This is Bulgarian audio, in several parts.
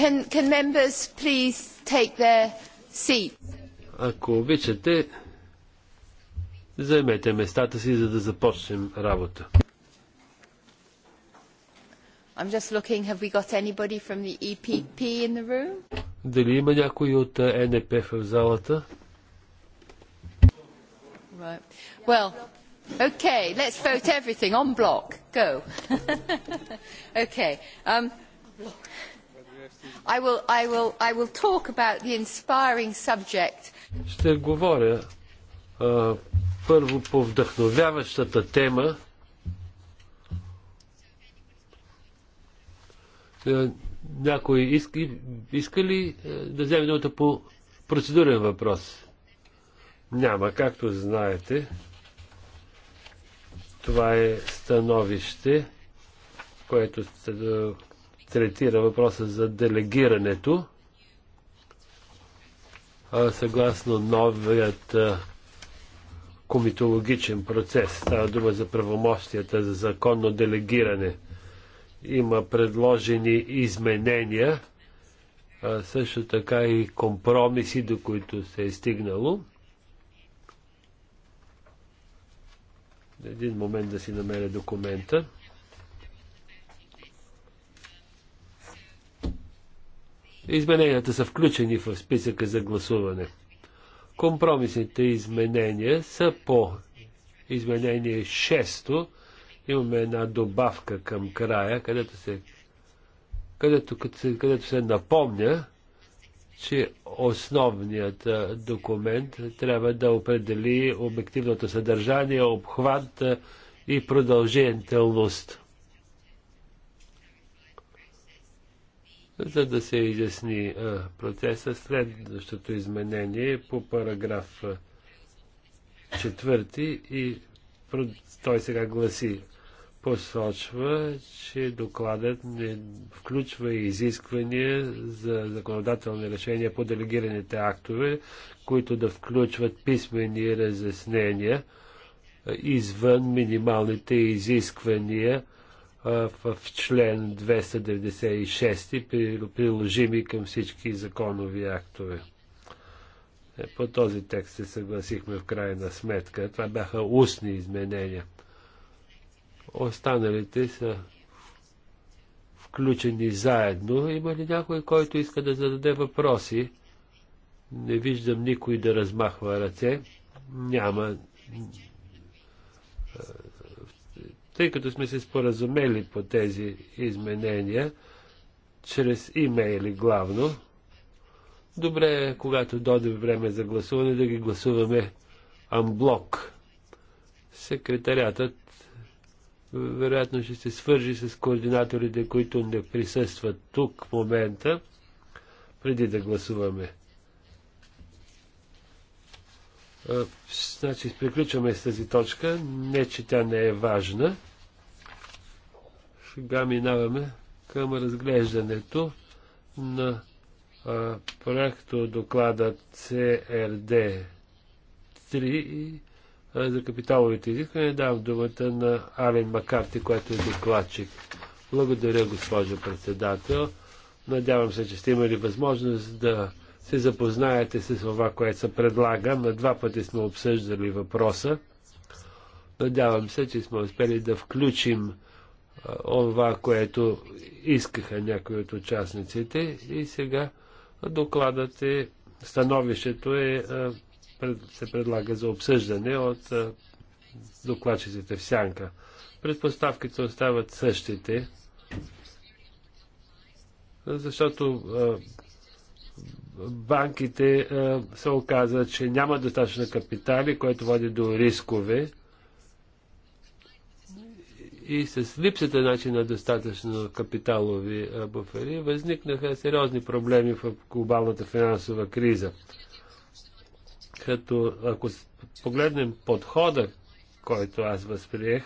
Can, can members please take their seat? Ако обичате, заемете местата си, за да започнем работа. I'm just looking, have we got anybody from the EPP in the room? Дали има някой от НП в залата? Right. Well, okay, let's vote everything on block. Go. okay. Um, I will, I will, I will talk about the inspiring subject. Ще говоря а, първо по вдъхновяващата тема. Е, някой иска, иска ли е, да вземе думата по процедурен въпрос? Няма, както знаете. Това е становище, което третира въпроса за делегирането. Съгласно новият комитологичен процес, става дума за правомощията за законно делегиране. Има предложени изменения, също така и компромиси, до които се е стигнало. Един момент да си намеря документа. Измененията са включени в списъка за гласуване. Компромисните изменения са по изменение 6. Имаме една добавка към края, където се, където, където се напомня, че основният документ трябва да определи обективното съдържание, обхват и продължителност. за да се изясни процеса. Следващото изменение е по параграф четвърти и той сега гласи посочва, че докладът не включва изисквания за законодателни решения по делегираните актове, които да включват писмени разяснения извън минималните изисквания в член 296, приложими към всички законови актове. Е, по този текст се съгласихме в крайна сметка. Това бяха устни изменения. Останалите са включени заедно. Има ли някой, който иска да зададе въпроси? Не виждам никой да размахва ръце. Няма тъй като сме се споразумели по тези изменения, чрез имейли главно, добре е, когато дойде време за гласуване, да ги гласуваме амблок. Секретарятът вероятно ще се свържи с координаторите, които не присъстват тук в момента, преди да гласуваме. Значи, приключваме с тази точка. Не, че тя не е важна. Сега минаваме към разглеждането на а, проекто доклада CRD 3 за капиталовите изисквания. Давам думата на Ален Макарти, който е докладчик. Благодаря, госпожо председател. Надявам се, че сте имали възможност да се запознаете с това, което се предлага. На два пъти сме обсъждали въпроса. Надявам се, че сме успели да включим това, което искаха някои от участниците и сега докладът е, становището е, се предлага за обсъждане от докладчиците в сянка. Предпоставките остават същите, защото банките е, се оказа, че няма достатъчно капитали, което води до рискове и с липсата значи, на достатъчно капиталови е, буфери възникнаха сериозни проблеми в глобалната финансова криза. Като ако погледнем подхода, който аз възприех,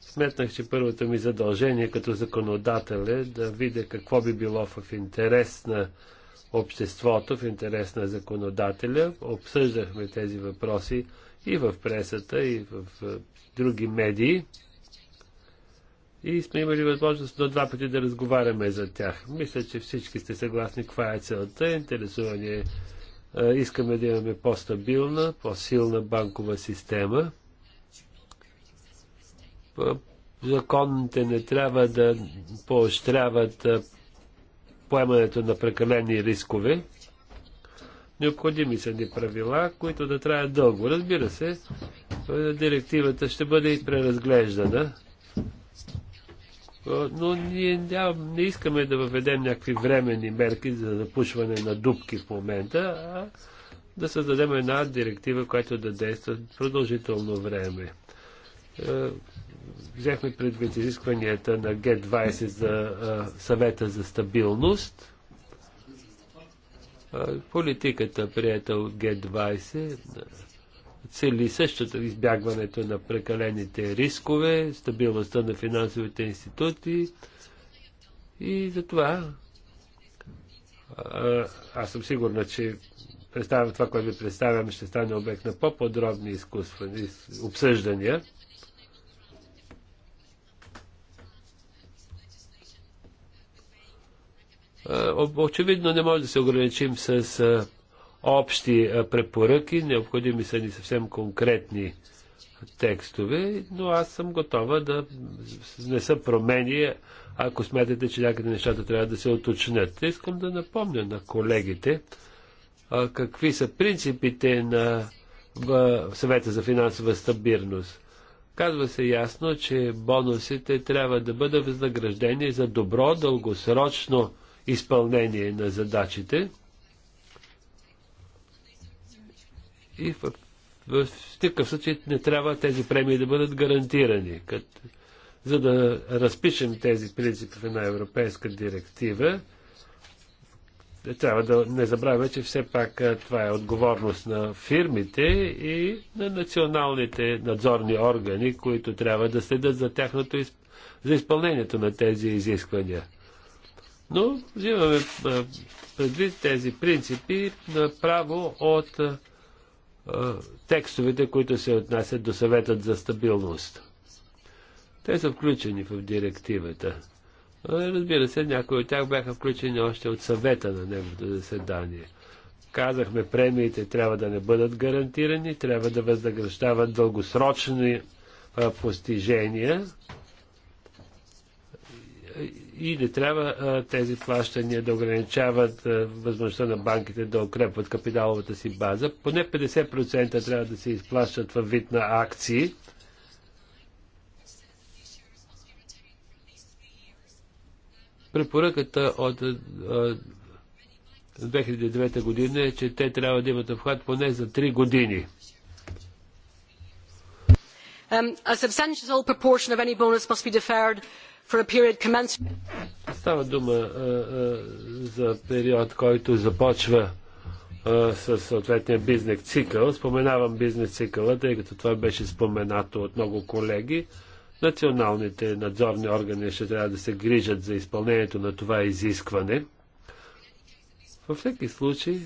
сметнах, че първото ми задължение като законодател е да видя какво би било в интерес на обществото, в интерес на законодателя. Обсъждахме тези въпроси и в пресата, и в други медии. И сме имали възможност до два пъти да разговаряме за тях. Мисля, че всички сте съгласни каква е целта. Интересуване е, искаме да имаме по-стабилна, по-силна банкова система. Законите не трябва да поощряват поемането на прекалени рискове. Необходими са ни правила, които да траят дълго. Разбира се, директивата ще бъде и преразглеждана, но ние не искаме да въведем някакви временни мерки за запушване на дубки в момента, а да създадем една директива, която да действа продължително време. Е, взехме предвид изискванията на Г20 за а, съвета за стабилност. А, политиката, прията от Г20, цели същото избягването на прекалените рискове, стабилността на финансовите институти и затова а, аз съм сигурна, че представям това, което ви представям, ще стане обект на по-подробни обсъждания Е, очевидно не може да се ограничим с е, общи е, препоръки, необходими са ни съвсем конкретни текстове, но аз съм готова да не са промени, ако смятате, че някъде нещата трябва да се оточнят. Искам да напомня на колегите какви са принципите на съвета за финансова стабилност. Казва се ясно, че бонусите трябва да бъдат възнаграждени за добро, дългосрочно изпълнение на задачите. И в, в, в такъв случай не трябва тези премии да бъдат гарантирани. Кът, за да разпишем тези принципи в една европейска директива, трябва да не забравяме, че все пак това е отговорност на фирмите и на националните надзорни органи, които трябва да следят за тяхното за изпълнението на тези изисквания. Но взимаме предвид тези принципи право от текстовете, които се отнасят до съветът за стабилност. Те са включени в директивата. Разбира се, някои от тях бяха включени още от съвета на неговото заседание. Казахме, премиите трябва да не бъдат гарантирани, трябва да възнаграждават дългосрочни постижения, и не трябва тези плащания да ограничават възможността на банките да укрепват капиталовата си база. Поне 50% трябва да се изплащат във вид на акции. Препоръката от 2009 година е, че те трябва да имат обхват поне за 3 години. Um, a substantial proportion of any bonus must be deferred for a period commencing. Става дума за период, който започва а, с съответния бизнес цикъл. Споменавам бизнес цикъла, тъй като това беше споменато от много колеги. Националните надзорни органи ще трябва да се грижат за изпълнението на това изискване. Във всеки случай,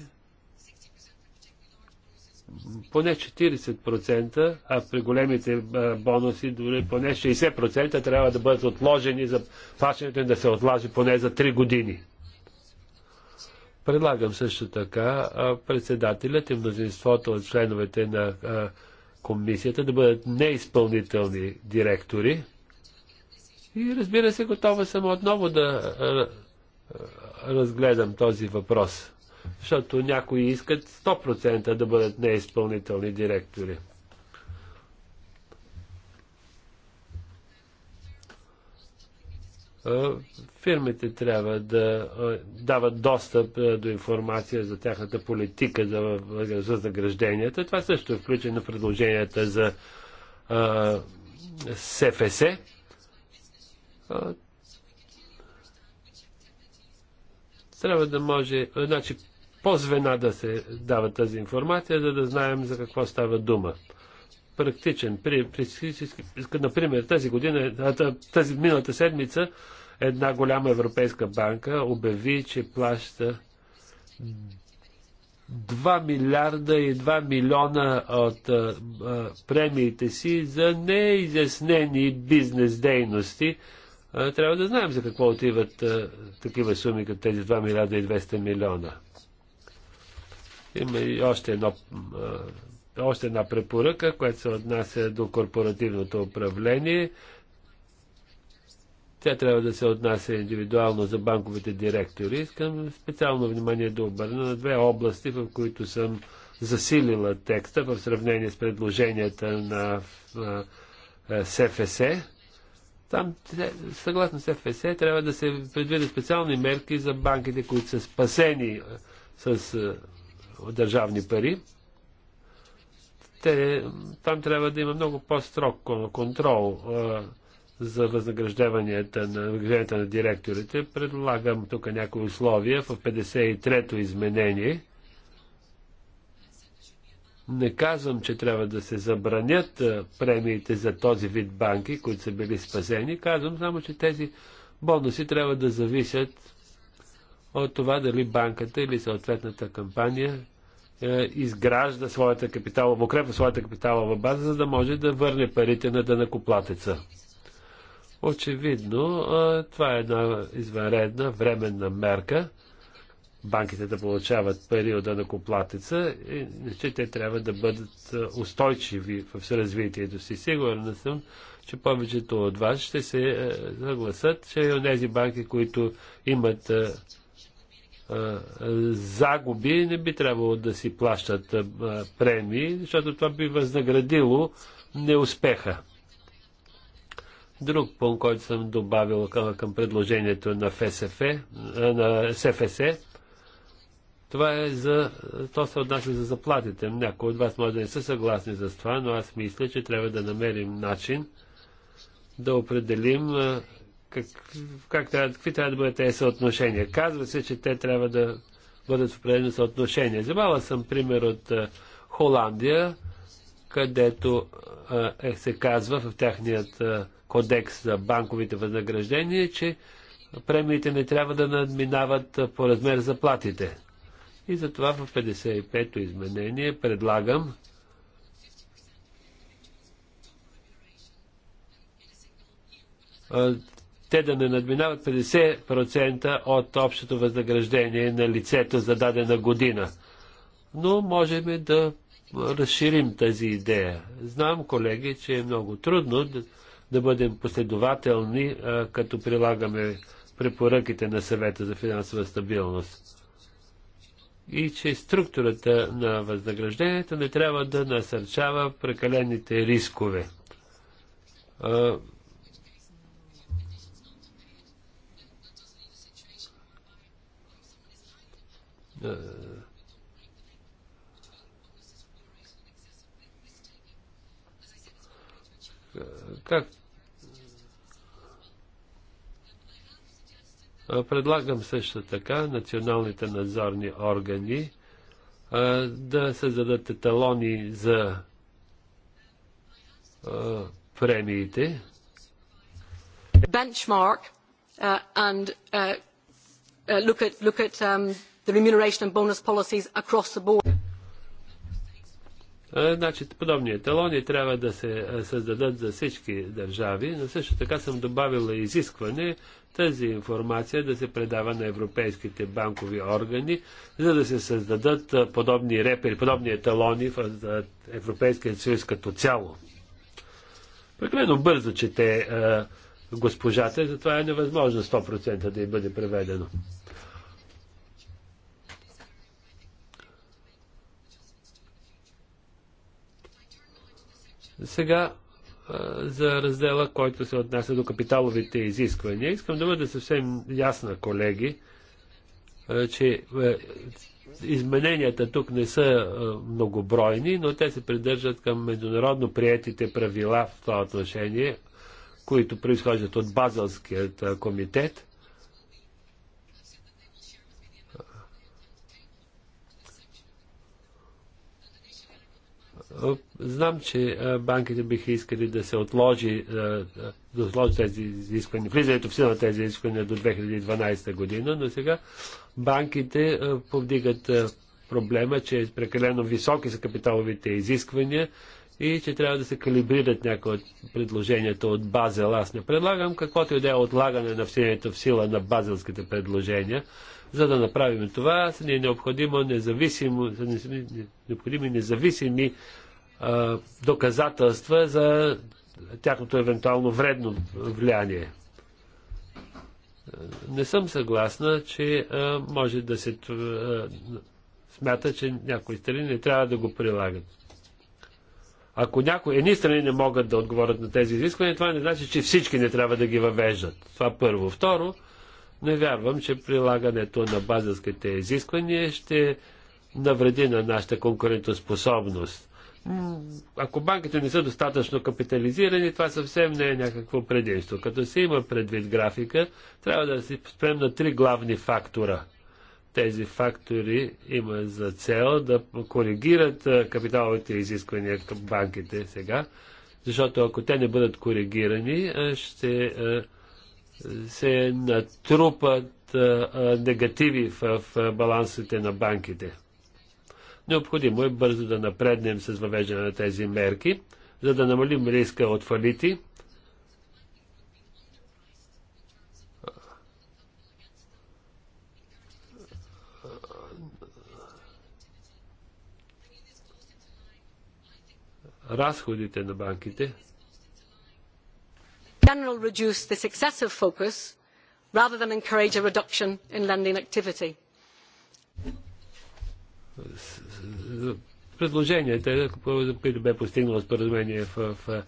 поне 40%, а при големите бонуси дори поне 60% трябва да бъдат отложени за плащането им да се отлажи поне за 3 години. Предлагам също така председателят и мнозинството от членовете на комисията да бъдат неизпълнителни директори. И разбира се, готова съм отново да разгледам този въпрос защото някои искат 100% да бъдат неизпълнителни директори. Фирмите трябва да дават достъп до информация за тяхната политика за възнагражденията. Това също е включено в предложенията за СФС. Трябва да може, значи по звена да се дава тази информация, за да знаем за какво става дума. Практичен, при, при, например, тази година, тази миналата седмица, една голяма европейска банка обяви, че плаща 2 милиарда и 2 милиона от а, а, премиите си за неизяснени бизнес дейности. А, трябва да знаем за какво отиват а, такива суми, като тези 2 милиарда и 200 милиона. Има и още, едно, още една препоръка, която се отнася до корпоративното управление. Тя трябва да се отнася индивидуално за банковите директори. Искам специално внимание да обърна на две области, в които съм засилила текста в сравнение с предложенията на СФС. Там, съгласно СФС, трябва да се предвидят специални мерки за банките, които са спасени с държавни пари, те, там трябва да има много по-строг контрол а, за възнагражденията на, възнагражденията на директорите. Предлагам тук някои условия в 53-то изменение. Не казвам, че трябва да се забранят премиите за този вид банки, които са били спасени. Казвам само, че тези бонуси трябва да зависят от това дали банката или съответната кампания е, изгражда своята капитала, укрепва своята капиталова база, за да може да върне парите на дънакоплатеца. Очевидно, е, това е една извънредна временна мерка. Банките да получават пари от дънакоплатеца, иначе те трябва да бъдат е, устойчиви в развитието си. Сигурен съм, че повечето от вас ще се е, съгласат, че и тези банки, които имат е, загуби, не би трябвало да си плащат премии, защото това би възнаградило неуспеха. Друг пункт, който съм добавил към, предложението на, ФСФ, на СФС, това е за... То се отнася за заплатите. Някои от вас може да не са съгласни за това, но аз мисля, че трябва да намерим начин да определим как, как трябва, какви трябва да бъдат тези съотношения. Казва се, че те трябва да бъдат в определено съотношение. Вземала съм пример от а, Холандия, където а, е, се казва в тяхният а, кодекс за банковите възнаграждения, че премиите не трябва да надминават по размер заплатите. И затова в 55-то изменение предлагам те да не надминават 50% от общото възнаграждение на лицето за дадена година. Но можем да разширим тази идея. Знам, колеги, че е много трудно да, да бъдем последователни, а, като прилагаме препоръките на съвета за финансова стабилност. И че структурата на възнаграждението не трябва да насърчава прекалените рискове. А, Как? Предлагам също така националните надзорни органи да се зададат талони за премиите. Benchmark uh, and uh, uh, look at look at um, the remuneration and bonus policies across the board. Значи, подобни еталони трябва да се създадат за всички държави, но също така съм добавила изискване тази информация да се предава на европейските банкови органи, за да се създадат подобни репери, подобни еталони в Европейския съюз като цяло. Прекалено бързо чете госпожата, затова е невъзможно 100% да й бъде преведено. Сега за раздела, който се отнася до капиталовите изисквания. Искам да бъда съвсем ясна, колеги, че измененията тук не са многобройни, но те се придържат към международно приетите правила в това отношение, които произхождат от Базълският комитет. Е, знам, че е, банките биха искали да се отложи, е, да отложи тези изисквания, влизането в сила на тези изисквания до 2012 година, но сега банките повдигат проблема, че е прекалено високи са капиталовите изисквания и че трябва да се калибрират някои от предложенията от Базел. Аз не предлагам каквото и да е отлагане на всението в сила на базелските предложения. За да направим това, са ни е необходимо независимо, са ни необходими независими доказателства за тяхното евентуално вредно влияние. Не съм съгласна, че може да се смята, че някои страни не трябва да го прилагат. Ако някои едни страни не могат да отговорят на тези изисквания, това не значи, че всички не трябва да ги въвеждат. Това първо. Второ, не вярвам, че прилагането на базовските изисквания ще навреди на нашата конкурентоспособност ако банките не са достатъчно капитализирани, това съвсем не е някакво предимство. Като се има предвид графика, трябва да се спрем на три главни фактора. Тези фактори има за цел да коригират капиталовите изисквания към банките сега, защото ако те не бъдат коригирани, ще се натрупат негативи в балансите на банките. Необходимо е бързо да напреднем с въвеждане на тези мерки, за да намалим риска от фалити. Разходите на банките rather than encourage a reduction in lending activity предложенията, които бе постигнало споразумение в, в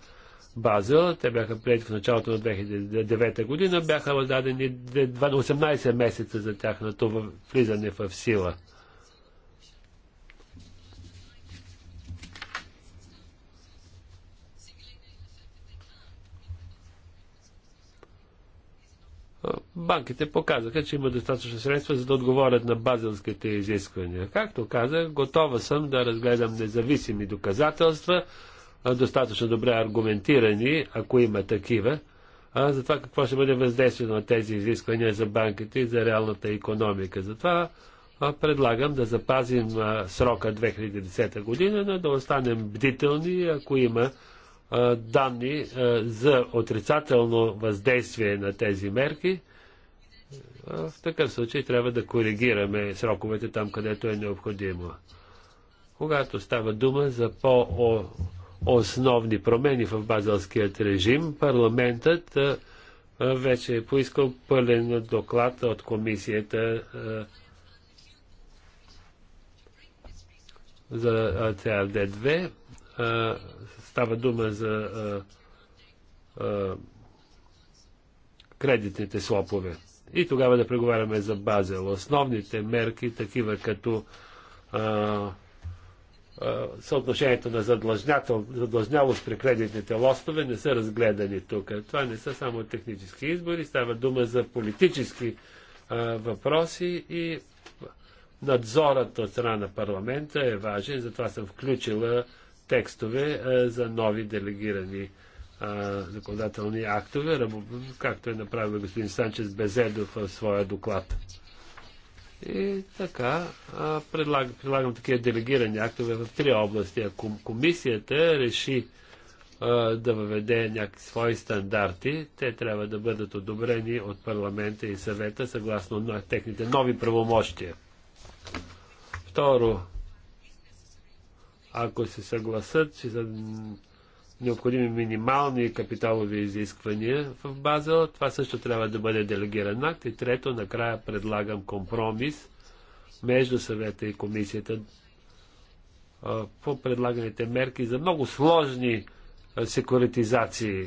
Базел, те бяха приятели в началото на 2009 година, бяха дадени 18 месеца за тяхното влизане в сила. банките показаха, че има достатъчно средства, за да отговорят на базилските изисквания. Както казах, готова съм да разгледам независими доказателства, достатъчно добре аргументирани, ако има такива, а за това какво ще бъде въздействено на тези изисквания за банките и за реалната економика. Затова предлагам да запазим срока 2010 година, но да останем бдителни, ако има данни за отрицателно въздействие на тези мерки в такъв случай трябва да коригираме сроковете там, където е необходимо. Когато става дума за по-основни промени в базалският режим, парламентът вече е поискал пълен доклад от комисията за CRD2. Става дума за кредитните слопове и тогава да преговаряме за Базел. Основните мерки, такива като а, а, съотношението на задлъжнялост при кредитните лостове, не са разгледани тук. Това не са само технически избори, става дума за политически а, въпроси и надзорът от страна на парламента е важен, затова съм включила текстове а, за нови делегирани а, законодателни актове, както е направил господин Санчес Безедов в своя доклад. И така, а, предлаг, предлагам такива делегирани актове в три области. Ако комисията реши а, да въведе някакви свои стандарти, те трябва да бъдат одобрени от парламента и съвета съгласно на техните нови правомощия. Второ, ако се съгласат, че са необходими минимални капиталови изисквания в Базел. Това също трябва да бъде делегиран акт. И трето, накрая предлагам компромис между съвета и комисията по предлаганите мерки за много сложни секуритизации.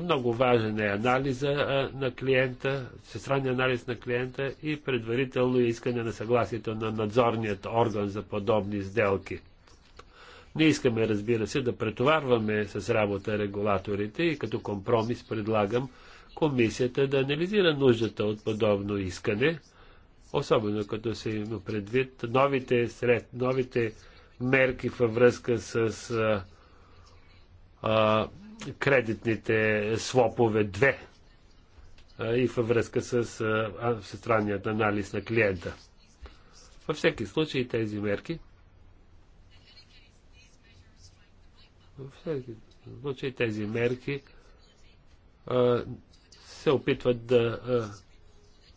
Много важен е анализа на клиента, всестранния анализ на клиента и предварително искане на съгласието на надзорният орган за подобни сделки. Не искаме, разбира се, да претоварваме с работа регулаторите и като компромис предлагам комисията да анализира нуждата от подобно искане, особено като се има предвид новите, сред, новите мерки във връзка с а, а, кредитните слопове 2 а, и във връзка с а, странният анализ на клиента. Във всеки случай тези мерки Във всеки случай тези мерки а, се опитват да а,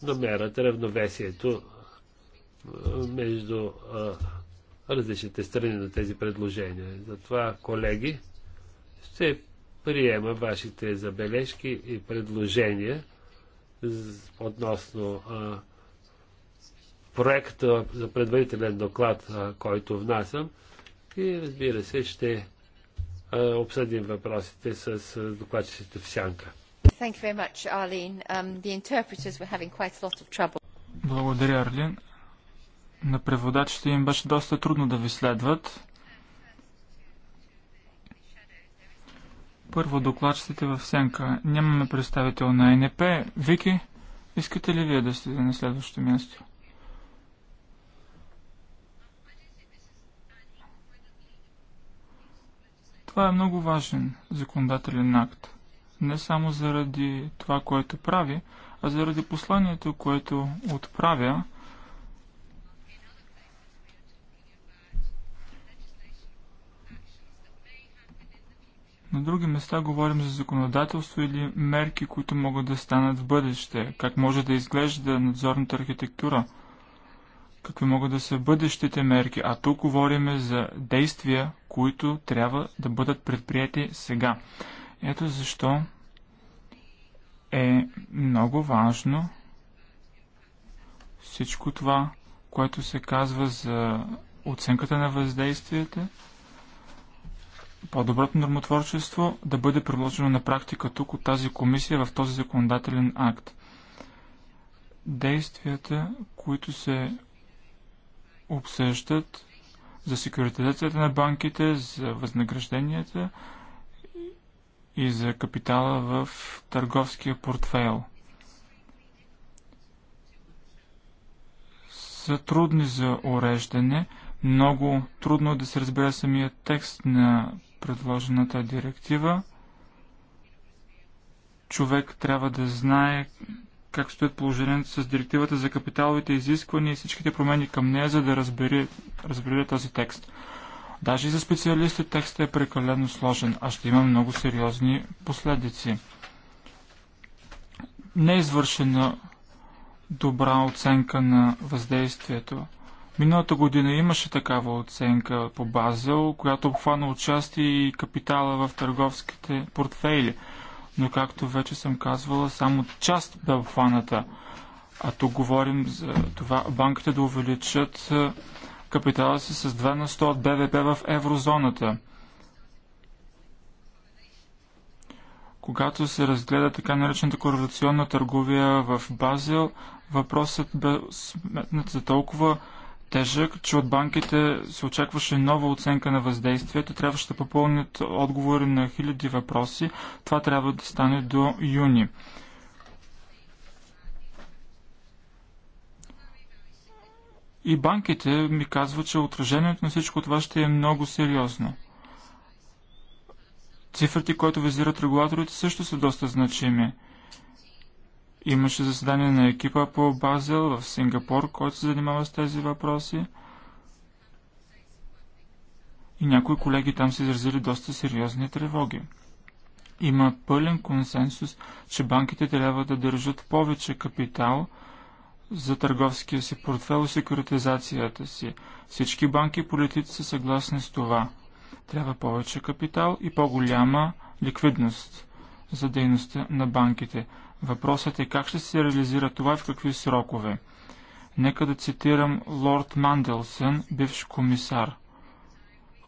намерят равновесието а, между а, различните страни на тези предложения. Затова, колеги, ще приема вашите забележки и предложения относно а, проекта за предварителен доклад, а, който внасям. И разбира се, ще е, обсъдим въпросите с е, докладчиците в сянка. Благодаря, Арлин. На преводачите им беше доста трудно да ви следват. Първо докладчиците в сянка. Нямаме представител на НП. Вики, искате ли вие да сте на следващото място? Това е много важен законодателен акт. Не само заради това, което прави, а заради посланието, което отправя. На други места говорим за законодателство или мерки, които могат да станат в бъдеще, как може да изглежда надзорната архитектура – какви могат да са бъдещите мерки, а тук говорим за действия, които трябва да бъдат предприяти сега. Ето защо е много важно всичко това, което се казва за оценката на въздействията, по-доброто нормотворчество да бъде приложено на практика тук от тази комисия в този законодателен акт. Действията, които се обсъждат за секюритизацията на банките, за възнагражденията и за капитала в търговския портфейл. Са трудни за уреждане, много трудно е да се разбере самия текст на предложената директива. Човек трябва да знае как стоят положението с директивата за капиталовите изисквания и всичките промени към нея, за да разбере, разбере този текст. Даже и за специалисти текстът е прекалено сложен, а ще има много сериозни последици. Не е извършена добра оценка на въздействието. Миналата година имаше такава оценка по Базел, която обхвана участие и капитала в търговските портфейли – но както вече съм казвала, само част бе обхваната. А тук говорим за това банките да увеличат е, капитала си с 2 на 100 от БВП в еврозоната. Когато се разгледа така наречената корелационна търговия в Базел, въпросът бе сметнат за толкова тежък, че от банките се очакваше нова оценка на въздействието. Трябваше да попълнят отговори на хиляди въпроси. Това трябва да стане до юни. И банките ми казват, че отражението на всичко това ще е много сериозно. Цифрите, които визират регулаторите, също са доста значими – Имаше заседание на екипа по Базел в Сингапур, който се занимава с тези въпроси. И някои колеги там са изразили доста сериозни тревоги. Има пълен консенсус, че банките трябва да държат повече капитал за търговския си портфел и секюритизацията си. Всички банки и политици са съгласни с това. Трябва повече капитал и по-голяма ликвидност за дейността на банките. Въпросът е как ще се реализира това и в какви срокове. Нека да цитирам Лорд Манделсън, бивш комисар,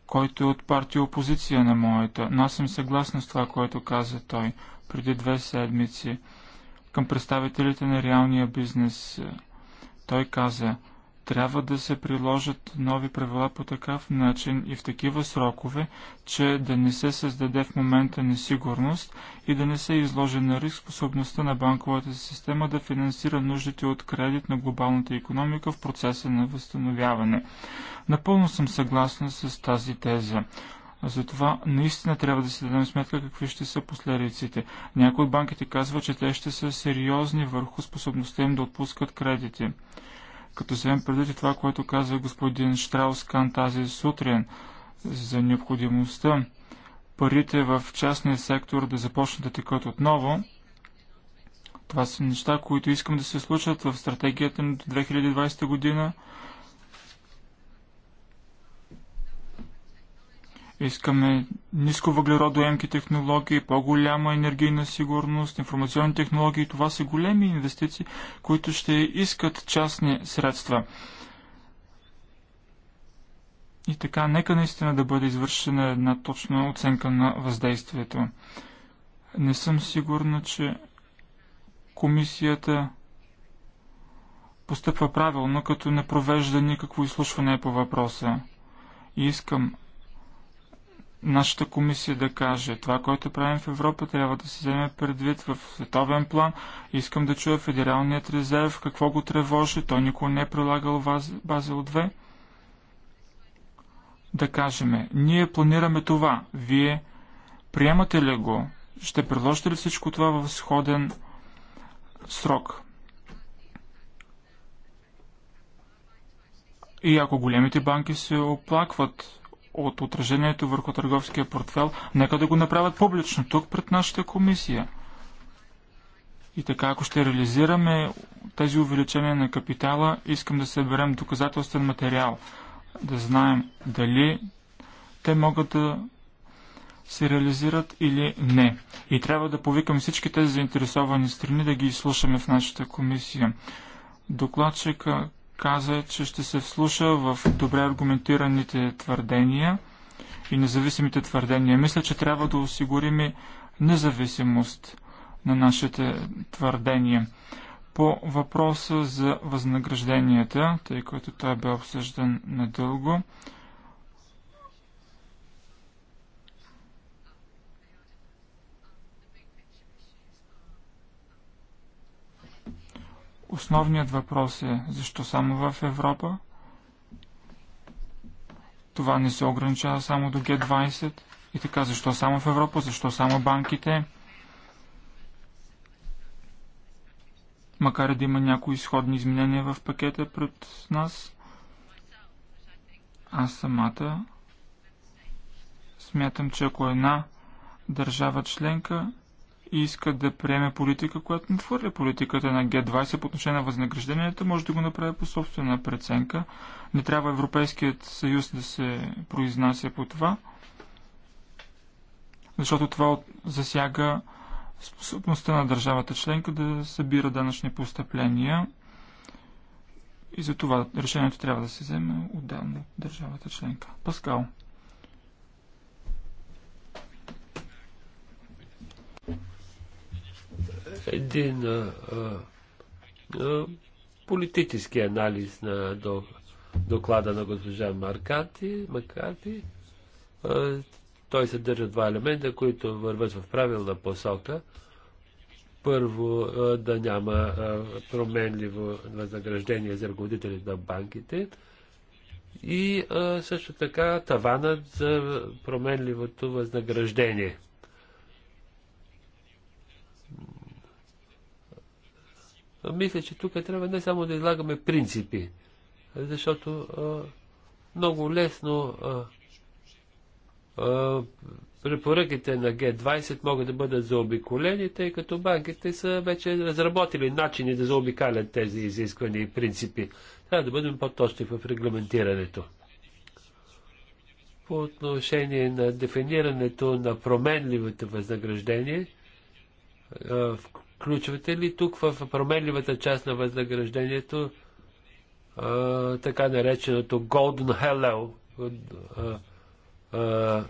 който е от партия опозиция на моята, но аз съм съгласен с това, което каза той преди две седмици към представителите на реалния бизнес. Той каза – трябва да се приложат нови правила по такъв начин и в такива срокове, че да не се създаде в момента несигурност и да не се изложи на риск способността на банковата система да финансира нуждите от кредит на глобалната економика в процеса на възстановяване. Напълно съм съгласна с тази теза. Затова наистина трябва да си дадем сметка какви ще са последиците. Някои от банките казват, че те ще са сериозни върху способността им да отпускат кредити. Като се им предвид това, което казва господин Штраус Кан тази сутрин за необходимостта парите в частния сектор да започнат да текат отново, това са неща, които искам да се случат в стратегията на 2020 година Искаме ниско въглеродоемки технологии, по-голяма енергийна сигурност, информационни технологии. Това са големи инвестиции, които ще искат частни средства. И така, нека наистина да бъде извършена една точна оценка на въздействието. Не съм сигурна, че комисията постъпва правилно, като не провежда никакво изслушване по въпроса. И искам нашата комисия да каже. Това, което правим в Европа, трябва да се вземе предвид в световен план. Искам да чуя Федералният резерв, какво го тревожи. Той никога не е прилагал Базел 2. Да кажеме, ние планираме това. Вие приемате ли го? Ще предложите ли всичко това в сходен срок? И ако големите банки се оплакват от отражението върху търговския портфел, нека да го направят публично тук пред нашата комисия. И така, ако ще реализираме тези увеличения на капитала, искам да съберем доказателствен материал, да знаем дали те могат да се реализират или не. И трябва да повикам всички тези заинтересовани страни да ги изслушаме в нашата комисия. Докладчика каза, че ще се вслуша в добре аргументираните твърдения и независимите твърдения. Мисля, че трябва да осигурим независимост на нашите твърдения. По въпроса за възнагражденията, тъй като той бе обсъждан надълго, Основният въпрос е защо само в Европа? Това не се ограничава само до G20. И така, защо само в Европа? Защо само банките? Макар и да има някои изходни изменения в пакета пред нас, аз самата смятам, че ако една държава членка и иска да приеме политика, която твърля. политиката на Г20 по отношение на възнагражденията, може да го направи по собствена преценка. Не трябва Европейският съюз да се произнася по това, защото това засяга способността на държавата членка да събира данъчни постъпления и за това решението трябва да се вземе отделно от държавата членка. Паскал. един а, а, политически анализ на до, доклада на госпожа Маркати, Макарти. А, той съдържа два елемента, които върват в правилна посока. Първо, а, да няма а, променливо възнаграждение за ръководителите на банките и а, също така таванът за променливото възнаграждение – Мисля, че тук трябва не само да излагаме принципи, защото много лесно препоръките на Г20 могат да бъдат заобиколени, тъй като банките са вече разработили начини да заобикалят тези изисквания и принципи. Трябва да бъдем по-точни в регламентирането. По отношение на дефинирането на променливите възнаграждения, Включвате ли тук в променливата част на възнаграждението а, така нареченото Golden Hello, а, а,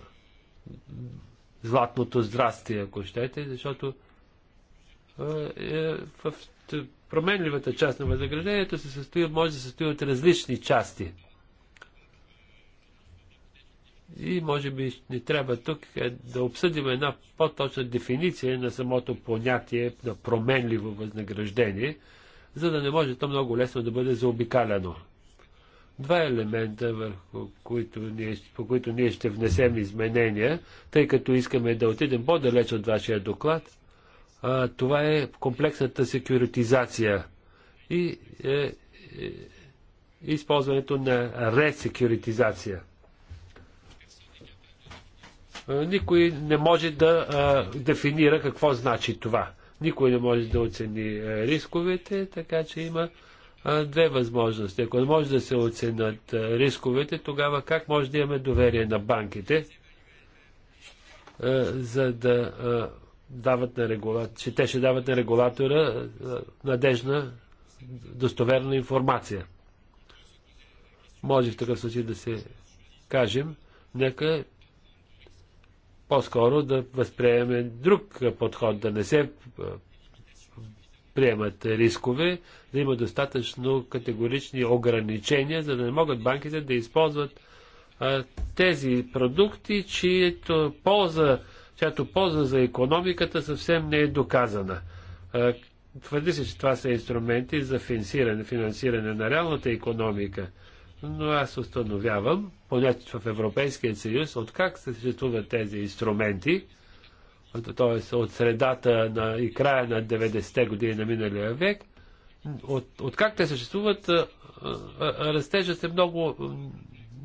златното здрастие, ако щете, защото е, в променливата част на възнаграждението се състои, може да се състои от различни части. И може би не трябва тук е да обсъдим една по-точна дефиниция на самото понятие на променливо възнаграждение, за да не може то много лесно да бъде заобикаляно. Два елемента, върху които ние, по които ние ще внесем изменения, тъй като искаме да отидем по-далеч от вашия доклад, а, това е комплексната секюритизация и е, е, използването на ресекюритизация. Е, никой не може да а, е, дефинира какво значи това. Никой не може да оцени а, е, рисковете, така че има а, две възможности. Ако не може да се оценят а, рисковете, тогава как може да имаме доверие на банките, а, за да а, дават на регулатора, че те ще дават на регулатора а, надежна, достоверна информация. Може в такъв случай да се кажем, нека по-скоро да възприеме друг подход, да не се приемат рискове, да има достатъчно категорични ограничения, за да не могат банките да използват а, тези продукти, чието полза, чиято полза за економиката съвсем не е доказана. А, твърди се, че това са инструменти за финансиране, финансиране на реалната економика но аз установявам, поне в Европейския съюз, от как съществуват тези инструменти, т.е. от средата на, и края на 90-те години на миналия век, от, от как те съществуват, растежът е много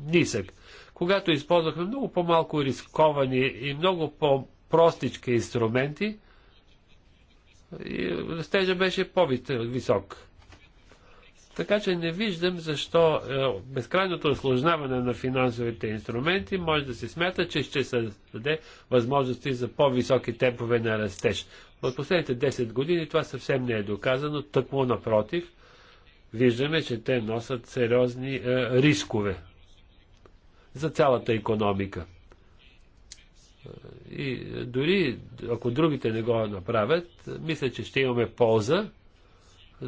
нисък. Когато използвахме много по-малко рисковани и много по-простички инструменти, растежът беше по-висок. Така че не виждам защо е, безкрайното осложняване на финансовите инструменти може да се смята, че ще създаде възможности за по-високи темпове на растеж. От последните 10 години това съвсем не е доказано, тъкмо напротив, виждаме, че те носят сериозни е, рискове за цялата економика. Е, и дори ако другите не го направят, мисля, че ще имаме полза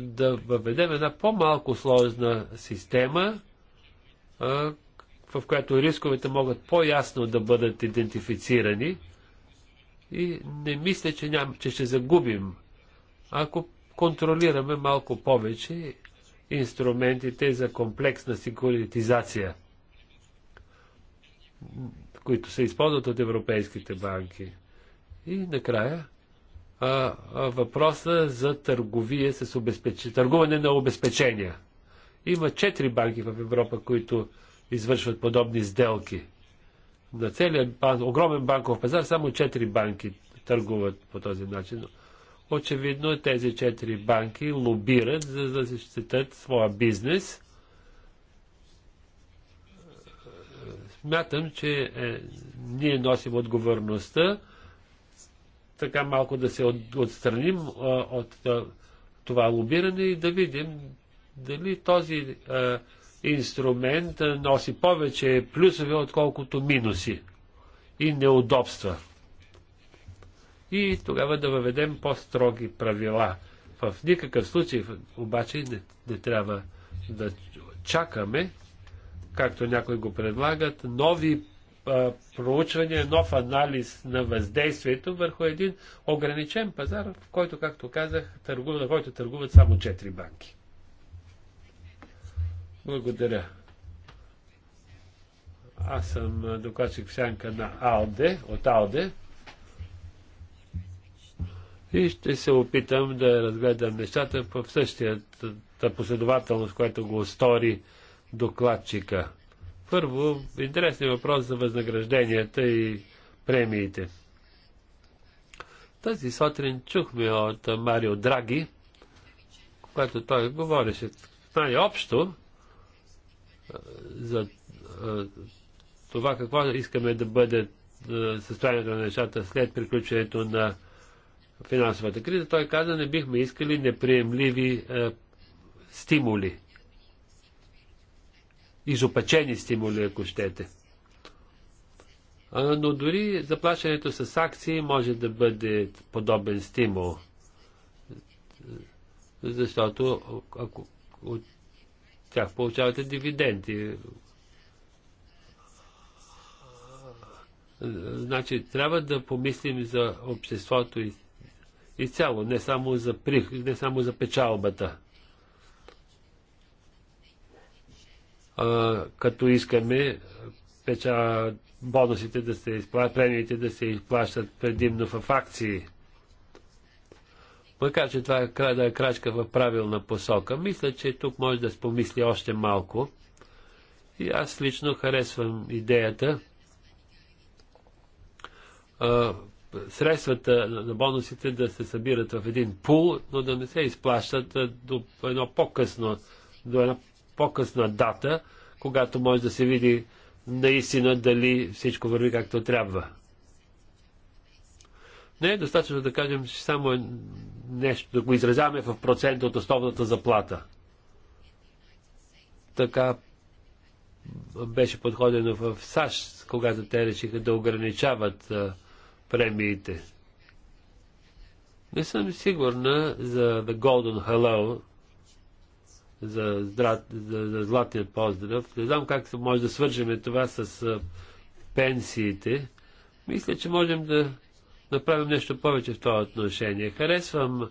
да въведем една по-малко сложна система, в която рисковете могат по-ясно да бъдат идентифицирани и не мисля, че, ням, че ще загубим, ако контролираме малко повече инструментите за комплексна секуритизация, които се използват от европейските банки. И накрая а, а, въпроса за търговие с обезпеч... търгуване на обезпечения. Има четири банки в Европа, които извършват подобни сделки. На целият бан... огромен банков пазар само четири банки търгуват по този начин. Очевидно тези четири банки лобират, за да защитат своя бизнес. Смятам, че е, ние носим отговорността така малко да се отстраним от това лобиране и да видим дали този инструмент носи повече плюсове, отколкото минуси и неудобства. И тогава да въведем по-строги правила. В никакъв случай обаче не, не трябва да чакаме, както някои го предлагат, нови проучване, нов анализ на въздействието върху един ограничен пазар, в който, както казах, търгува, на който търгуват само 4 банки. Благодаря. Аз съм докладчик в сянка на АЛДЕ, от АЛДЕ. И ще се опитам да разгледам нещата в същията последователност, която го стори докладчика. Първо, интересен въпрос за възнагражденията и премиите. Тази сутрин чухме от Марио Драги, когато той говореше най-общо за това какво искаме да бъде състоянието на нещата след приключването на финансовата криза, той каза, не бихме искали неприемливи стимули изопачени стимули, ако щете. Но дори заплащането с акции може да бъде подобен стимул. Защото ако от тях получавате дивиденти. Значи трябва да помислим за обществото и, цяло, не само за прих, не само за печалбата. като искаме печа, бонусите да се изплащат, премиите да се изплащат предимно в акции. Макар, че това е да е крачка в правилна посока, мисля, че тук може да спомисли още малко. И аз лично харесвам идеята а, средствата на бонусите да се събират в един пул, но да не се изплащат до едно по-късно, до една по-късна дата, когато може да се види наистина дали всичко върви както трябва. Не е достатъчно да кажем, че само е нещо, да го изразяваме в процент от основната заплата. Така беше подходено в САЩ, когато те решиха да ограничават а, премиите. Не съм сигурна за The Golden Hello, за, здра... за, за златен поздрав. Не знам как може да свържеме това с а, пенсиите. Мисля, че можем да направим нещо повече в това отношение. Харесвам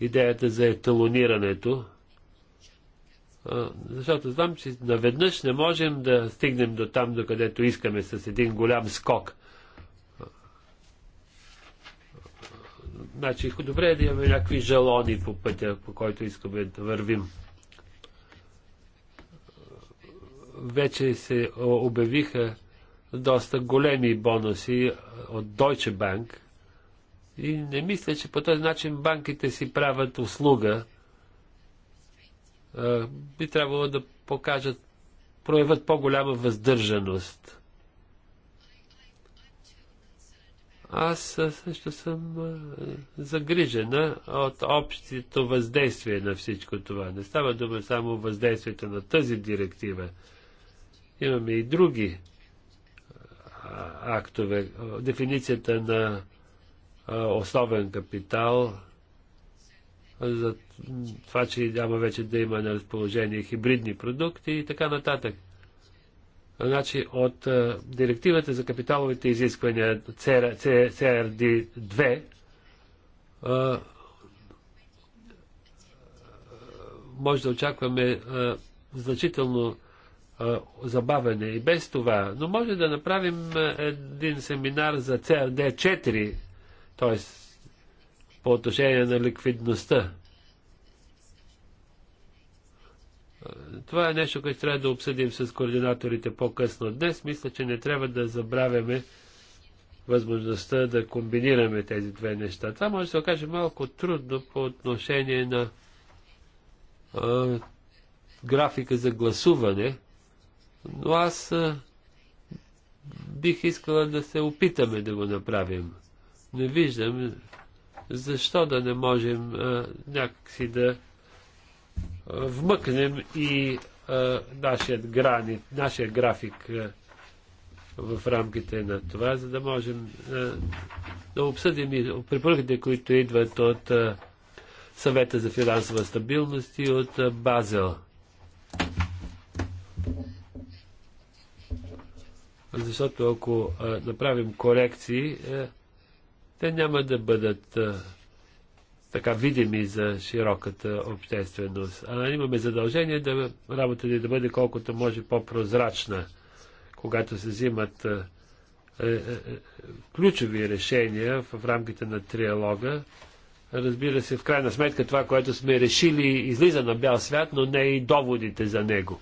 идеята за еталонирането, а, защото знам, че наведнъж не можем да стигнем до там, до където искаме с един голям скок. Значи, добре е да имаме някакви жалони по пътя, по който искаме да вървим. Вече се обявиха доста големи бонуси от Deutsche Bank и не мисля, че по този начин банките си правят услуга. Би трябвало да покажат, проявят по-голяма въздържаност. Аз също съм загрижена от общото въздействие на всичко това. Не става дума само въздействието на тази директива. Имаме и други актове. Дефиницията на особен капитал, за това, че няма вече да има на разположение хибридни продукти и така нататък. Значи от а, е, директивата за капиталовите изисквания CRD2 а, е, може да очакваме а, е, значително а, забавене и без това, но може да направим един семинар за CRD4, т.е. по отношение на ликвидността. Това е нещо, което трябва да обсъдим с координаторите по-късно днес. Мисля, че не трябва да забравяме възможността да комбинираме тези две неща. Това може да се окаже малко трудно по отношение на а, графика за гласуване, но аз а, бих искала да се опитаме да го направим. Не виждам защо да не можем а, някакси да вмъкнем и нашия, грани, нашия график в рамките на това, за да можем да обсъдим и препоръките, които идват от съвета за финансова стабилност и от Базел. Защото ако направим корекции, те няма да бъдат така видими за широката общественост. А имаме задължение да работата да бъде колкото може по-прозрачна, когато се взимат е, е, е ключови решения в рамките на триалога. Разбира се, в крайна сметка това, което сме решили, излиза на бял свят, но не и доводите за него.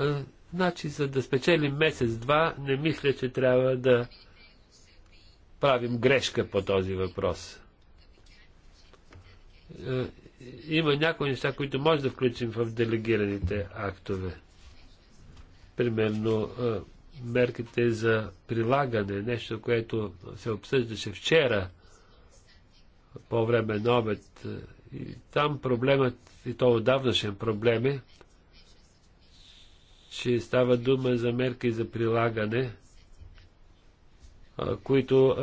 Е, значи, за да спечелим месец-два, не мисля, че трябва да правим грешка по този въпрос. Е, има някои неща, които може да включим в делегираните актове. Примерно е, мерките за прилагане, нещо, което се обсъждаше вчера по време на обед. Е, и там проблемът, и то отдавнашен проблем е, че става дума за мерки за прилагане – които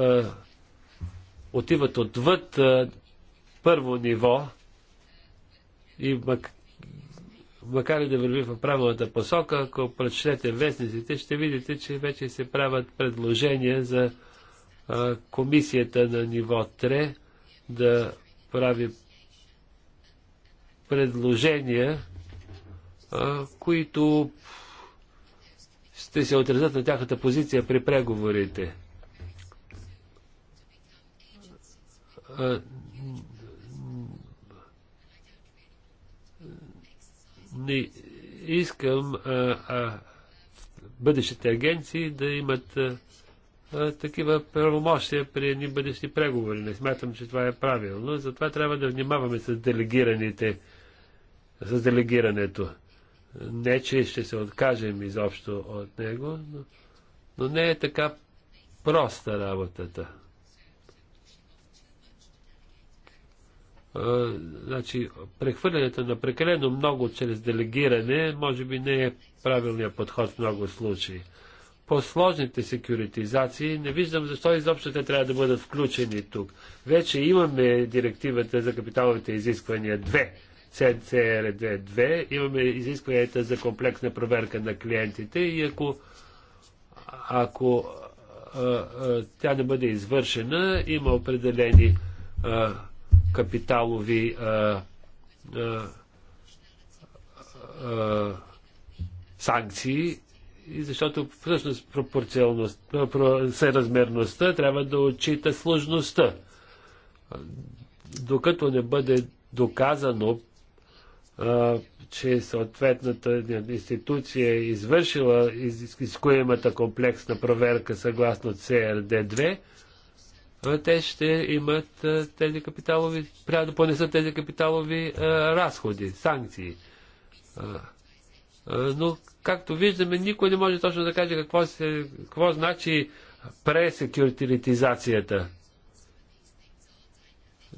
отиват отвъд първо ниво и макар и да върви в правилната посока, ако прочетете вестниците, ще видите, че вече се правят предложения за комисията на ниво 3 да прави предложения, които ще се отразят на тяхната позиция при преговорите. Е, не искам а, е, а, е, бъдещите агенции да имат а, а, такива правомощия при едни бъдещи преговори. Не смятам, че това е правилно. Затова трябва да внимаваме с делегираните, с делегирането. Не, че ще се откажем изобщо от него, но, но не е така проста работата. значи, прехвърлянето на прекалено много чрез делегиране може би не е правилният подход в много случаи. По сложните секюритизации не виждам защо изобщо те трябва да бъдат включени тук. Вече имаме директивата за капиталовите изисквания 2, CCR2, имаме изискванията за комплексна проверка на клиентите и ако, ако а, а, тя не бъде извършена, има определени а, капиталови а, а, а, санкции, и защото всъщност пропорционалност, съразмерността трябва да отчита сложността. Докато не бъде доказано, а, че съответната институция е извършила изискуемата комплексна проверка съгласно CRD-2, е, те ще имат е, тези капиталови, трябва да понесат тези капиталови е, разходи, санкции. Но, както виждаме, никой не може точно да каже какво, се, какво значи пресекюритизацията.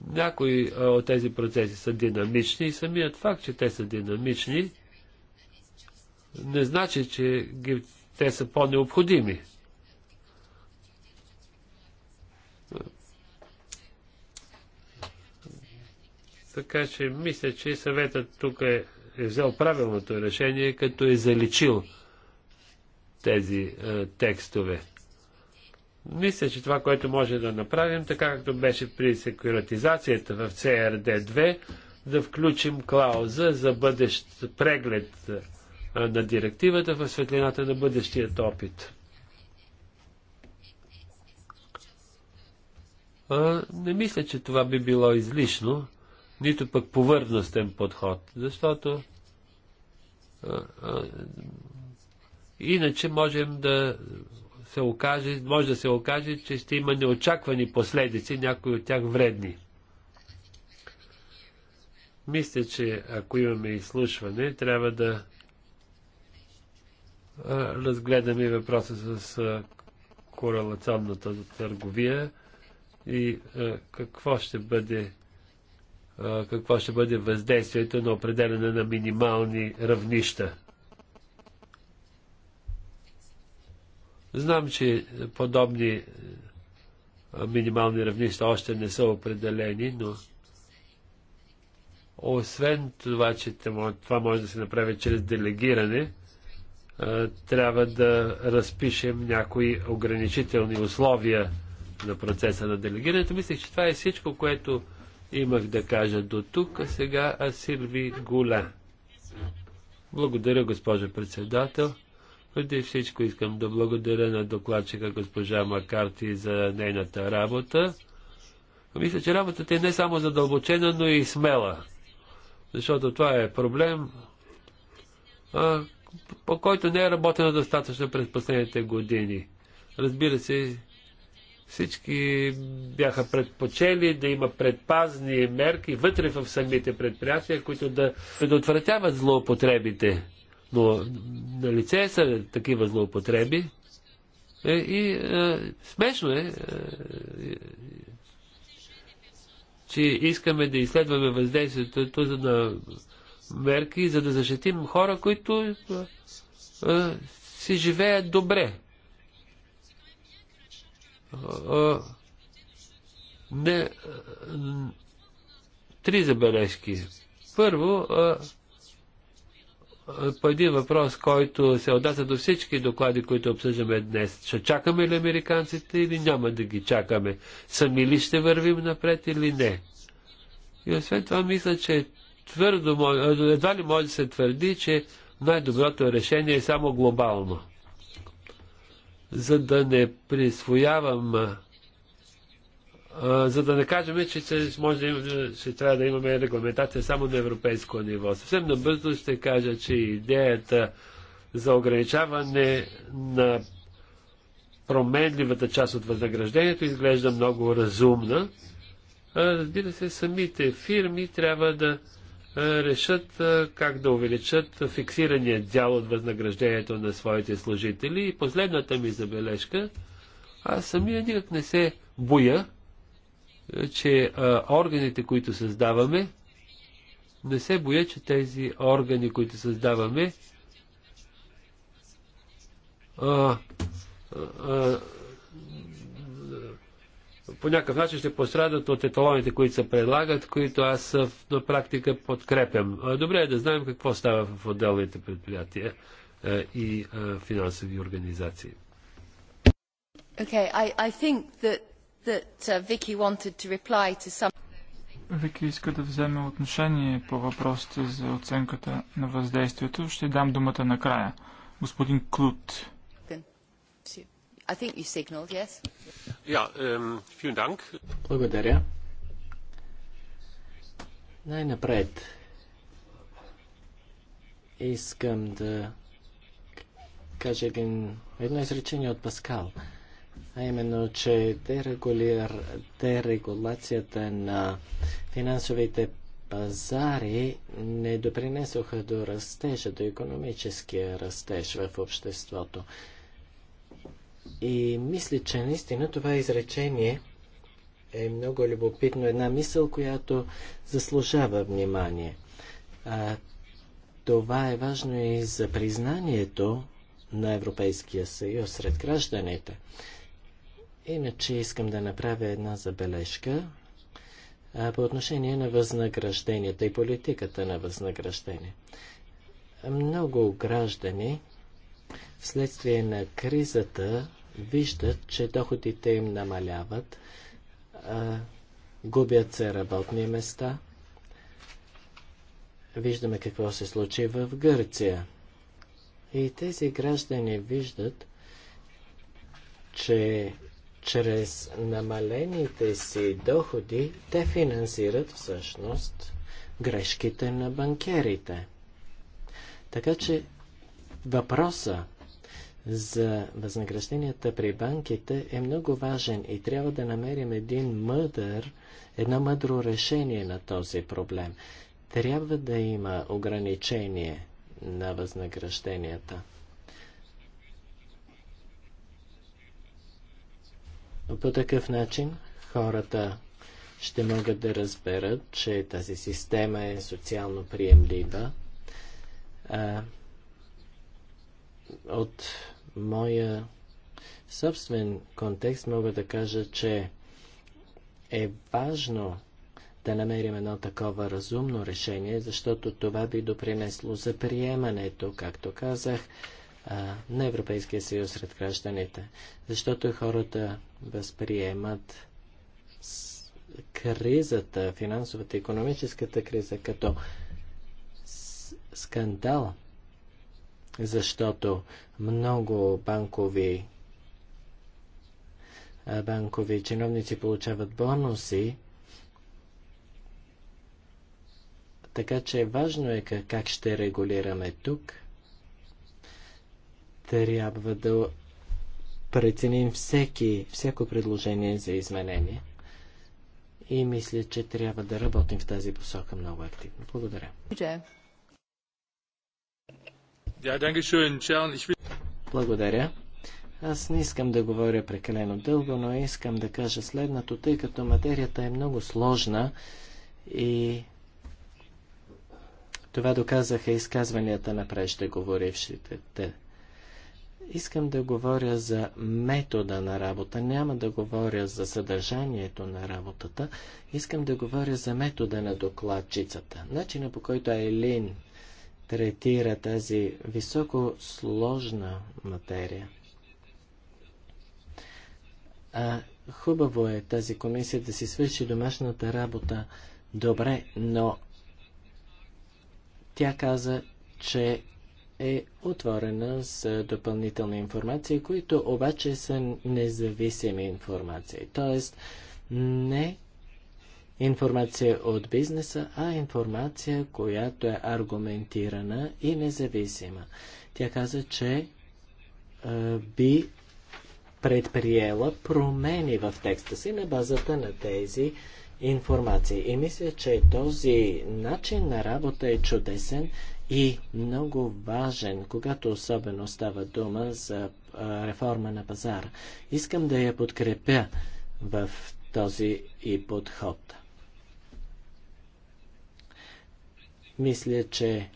Някои от тези процеси са динамични и самият факт, че те са динамични, не значи, че ги, те са по-необходими. Така че мисля, че съветът тук е, е взел правилното решение, като е заличил тези е, текстове. Мисля, че това, което може да направим, така както беше при секуратизацията в CRD2, да включим клауза за бъдещ преглед е, на директивата в светлината на бъдещият опит. А, е, не мисля, че това би било излишно нито пък повърхностен подход, защото а, а, иначе можем да се окаже, може да се окаже, че ще има неочаквани последици, някои от тях вредни. Мисля, че ако имаме изслушване, трябва да разгледаме въпроса с корелационната търговия и какво ще бъде какво ще бъде въздействието на определене на минимални равнища. Знам, че подобни минимални равнища още не са определени, но освен това, че това може да се направи чрез делегиране, трябва да разпишем някои ограничителни условия на процеса на делегирането. Мислех, че това е всичко, което имах да кажа до тук, а сега а Гула. Благодаря, госпожо председател. Преди всичко искам да благодаря на докладчика госпожа Макарти за нейната работа. Мисля, че работата е не само задълбочена, но и смела. Защото това е проблем, а, по който не е работена достатъчно през последните години. Разбира се, всички бяха предпочели да има предпазни мерки вътре в самите предприятия, които да предотвратяват злоупотребите. Но на лице са такива злоупотреби. И, е, и е, смешно е, е, че искаме да изследваме въздействието на мерки, за да защитим хора, които е, е си живеят добре не, три забележки. Първо, по един въпрос, който се отнася до всички доклади, които обсъждаме днес. Ще чакаме ли американците или няма да ги чакаме? Сами ли ще вървим напред или не? И освен това, мисля, че твърдо, едва ли може да се твърди, че най-доброто решение е само глобално за да не присвоявам, за да не кажем, че ще, може ще трябва да имаме регламентация само на европейско ниво. Съвсем набързо ще кажа, че идеята за ограничаване на променливата част от възнаграждението изглежда много разумна. Разбира се, самите фирми трябва да е, решат е, как да увеличат фиксирания дял от възнаграждението на своите служители. И последната ми забележка, аз самия никак не се боя, е, че органите, които създаваме, не се боя, че тези органи, които създаваме, а, а, по някакъв начин ще пострадат от еталоните, които се предлагат, които аз на практика подкрепям. Добре е да знаем какво става в отделните предприятия и финансови организации. Okay, I, I think that, that uh, Vicky wanted to reply to some... Вики иска да вземе отношение по въпросите за оценката на въздействието. Ще дам думата накрая. Господин Клут. I think you signaled, yes? Ja, ähm, vielen Dank. Благодаря. Най-напред искам да кажа един, едно изречение от Паскал, а именно, че дерегулир, дерегулацията на финансовите пазари не допринесоха до растежа, до економическия растеж в обществото. И мисля, че наистина това изречение е много любопитно. Една мисъл, която заслужава внимание. А, това е важно и за признанието на Европейския съюз сред гражданите. Иначе искам да направя една забележка а, по отношение на възнагражденията и политиката на възнаграждение. Много граждани вследствие на кризата виждат, че доходите им намаляват, губят се работни места. Виждаме какво се случи в Гърция. И тези граждани виждат, че чрез намалените си доходи те финансират всъщност грешките на банкерите. Така че въпроса за възнагражденията при банките е много важен и трябва да намерим един мъдър, едно мъдро решение на този проблем. Трябва да има ограничение на възнагражденията. По такъв начин хората ще могат да разберат, че тази система е социално приемлива. от моя собствен контекст мога да кажа, че е важно да намерим едно такова разумно решение, защото това би допринесло за приемането, както казах, на Европейския съюз сред гражданите. Защото хората възприемат кризата, финансовата, и економическата криза като скандал защото много банкови банкови чиновници получават бонуси, така че важно е как ще регулираме тук. Трябва да преценим всеки, всяко предложение за изменение. И мисля, че трябва да работим в тази посока много активно. Благодаря. Благодаря. Аз не искам да говоря прекалено дълго, но искам да кажа следното, тъй като материята е много сложна и това доказаха изказванията на преждеговорившите. Искам да говоря за метода на работа, няма да говоря за съдържанието на работата, искам да говоря за метода на докладчицата, начина по който Айлин третира тази високо сложна материя. А, хубаво е тази комисия да си свърши домашната работа добре, но тя каза, че е отворена с допълнителна информация, които обаче са независими информации. Тоест, не информация от бизнеса, а информация, която е аргументирана и независима. Тя каза, че е, би предприела промени в текста си на базата на тези информации. И мисля, че този начин на работа е чудесен и много важен, когато особено става дума за е, реформа на пазара. Искам да я подкрепя в този и подход. Мисля, че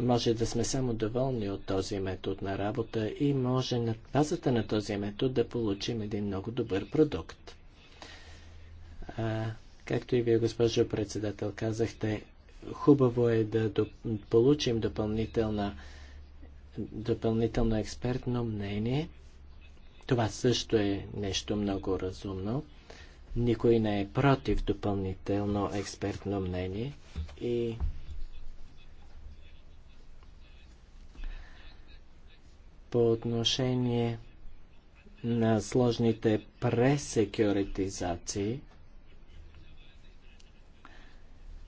може да сме само доволни от този метод на работа и може на базата на този метод да получим един много добър продукт. А, както и вие, госпожо председател, казахте, хубаво е да доп... получим допълнителна, допълнително експертно мнение. Това също е нещо много разумно. Никой не е против допълнително експертно мнение и по отношение на сложните пресекюритизации,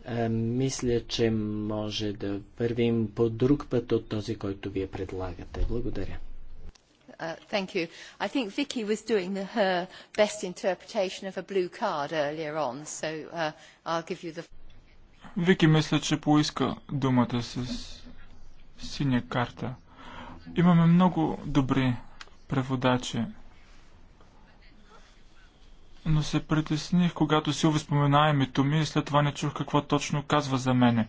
е, мисля, че може да вървим по друг път от този, който вие предлагате. Благодаря. Uh, thank you. I think Vicky was doing the, her best interpretation of a blue card earlier on, so uh, I'll give you the... Вики мисля, че поиска думата с синя карта. Имаме много добри преводачи. Но се притесних, когато Силви спомена името ми и след това не чух какво точно казва за мене.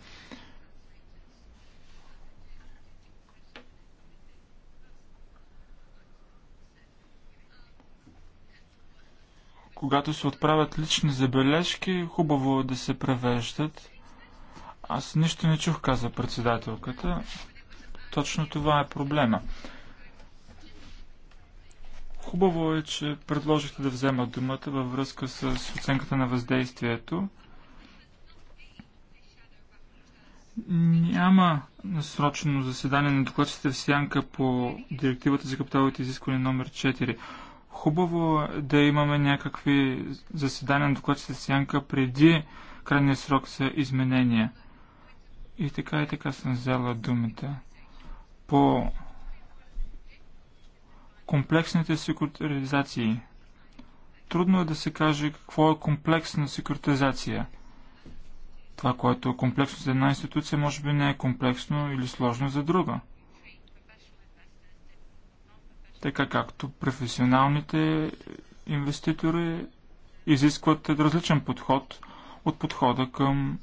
Когато се отправят лични забележки, хубаво е да се превеждат. Аз нищо не чух, каза председателката. Точно това е проблема. Хубаво е, че предложихте да взема думата във връзка с оценката на въздействието. Няма насрочено заседание на докладчите в Сянка по директивата за капиталовите изисквания номер 4. Хубаво е да имаме някакви заседания на докладчите в Сянка преди крайния срок за изменения. И така и така съм взела думата по комплексните секретаризации. Трудно е да се каже какво е комплексна секретаризация. Това, което е комплексно за една институция, може би не е комплексно или сложно за друга. Така както професионалните инвеститори изискват различен подход от подхода към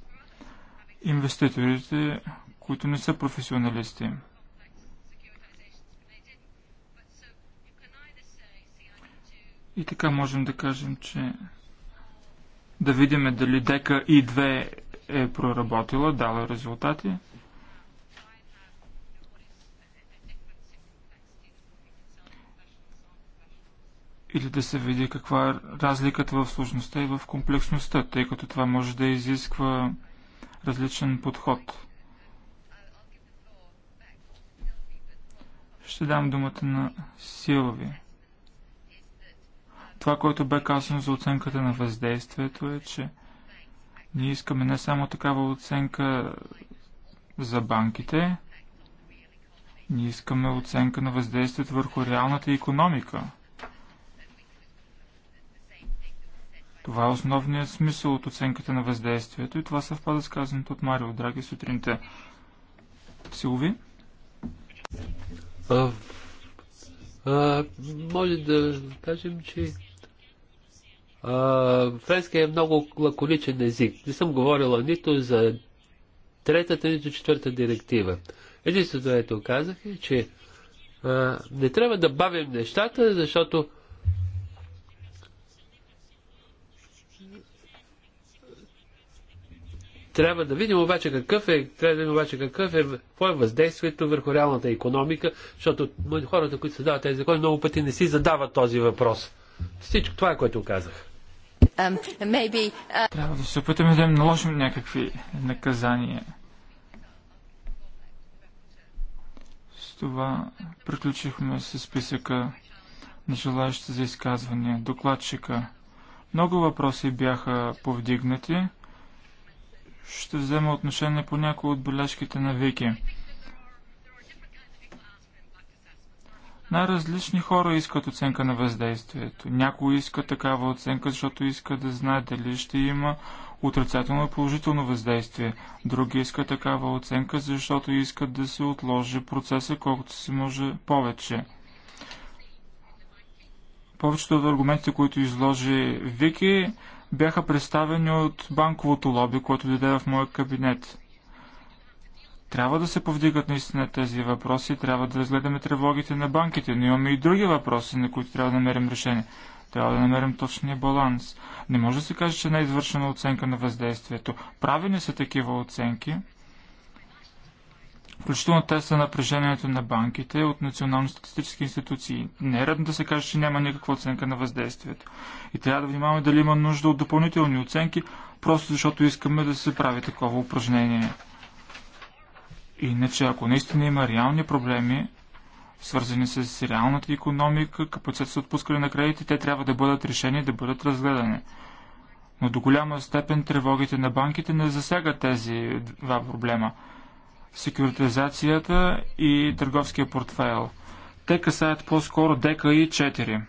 инвеститорите, които не са професионалисти. И така можем да кажем, че да видим дали дека И2 е проработила, дала резултати. Или да се види каква е разликата в сложността и в комплексността, тъй като това може да изисква различен подход. Ще дам думата на Силови. Това, което бе казано за оценката на въздействието е, че ние искаме не само такава оценка за банките, ние искаме оценка на въздействието върху реалната економика. Това е основният смисъл от оценката на въздействието и това съвпада с казаното от Марио Драги сутринта. Силови? А, а, може да кажем, че Френски е много лаколичен език. Не съм говорила нито за третата, нито четвърта директива. Единственото, което казах е, че а, не трябва да бавим нещата, защото трябва да видим обаче какъв е, трябва да видим обаче какъв е, какво е въздействието върху реалната економика, защото хората, които създават тези закони, много пъти не си задават този въпрос. Всичко това е, което казах. Um, maybe, uh... Трябва да се опитаме да им наложим някакви наказания. С това приключихме с списъка на желаящите за изказване. Докладчика. Много въпроси бяха повдигнати. Ще взема отношение по някои от бележките на Вики. Най-различни хора искат оценка на въздействието. Някои искат такава оценка, защото искат да знаят дали ще има отрицателно и положително въздействие. Други искат такава оценка, защото искат да се отложи процеса колкото се може повече. Повечето от аргументите, които изложи Вики, бяха представени от банковото лоби, което дойде в моя кабинет. Трябва да се повдигат наистина тези въпроси, трябва да разгледаме тревогите на банките, но имаме и други въпроси, на които трябва да намерим решение. Трябва да намерим точния баланс. Не може да се каже, че не е извършена оценка на въздействието. Правени са такива оценки, включително те са напрежението на банките от национални статистически институции. Не е редно да се каже, че няма никаква оценка на въздействието. И трябва да внимаваме дали има нужда от допълнителни оценки, просто защото искаме да се прави такова упражнение. Иначе, ако наистина има реални проблеми, свързани с реалната економика, капацитет за отпускане на кредити, те трябва да бъдат решени, да бъдат разгледани. Но до голяма степен тревогите на банките не засягат тези два проблема. Секюритизацията и търговския портфейл. Те касаят по-скоро дека и 4.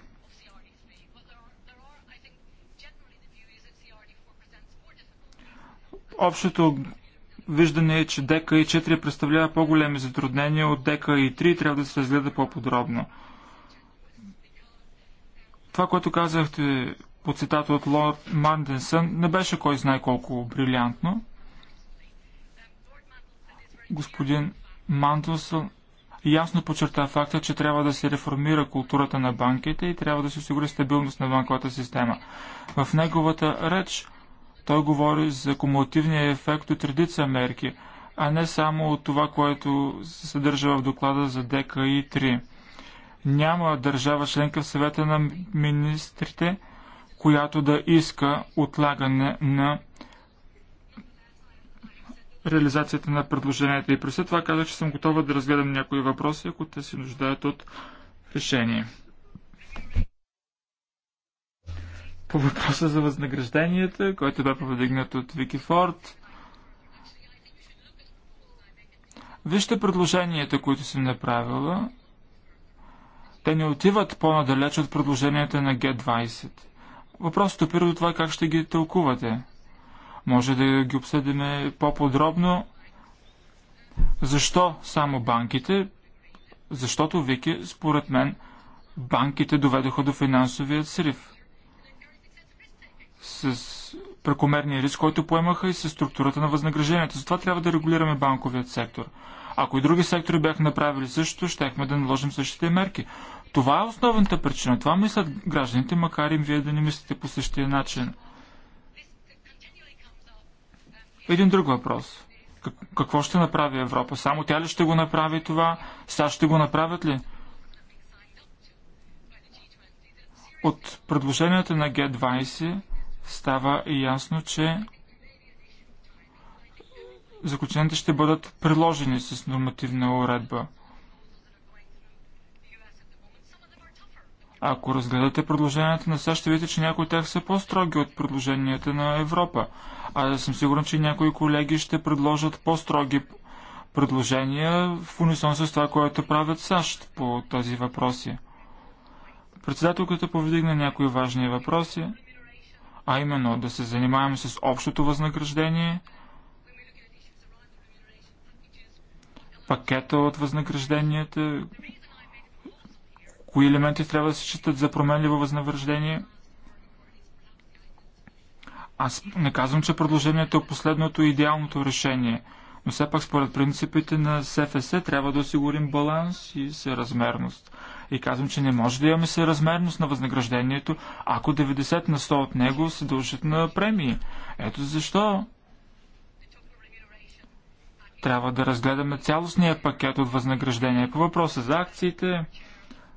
Общото виждане е, че дека и 4 представлява по-големи затруднения от дека и 3 и трябва да се разгледа по-подробно. Това, което казахте по цитата от Лорд Манденсън, не беше кой знае колко брилянтно. Господин Манденсън ясно подчерта факта, че трябва да се реформира културата на банките и трябва да се осигури стабилност на банковата система. В неговата реч той говори за кумулативния ефект от редица мерки, а не само от това, което се съдържа в доклада за ДКИ-3. Няма държава членка в съвета на министрите, която да иска отлагане на реализацията на предложенията. И през това казах, че съм готова да разгледам някои въпроси, ако те се нуждаят от решение. По въпроса за възнагражденията, който бе повдигнат от Вики Форд, вижте предложенията, които съм направила. Те не отиват по-надалеч от предложенията на Г20. Въпросът опира до това как ще ги тълкувате. Може да ги обсъдиме по-подробно. Защо само банките? Защото, Вики, според мен, банките доведоха до финансовия срив с прекомерния риск, който поемаха и с структурата на възнаграждението. Затова трябва да регулираме банковият сектор. Ако и други сектори бяха направили същото, щехме да наложим същите мерки. Това е основната причина. Това мислят гражданите, макар и вие да не мислите по същия начин. Един друг въпрос. Какво ще направи Европа? Само тя ли ще го направи това? САЩ ще го направят ли? От предложенията на Г-20 става ясно, че заключенията ще бъдат приложени с нормативна уредба. Ако разгледате предложенията на САЩ, ще видите, че някои от тях са по-строги от предложенията на Европа. А съм сигурен, че някои колеги ще предложат по-строги предложения в унисон с това, което правят САЩ по тези въпроси. Председателката повдигна някои важни въпроси а именно да се занимаваме с общото възнаграждение, пакета от възнагражденията, кои елементи трябва да се считат за променливо възнаграждение. Аз не казвам, че предложението е последното и идеалното решение, но все пак според принципите на СФС трябва да осигурим баланс и съразмерност. И казвам, че не може да имаме съразмерност на възнаграждението, ако 90 на 100 от него се дължат на премии. Ето защо трябва да разгледаме цялостния пакет от възнаграждение. По въпроса за акциите,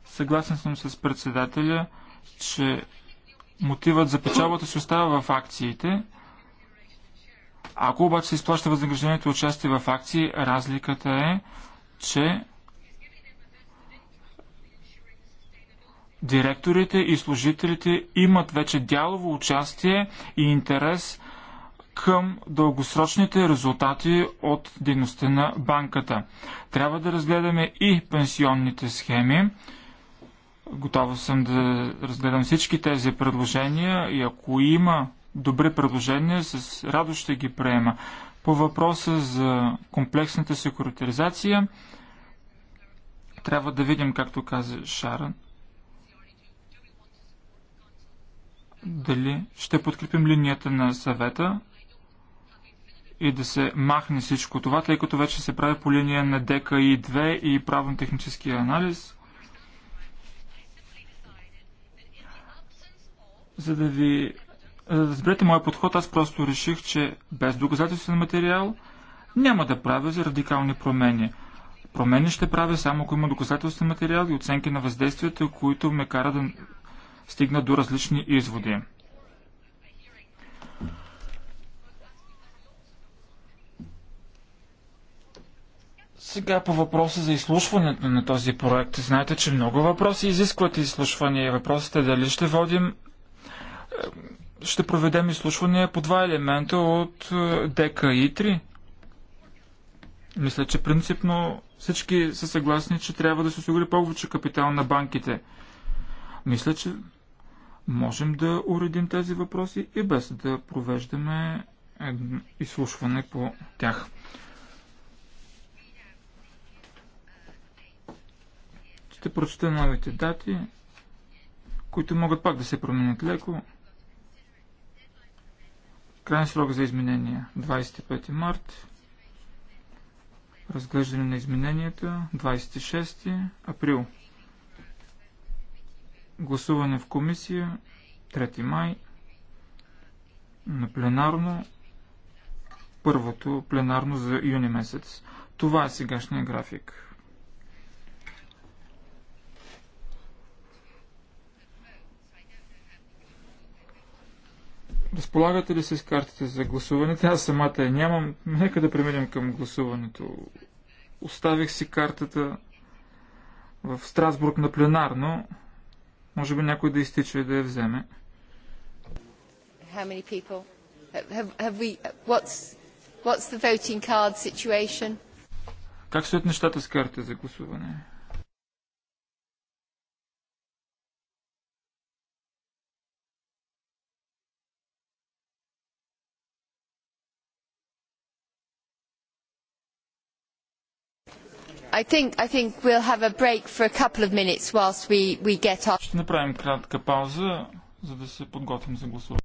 съгласен съм с председателя, че мотивът за печалбата се остава в акциите. Ако обаче се изплаща възнаграждението от участие в акции, разликата е, че директорите и служителите имат вече дялово участие и интерес към дългосрочните резултати от дейността на банката. Трябва да разгледаме и пенсионните схеми. Готова съм да разгледам всички тези предложения и ако има добри предложения, с радост ще ги приема. По въпроса за комплексната секуритаризация, трябва да видим, както каза Шаран, дали ще подкрепим линията на съвета и да се махне всичко това, тъй като вече се прави по линия на ДКИ-2 и правно-технически анализ. За да ви за да разберете моя подход, аз просто реших, че без доказателствен материал няма да правя за радикални промени. Промени ще правя само ако има доказателствен материал и оценки на въздействията, които ме кара да стигна до различни изводи. Сега по въпроса за изслушването на този проект. Знаете, че много въпроси изискват изслушване. Въпросът е дали ще водим е, ще проведем изслушване по два елемента от е, ДК и 3. Мисля, че принципно всички са съгласни, че трябва да се осигури повече капитал на банките – мисля, че можем да уредим тези въпроси и без да провеждаме изслушване по тях. Ще прочета новите дати, които могат пак да се променят леко. Крайен срок за изменения 25 март. Разглеждане на измененията 26 април. Гласуване в комисия 3 май на пленарно първото пленарно за юни месец. Това е сегашния график. Разполагате ли се с картите за гласуването? Аз самата я нямам. Нека да преминем към гласуването. Оставих си картата в Страсбург на пленарно. Може би някой да изтича и да я вземе. How many people? Have, have we, what's, what's the voting card situation? Как стоят нещата с карта за гласуване? I think, I think we'll have a break for a couple of minutes whilst we, we get off. Ще направим кратка пауза, за да се подготвим за гласуване.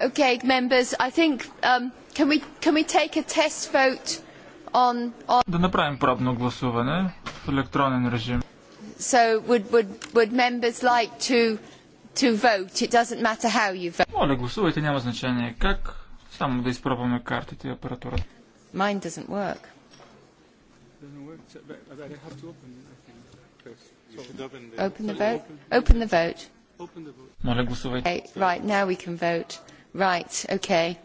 Okay, members, I think, um, can, we, can we take a test vote on, on... Да направим пробно гласуване в електронен режим. So would, would, would members like to, to vote? It doesn't matter how you vote. Моля, гласувайте, няма значение как. Само да изпробваме картите и апаратурата. Mine doesn't work. Open the vote. Open the vote. Моля, гласувайте. Okay, right, now we can vote. Right, okay.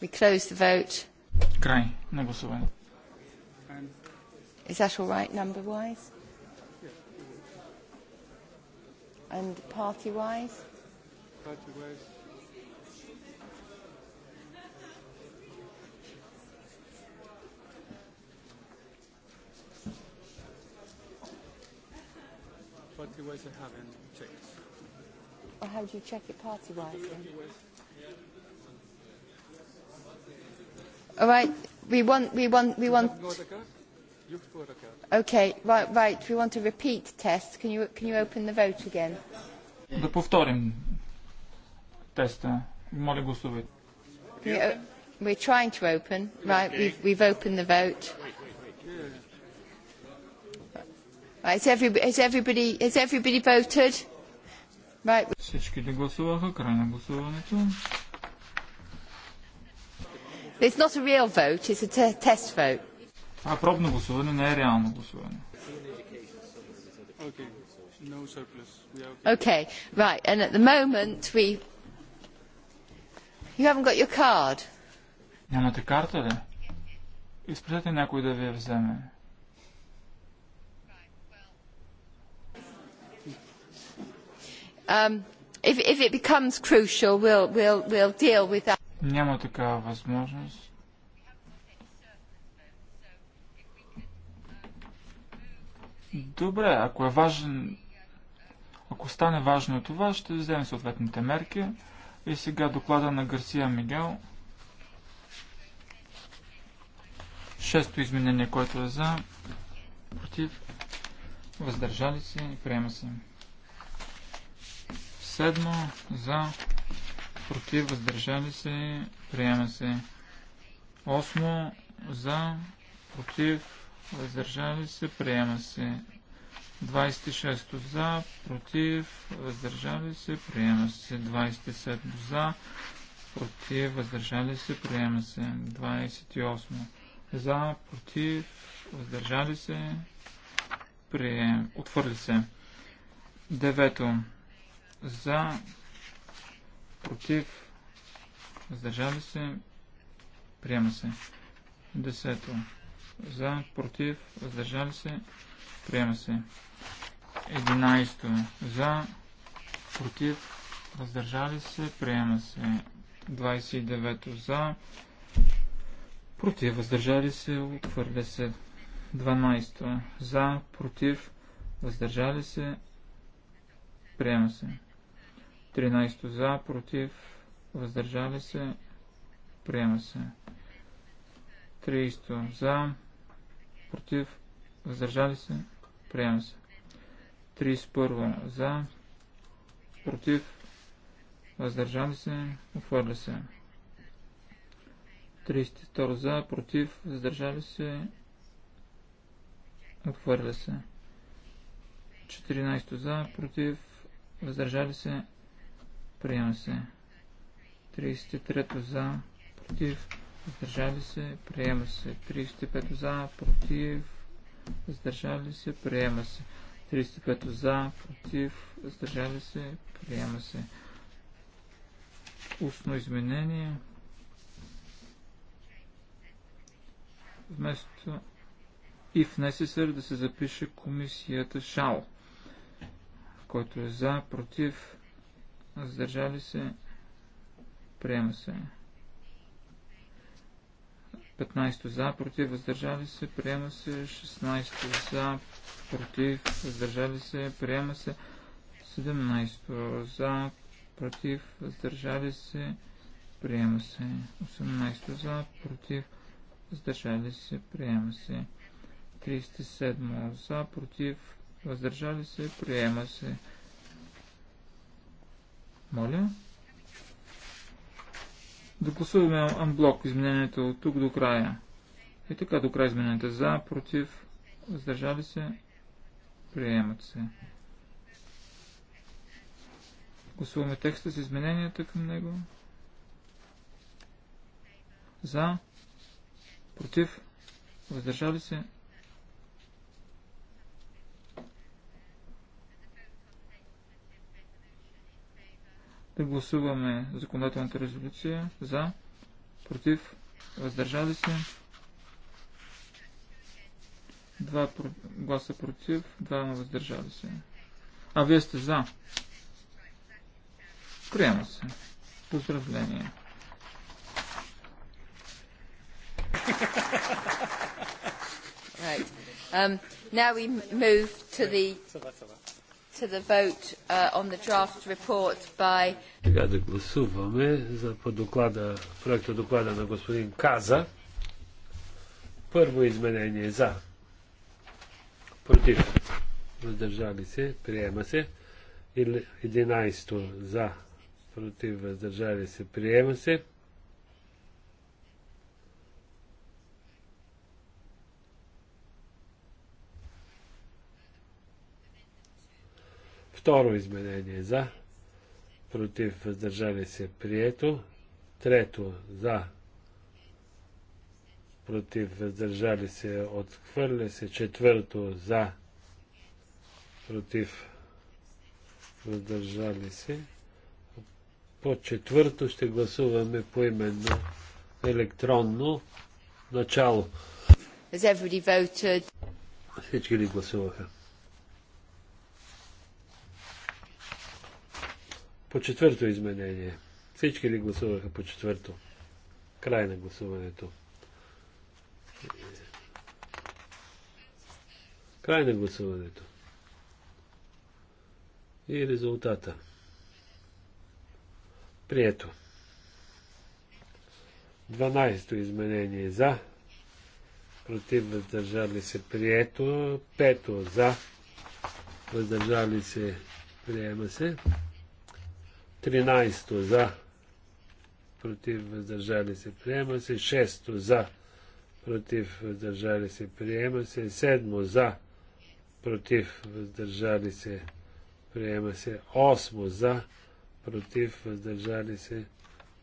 We close the vote. Край на гласуване. Is that all right number-wise? And party-wise? Party-wise. Party-wise I haven't. Or how do you check it party-wise? All right, we want, we want, we want. Okay, right, right. We want a repeat test. Can you, can you open the vote again? Да повторим теста. Моля гласувайте. We're trying to open. Right, we've, we've opened the vote. Right, has everybody, has everybody, has everybody voted? Right. Всички гласуваха? Край на гласуването. It's not a real vote, it's a test vote. Това пробно гласуване не е реално гласуване. Okay. No surplus. okay. okay, right. And at the moment we... You haven't got your card. Нямате карта ли? Изпратете някой да ви я вземе. Um, if it becomes crucial, we'll, we'll, we'll deal with that. Няма такава възможност. Добре, ако е важен, ако стане важно това, ще вземем съответните мерки. И сега доклада на Гарсия Мигел. Шесто изменение, което е за, против, въздържали се и приема се. 7 за, против, въздържали се, приема се. 8 за, против, въздържали се, приема се. 26 за, против, въздържали се, приема се. 27 за, против, въздържали се, приема се. 28 за, против, въздържали се, прием... отвърли се. 9 за, против, въздържали се, приема се. Десето. За, против, въздържали се, приема се. Единайсто. За, против, въздържали се, приема се. 29 за, против, въздържали се, отхвърля се. 12 за, против, въздържали се, приема се. 13 за, против, въздържали се, приема се. 30 за, против, въздържали се, приема се. 31 за, против, въздържали се, отхвърля се. 32 за, против, въздържали се, отхвърля се. 14 за, против, въздържали се, Приема се. 33 за, против, въздържали се, приема се. 35 за, против, въздържали се, приема се. 35 за, против, въздържали се, приема се. Устно изменение. Вместо и в necessary да се запише комисията ШАО, който е за, против, задържали се, приема се. 15 за, против, въздържали се, приема се. 16 за, против, въздържали се, приема се. 17 за, против, въздържали се, приема се. 18 за, против, въздържали се, приема се. 37 за, против, въздържали се, приема се. Моля. Докласуваме анблок изменението от тук до края. И така до края изменението. За, против, въздържали се, приемат се. Гласуваме текста с измененията към него. За, против, въздържали се, Да гласуваме законодателната резолюция за, против, въздържали се. Два про... гласа против, на въздържали се. А вие сте за. Приема се. Поздравление. Right. Um, now we move to the to the vote uh, on the draft report by... гласуваме за проекта доклада на господин Каза. Първо изменение за. Против. Въздържали се. Приема се. 11 за. Против. Въздържали се. Приема се. Второ изменение за, против, въздържали се, прието. Трето за, против, въздържали се, отхвърля се. Четвърто за, против, въздържали се. По четвърто ще гласуваме поименно електронно начало. Всички ли гласуваха? По четвърто изменение. Всички ли гласуваха по четвърто? Край на гласуването. Край на гласуването. И резултата. Прието. 12-то изменение за. Против въздържали се прието. Пето за. Въздържали се приема се. 13 за, против, въздържали се, приема се. 6 за, против, въздържали се, приема се. 7 за, против, въздържали се, приема се. 8 за, против, въздържали се,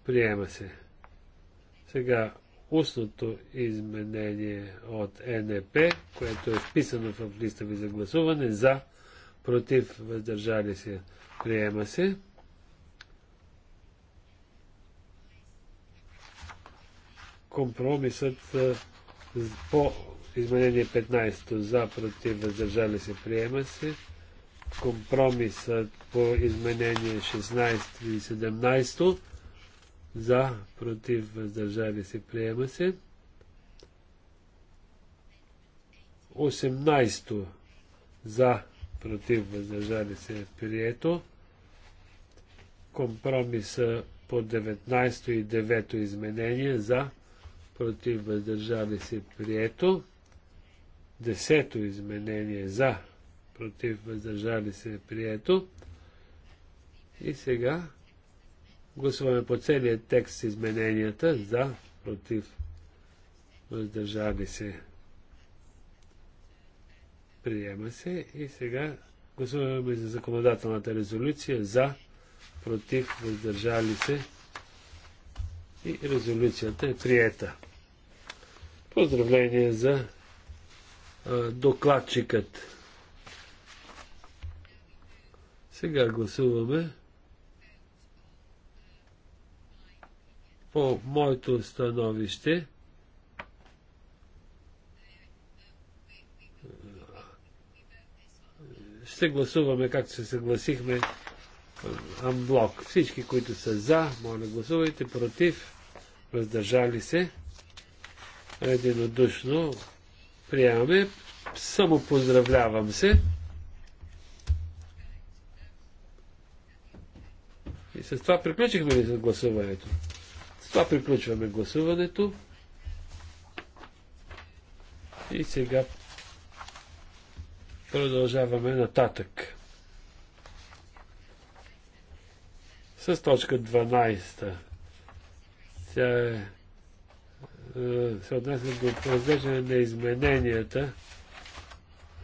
приема се. Сега устното изменение от НЕП, което е вписано в листа ви за гласуване, за, против, въздържали се, приема се. Компромисът е, по изменение 15 за против въздържали се приема се. Компромисът по изменение 16 и 17 за против въздържали се приема се. 18 за против въздържали се е прието. Компромиса по 19 и 9 изменение за против въздържали се прието. Десето изменение за против въздържали се прието. И сега гласуваме по целия текст измененията за против въздържали се. Приема се и сега гласуваме за законодателната резолюция за против въздържали се. И резолюцията е приета. Поздравление за докладчикът. Сега гласуваме по моето становище. Ще гласуваме, както се съгласихме, амблок. Всички, които са за, моля гласувайте, против въздържали се, единодушно приемаме. Само поздравлявам се. И с това приключихме ли гласуването? С това приключваме гласуването. И сега продължаваме нататък. С точка 12. Тя е, е, се отнася до произвеждане на измененията,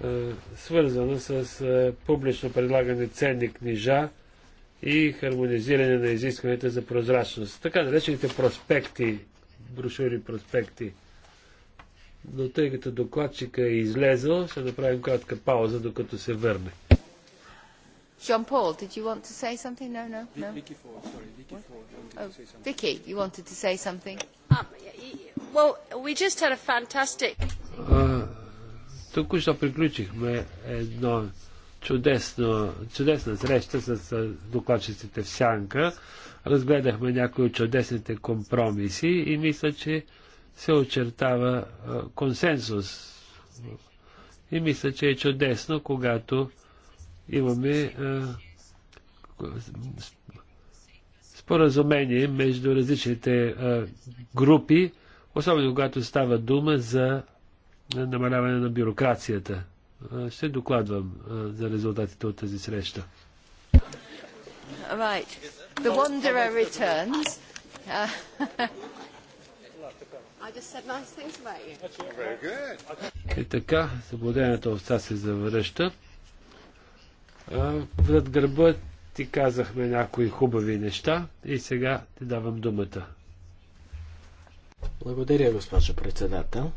е, свързана с публично предлагане ценни книжа и хармонизиране на изискванията за прозрачност. Така наречените проспекти, брошури проспекти. Но тъй като докладчика е излезъл, ще направим кратка пауза, докато се върне. Jean Paul, did you want to say something? No, no, no. Vicky Ford, sorry, Vicky Ford. Oh, Vicky, you wanted to say something? Um, well, we just had a fantastic... Току-що приключихме едно чудесно, чудесна среща с докладчиците в Сянка. Разгледахме някои от чудесните компромиси и мисля, че се очертава консенсус. И мисля, че е чудесно, когато имаме споразумение между различните групи, особено когато става дума за намаляване на бюрокрацията. Ще докладвам за резултатите от тази среща. Right. The wanderer returns. И е, така, съблудената овца се завръща. Вред гърба ти казахме някои хубави неща и сега ти давам думата. Благодаря, госпожо председател.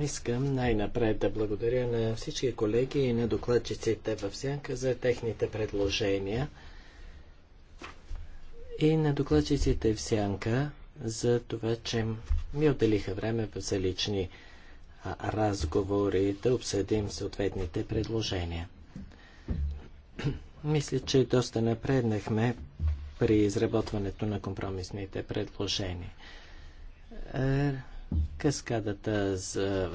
Искам най-напред да благодаря на всички колеги и на докладчиците в Сянка за техните предложения и на докладчиците в Сянка за това, че ми отделиха време за лични разговори разговори да обсъдим съответните предложения. Мисля, че доста напреднахме при изработването на компромисните предложения. Е, каскадата за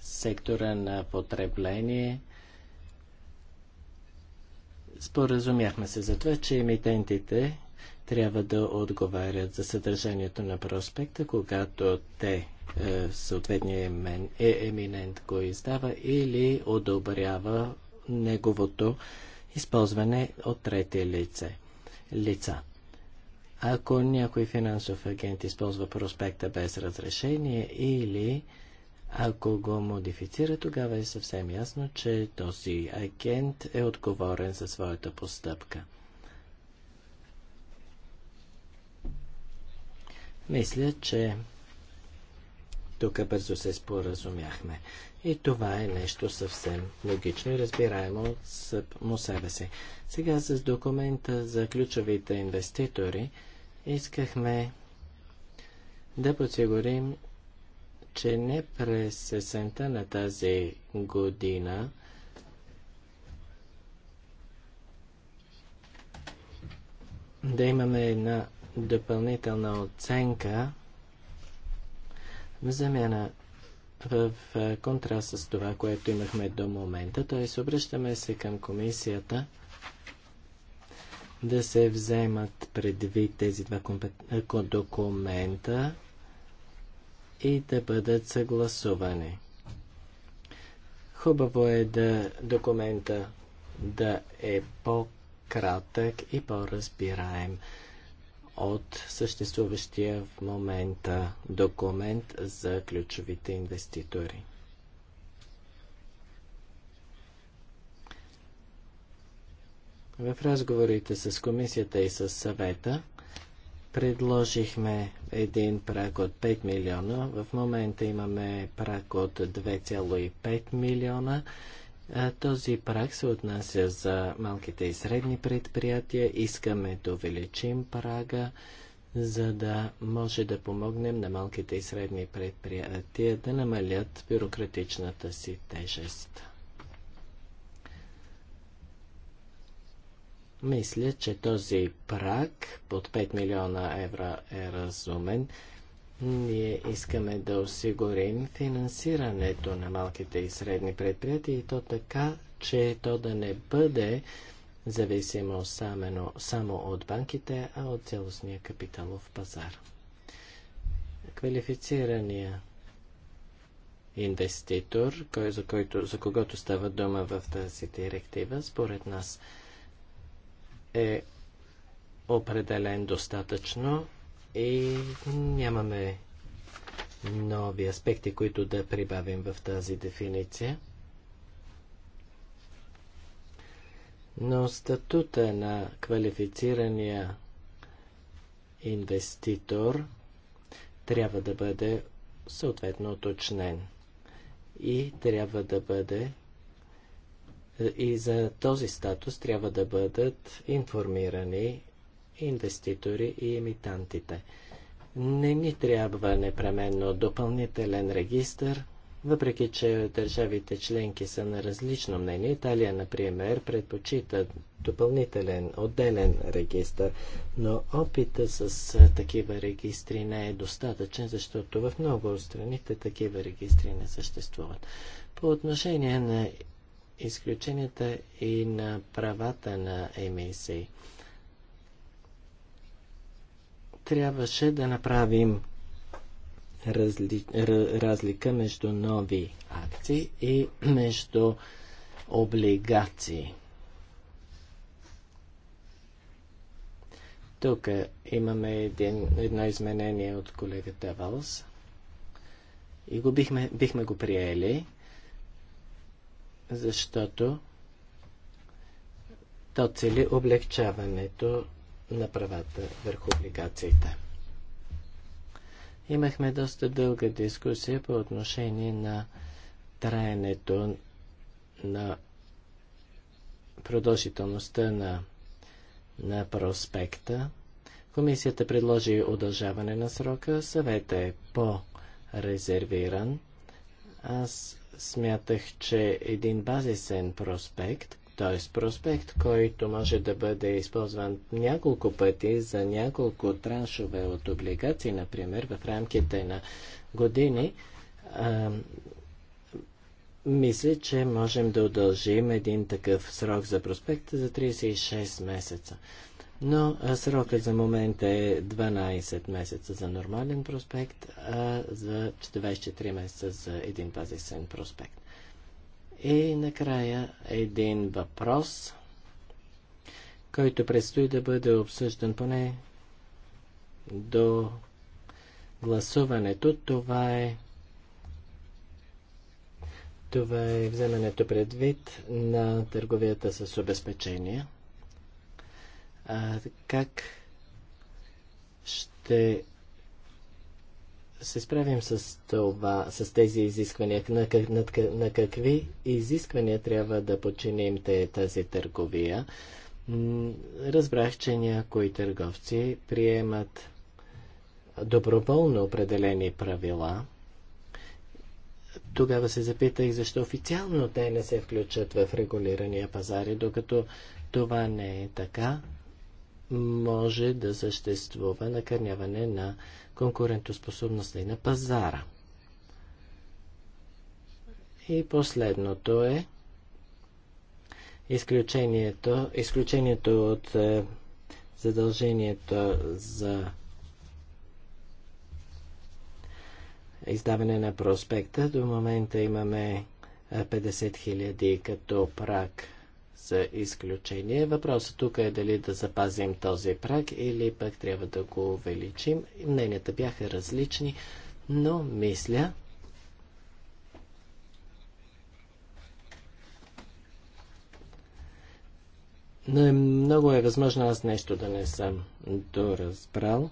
сектора на потребление – Споразумяхме се за това, че емитентите трябва да отговарят за съдържанието на проспекта, когато те е, съответния емен, е, еминент го издава или одобрява неговото използване от трети лице, лица. Ако някой финансов агент използва проспекта без разрешение или ако го модифицира, тогава е съвсем ясно, че този агент е отговорен за своята постъпка. Мисля, че тук бързо се споразумяхме. И това е нещо съвсем логично и разбираемо от само себе си. Сега с документа за ключовите инвеститори искахме да подсигурим че не през есента на тази година да имаме една допълнителна оценка в замяна в контраст с това, което имахме до момента, т.е. обръщаме се към комисията да се вземат предвид тези два документа и да бъдат съгласувани. Хубаво е да документа да е по-кратък и по-разбираем от съществуващия в момента документ за ключовите инвеститори. В разговорите с комисията и с съвета Предложихме един праг от 5 милиона. В момента имаме праг от 2,5 милиона. Този праг се отнася за малките и средни предприятия. Искаме да увеличим прага, за да може да помогнем на малките и средни предприятия да намалят бюрократичната си тежест. Мисля, че този прак от 5 милиона евро е разумен. Ние искаме да осигурим финансирането на малките и средни предприятия и то така, че то да не бъде зависимо само от банките, а от цялостния капиталов пазар. Квалифицирания инвеститор, кой, за, който, за когото става дума в тази директива, според нас – е определен достатъчно и нямаме нови аспекти, които да прибавим в тази дефиниция. Но статута на квалифицирания инвеститор трябва да бъде съответно уточнен и трябва да бъде и за този статус трябва да бъдат информирани инвеститори и емитантите. Не ни трябва непременно допълнителен регистр, въпреки че държавите членки са на различно мнение, Италия, например, предпочита допълнителен, отделен регистр, но опита с такива регистри не е достатъчен, защото в много от страните такива регистри не съществуват. По отношение на изключенията и на правата на емисии. Трябваше да направим разли... разлика между нови акции и между облигации. Тук имаме един, едно изменение от колегата Валс и го бихме, бихме го приели защото то цели облегчаването на правата върху облигациите. Имахме доста дълга дискусия по отношение на траенето на продължителността на, на проспекта. Комисията предложи удължаване на срока, съветът е по-резервиран. Аз смятах, че един базисен проспект, т.е. проспект, който може да бъде използван няколко пъти за няколко траншове от облигации, например, в рамките на години, а, мисля, че можем да удължим един такъв срок за проспекта за 36 месеца. Но срокът за момента е 12 месеца за нормален проспект, а за 24 месеца за един базисен проспект. И накрая един въпрос, който предстои да бъде обсъждан поне до гласуването. Това е това е вземането предвид на търговията с обезпечения а, как ще се справим с, това, с тези изисквания? На, на, на какви изисквания трябва да подчиним те, тази търговия? Разбрах, че някои търговци приемат доброволно определени правила. Тогава се запитах защо официално те не се включат в регулирания пазари, докато това не е така може да съществува накърняване на конкурентоспособността и на пазара. И последното е изключението, изключението от е, задължението за издаване на проспекта. До момента имаме 50 е, 000 като прак за изключение. Въпросът тук е дали да запазим този прак или пък трябва да го увеличим. Мненията бяха различни, но мисля, Но е, много е възможно аз нещо да не съм доразбрал.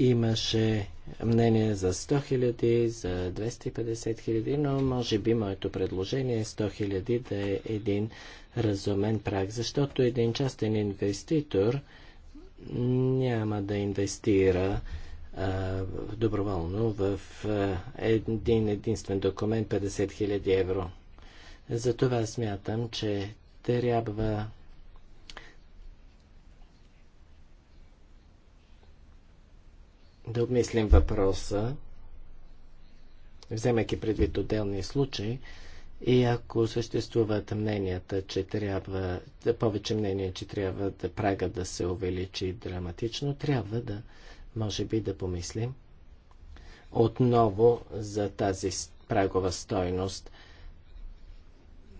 Имаше мнение за 100 хиляди, за 250 хиляди, но може би моето предложение е 100 хиляди да е един разумен праг, защото един частен инвеститор няма да инвестира а, доброволно в а, един единствен документ 50 000 евро. Затова смятам, че трябва да обмислим въпроса, вземайки предвид отделни случаи, и ако съществуват мненията, че трябва, повече мнения, че трябва да прага да се увеличи драматично, трябва да, може би, да помислим отново за тази прагова стойност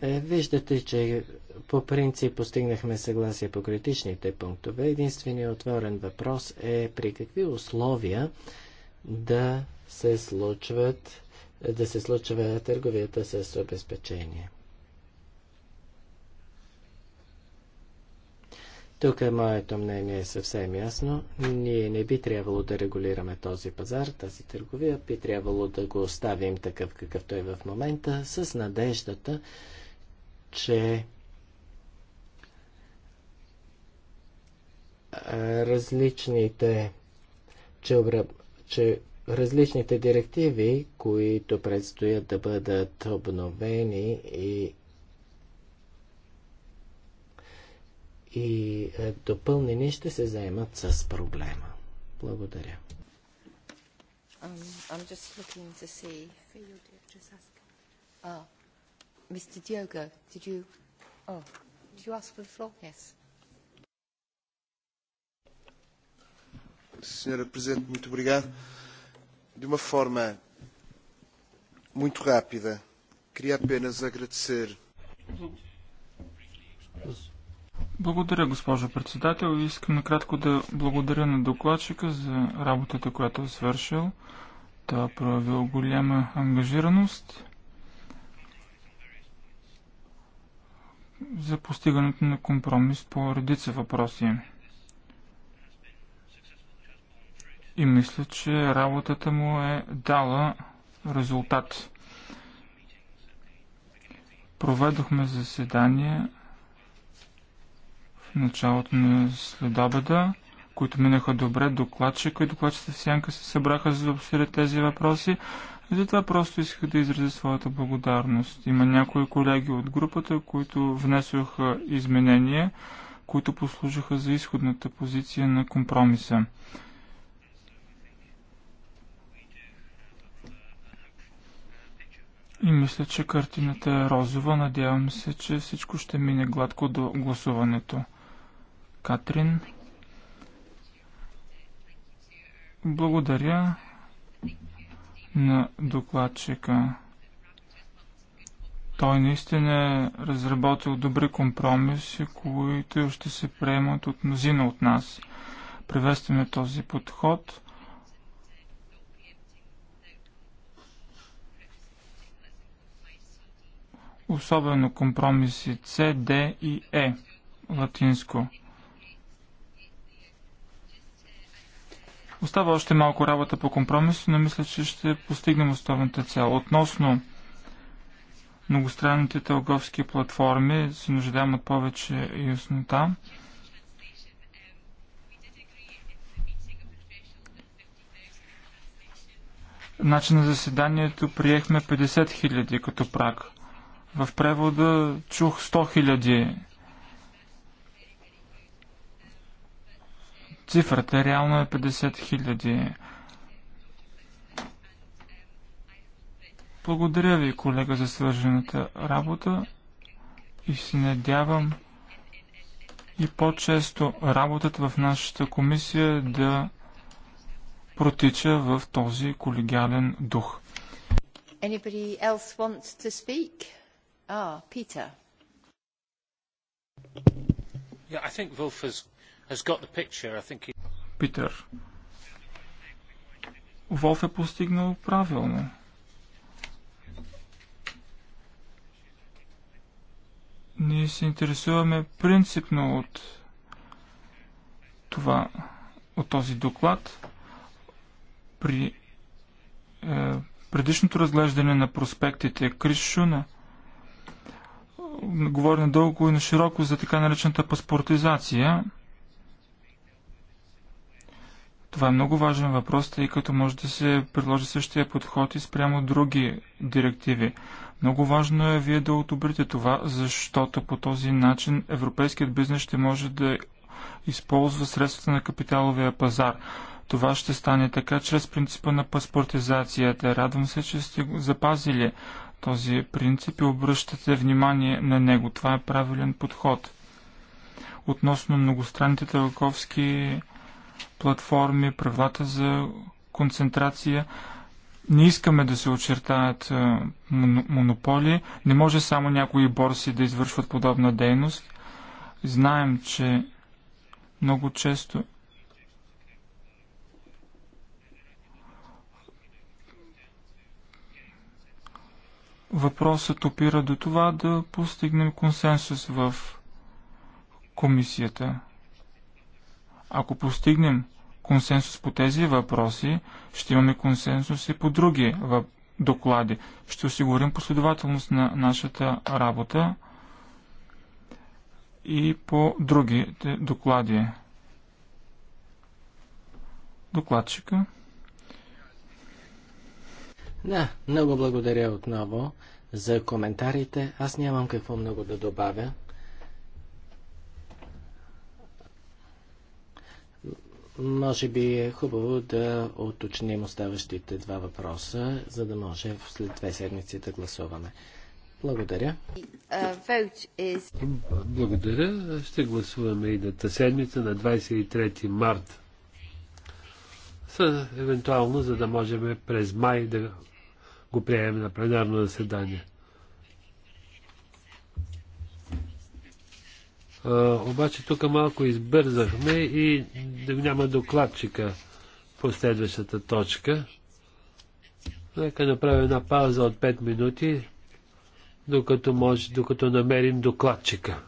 е, виждате, че по принцип постигнахме съгласие по критичните пунктове. Единственият отворен въпрос е при какви условия да се случват да се случва търговията с обезпечение. Тук моето мнение е съвсем ясно. Ние не би трябвало да регулираме този пазар, тази търговия. Би трябвало да го оставим такъв какъвто е в момента, с надеждата, че е, различните, че, обраб, че различните директиви, които предстоят да бъдат обновени и и е, допълнени ще се заемат с проблема. Благодаря. Um, I'm just looking to see. Mr. Diogo, did you? Oh, did you ask for the floor? Yes. Senhora Presidente, muito obrigado. De uma forma muito rápida, queria apenas agradecer. Благодаря, госпожо председател. Искам накратко да благодаря на докладчика за работата, която е свършил. Той е проявил голяма ангажираност за постигането на компромис по редица въпроси. И мисля, че работата му е дала резултат. Проведохме заседания в началото на следобеда, които минаха добре. Докладчика и докладчета в Сянка се събраха за да обсъдят тези въпроси. Затова просто исках да изразя своята благодарност. Има някои колеги от групата, които внесоха изменения, които послужиха за изходната позиция на компромиса. И мисля, че картината е розова. Надявам се, че всичко ще мине гладко до гласуването. Катрин. Благодаря на докладчика. Той наистина е разработил добри компромиси, които ще се приемат от мнозина от нас. Приветстваме този подход. Особено компромиси C, D и E, латинско. Остава още малко работа по компромис, но мисля, че ще постигнем основната цел. Относно многостранните търговски платформи, се нуждаем от повече яснота. Значи на заседанието приехме 50 000 като прак. В превода чух 100 000 Цифрата е реално е 50 000. Благодаря ви, колега, за свържената работа и се надявам и по-често работата в нашата комисия да протича в този колегиален дух. Anybody else to speak? Ah, Peter. Yeah, I think Wolf has has got the picture. I think he... Питър. Волф е постигнал правилно. Ние се интересуваме принципно от това, от този доклад. При е, предишното разглеждане на проспектите Крис Шуна говори надълго и на широко за така наречената паспортизация – това е много важен въпрос, тъй като може да се предложи същия подход и спрямо други директиви. Много важно е вие да одобрите това, защото по този начин европейският бизнес ще може да използва средствата на капиталовия пазар. Това ще стане така чрез принципа на паспортизацията. Радвам се, че сте го запазили този принцип и обръщате внимание на него. Това е правилен подход. Относно многостранните търговски платформи, правилата за концентрация. Не искаме да се очертаят е, монополи. Не може само някои борси да извършват подобна дейност. Знаем, че много често въпросът опира до това да постигнем консенсус в комисията. Ако постигнем консенсус по тези въпроси, ще имаме консенсус и по други доклади. Ще осигурим последователност на нашата работа и по другите доклади. Докладчика. Да, много благодаря отново за коментарите. Аз нямам какво много да добавя. Може би е хубаво да уточним оставащите два въпроса, за да може след две седмици да гласуваме. Благодаря. Uh, is... Благодаря. Ще гласуваме идната седмица на 23 март. евентуално, за да можем през май да го приемем на пленарно заседание. Обаче тук малко избързахме и няма докладчика по следващата точка. Нека направим една пауза от 5 минути, докато, може, докато намерим докладчика.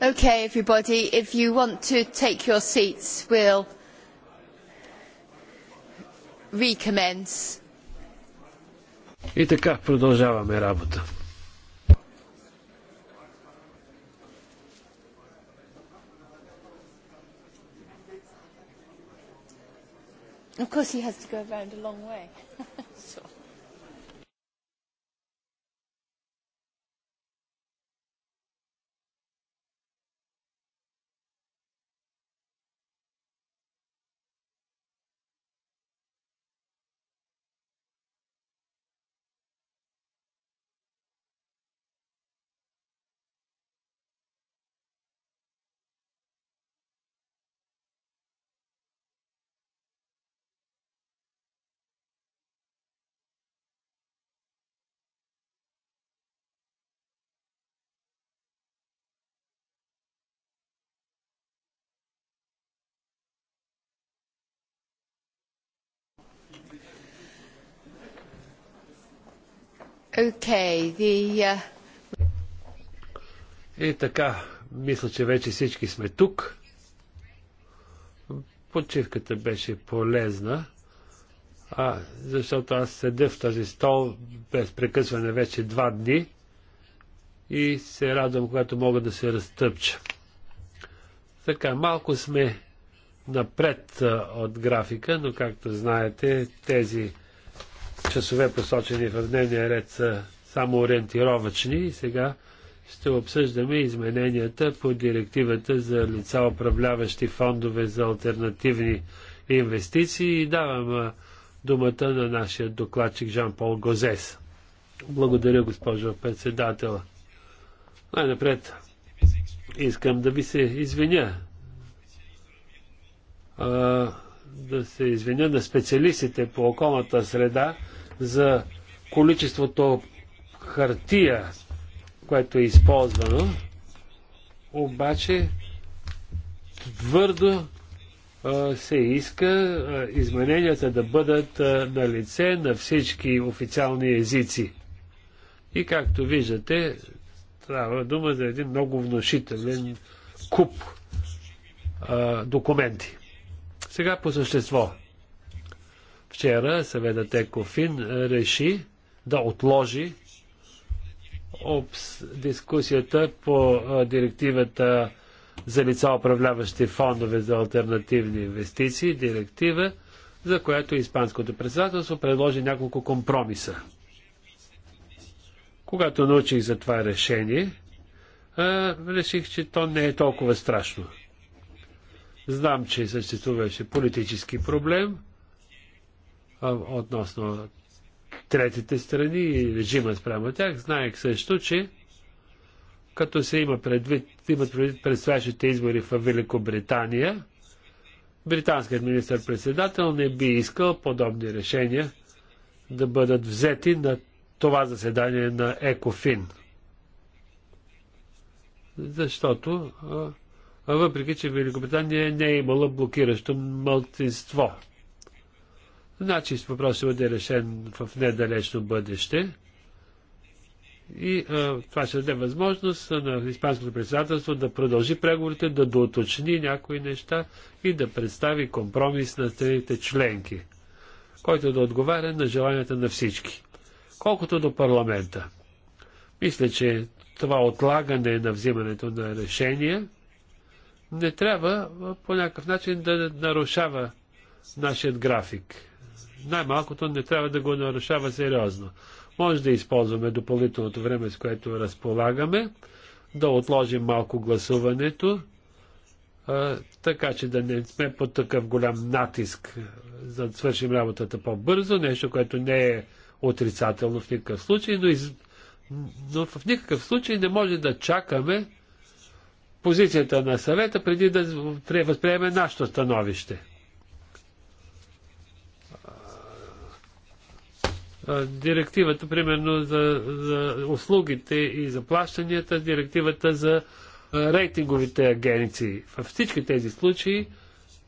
Okay, everybody, if you want to take your seats, we'll recommence. И така продължаваме работа. Of course, he has to go around a long way. Okay, the... Uh, и така, мисля, че вече всички сме тук. Почивката беше полезна, а, защото аз седя в този стол без прекъсване вече два дни и се радвам, когато мога да се разтъпча. Така, малко сме напред а, от графика, но както знаете, тези часове посочени в дневния ред са само ориентировачни и сега ще обсъждаме измененията по директивата за лица управляващи фондове за альтернативни инвестиции и давам думата на нашия докладчик Жан-Пол Гозес. Благодаря, госпожо председател. Най-напред искам да ви се извиня. А, да се извиня на специалистите по околната среда, за количеството хартия, което е използвано, обаче твърдо се иска измененията да бъдат на лице на всички официални езици. И както виждате, трябва дума за един много внушителен куп а, документи. Сега по същество. Вчера съветът Екофин реши да отложи обс... дискусията по директивата за лица управляващи фондове за альтернативни инвестиции, директива, за която Испанското председателство предложи няколко компромиса. Когато научих за това решение, реших, че то не е толкова страшно. Знам, че съществуваше политически проблем, относно третите страни и режима спрямо тях. Знаех също, че като се има предвид, имат предвид предстоящите избори в Великобритания, британският министр-председател не би искал подобни решения да бъдат взети на това заседание на Екофин. Защото, въпреки че Великобритания не е имала блокиращо мълцинство Значи въпросът ще бъде решен в недалечно бъдеще. И а, това ще даде възможност на Испанското председателство да продължи преговорите, да доточни някои неща и да представи компромис на страните членки, който да отговаря на желанията на всички. Колкото до парламента. Мисля, че това отлагане на взимането на решения не трябва по някакъв начин да нарушава нашият график най-малкото не трябва да го нарушава сериозно. Може да използваме допълнителното време, с което разполагаме, да отложим малко гласуването, така че да не сме под такъв голям натиск, за да свършим работата по-бързо, нещо, което не е отрицателно в никакъв случай, но, из... но в никакъв случай не може да чакаме позицията на съвета преди да възприеме нашето становище. директивата, примерно, за, за услугите и за плащанията, директивата за рейтинговите агенции. Във всички тези случаи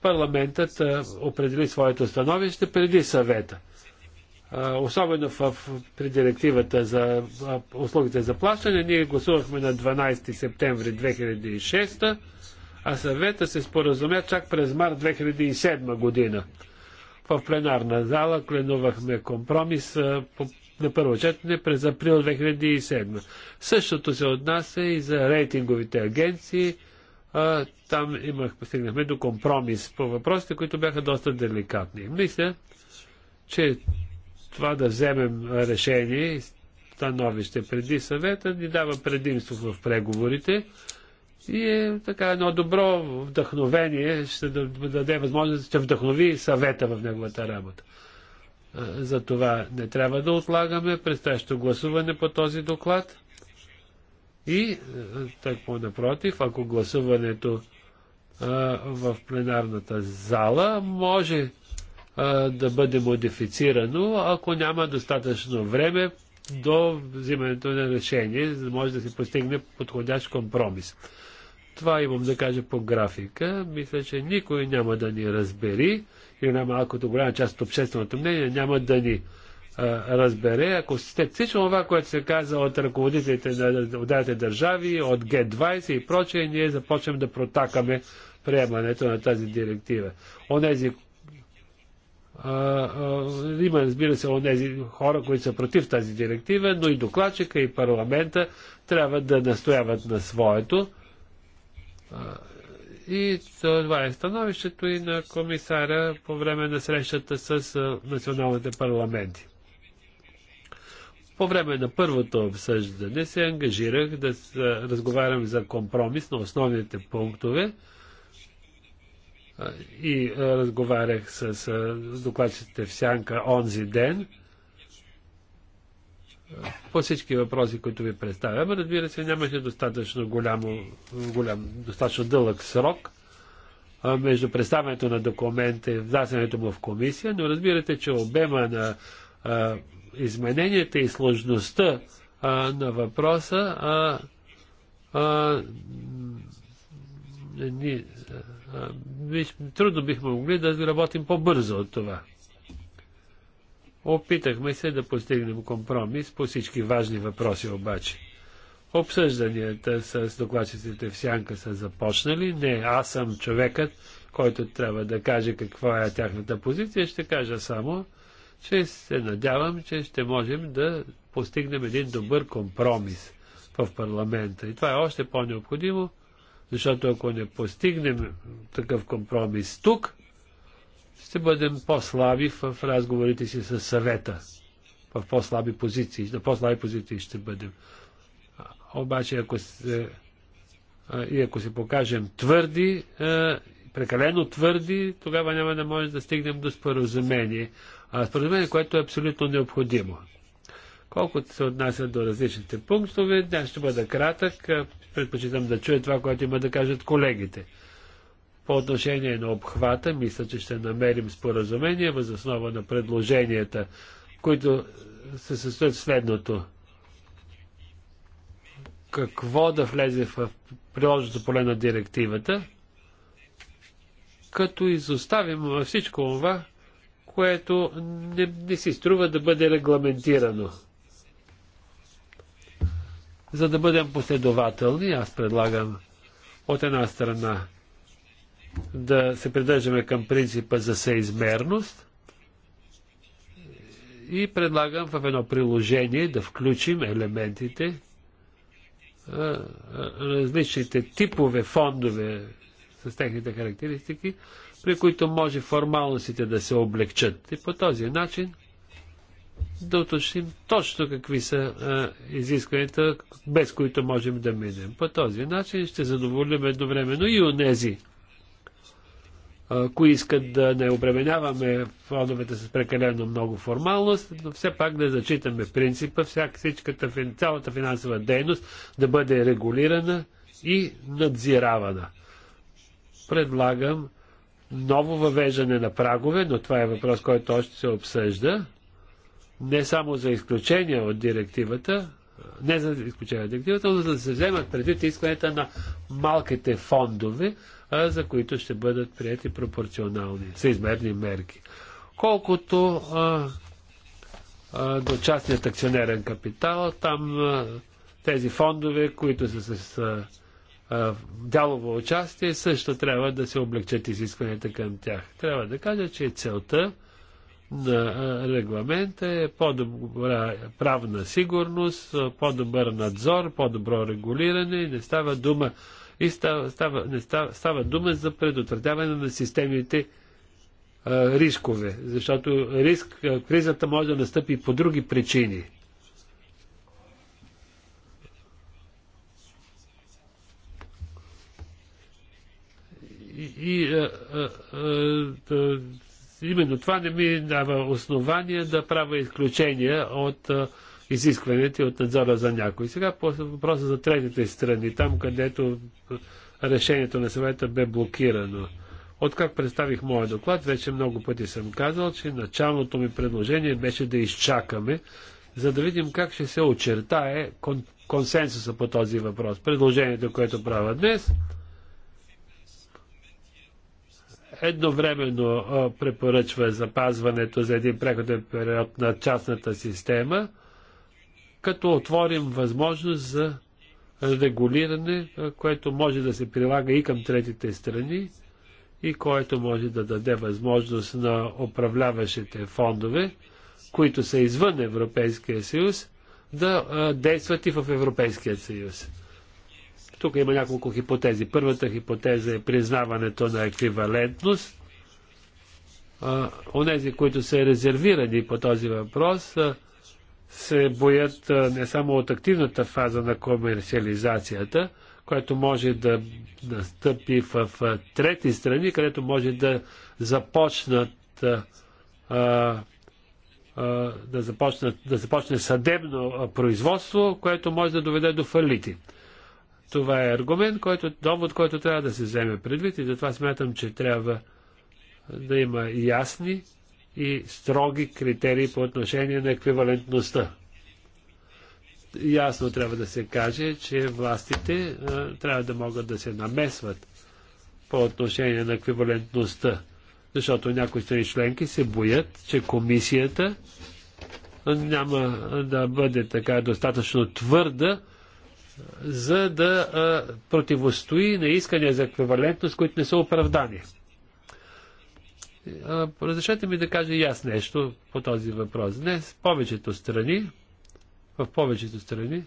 парламентът определи своето становище преди съвета. Особено в, при директивата за услугите за плащане, ние гласувахме на 12 септември 2006, а съвета се споразумя чак през март 2007 година в пленарна зала кленувахме компромис на първо четене през април 2007. Същото се отнася и за рейтинговите агенции. там имах, постигнахме до компромис по въпросите, които бяха доста деликатни. Мисля, че това да вземем решение, становище преди съвета, ни дава предимство в преговорите. И е така едно добро вдъхновение ще даде възможност, ще вдъхнови съвета в неговата работа. За това не трябва да отлагаме предстоящо гласуване по този доклад. И по напротив, ако гласуването в пленарната зала може да бъде модифицирано, ако няма достатъчно време до взимането на решение, за да може да се постигне подходящ компромис. Това имам да кажа по графика. Мисля, че никой няма да ни разбери, или на малкото голяма част от общественото мнение няма да ни а, разбере, ако сте всичко това, което се каза от ръководителите на отделните държави, от Г20 и прочее, ние започнем да протакаме приемането на тази директива. Онези, а, а, има, разбира се, онези хора, които са против тази директива, но и докладчика и парламента трябва да настояват на своето и това е становището и на комисара по време на срещата с националните парламенти. По време на първото обсъждане се ангажирах да разговарям за компромис на основните пунктове и разговарях с докладчите в Сянка онзи ден – по всички въпроси, които ви представям. Разбира се, нямаше достатъчно голямо, голям, достатъчно дълъг срок между представянето на документа и внасянето му в комисия, но разбирате, че обема на а, измененията и сложността а, на въпроса а, а, ни, а, трудно бихме могли да работим по-бързо от това. Опитахме се да постигнем компромис по всички важни въпроси обаче. Обсъжданията с докладчиците в Сянка са започнали. Не, аз съм човекът, който трябва да каже каква е тяхната позиция. Ще кажа само, че се надявам, че ще можем да постигнем един добър компромис в парламента. И това е още по-необходимо, защото ако не постигнем такъв компромис тук, ще бъдем по-слаби в разговорите си с съвета. В по-слаби позиции, на по-слаби позиции ще бъдем. Обаче, ако се, и ако се покажем твърди, прекалено твърди, тогава няма да може да стигнем до споразумение. А споразумение, което е абсолютно необходимо. Колкото се отнася до различните пунктове, днес ще бъда кратък. Предпочитам да чуя това, което има да кажат колегите. По отношение на обхвата, мисля, че ще намерим споразумение въз основа на предложенията, които се състоят следното. Какво да влезе в приложното поле на директивата, като изоставим всичко това, което не, не си струва да бъде регламентирано. За да бъдем последователни, аз предлагам от една страна да се придържаме към принципа за съизмерност и предлагам в едно приложение да включим елементите, различните типове фондове с техните характеристики, при които може формалностите да се облегчат. И по този начин да уточним точно какви са а, изискванията, без които можем да минем. По този начин ще задоволим едновременно и онези, Кои искат да не обременяваме фондовете с прекалено много формалност, но все пак да зачитаме принципа, всяк, всичката, цялата финансова дейност да бъде регулирана и надзиравана. Предлагам ново въвеждане на прагове, но това е въпрос, който още се обсъжда, не само за изключение от директивата, не за изключение от директивата, но за да се вземат предвид исканията на малките фондове, за които ще бъдат прияти пропорционални, съизмерни мерки. Колкото а, а, до частният акционерен капитал, там а, тези фондове, които са с а, а, дялово участие, също трябва да се облегчат изискванията към тях. Трябва да кажа, че целта на регламента е по-добра правна сигурност, по-добър надзор, по-добро регулиране и не става дума и става, става, не става, става дума за предотвратяване на системните а, рискове, защото риск, а, кризата може да настъпи по други причини. И, и а, а, а, именно това не ми дава основание да правя изключения от а, Изискването от надзора за някой. Сега по въпроса за третите страни, там където решението на съвета бе блокирано. Откак представих моя доклад, вече много пъти съм казал, че началното ми предложение беше да изчакаме, за да видим как ще се очертае кон- консенсуса по този въпрос. Предложението, което правя днес, едновременно препоръчва запазването за един преходен период на частната система – като отворим възможност за регулиране, което може да се прилага и към третите страни и което може да даде възможност на управляващите фондове, които са извън Европейския съюз, да действат и в Европейския съюз. Тук има няколко хипотези. Първата хипотеза е признаването на еквивалентност. Онези, които са резервирани по този въпрос, а, се боят не само от активната фаза на комерциализацията, която може да настъпи в трети страни, където може да започнат да, започнат, да започне съдебно производство, което може да доведе до фалити. Това е аргумент, който, довод, който трябва да се вземе предвид и затова смятам, че трябва да има ясни и строги критерии по отношение на еквивалентността. Ясно трябва да се каже, че властите а, е, трябва да могат да се намесват по отношение на еквивалентността, защото някои страни членки се боят, че комисията няма да бъде така достатъчно твърда, е, за да а, е, противостои на искания за еквивалентност, които не са оправдани. Разрешете ми да кажа и аз нещо по този въпрос. Днес повечето страни, в повечето страни,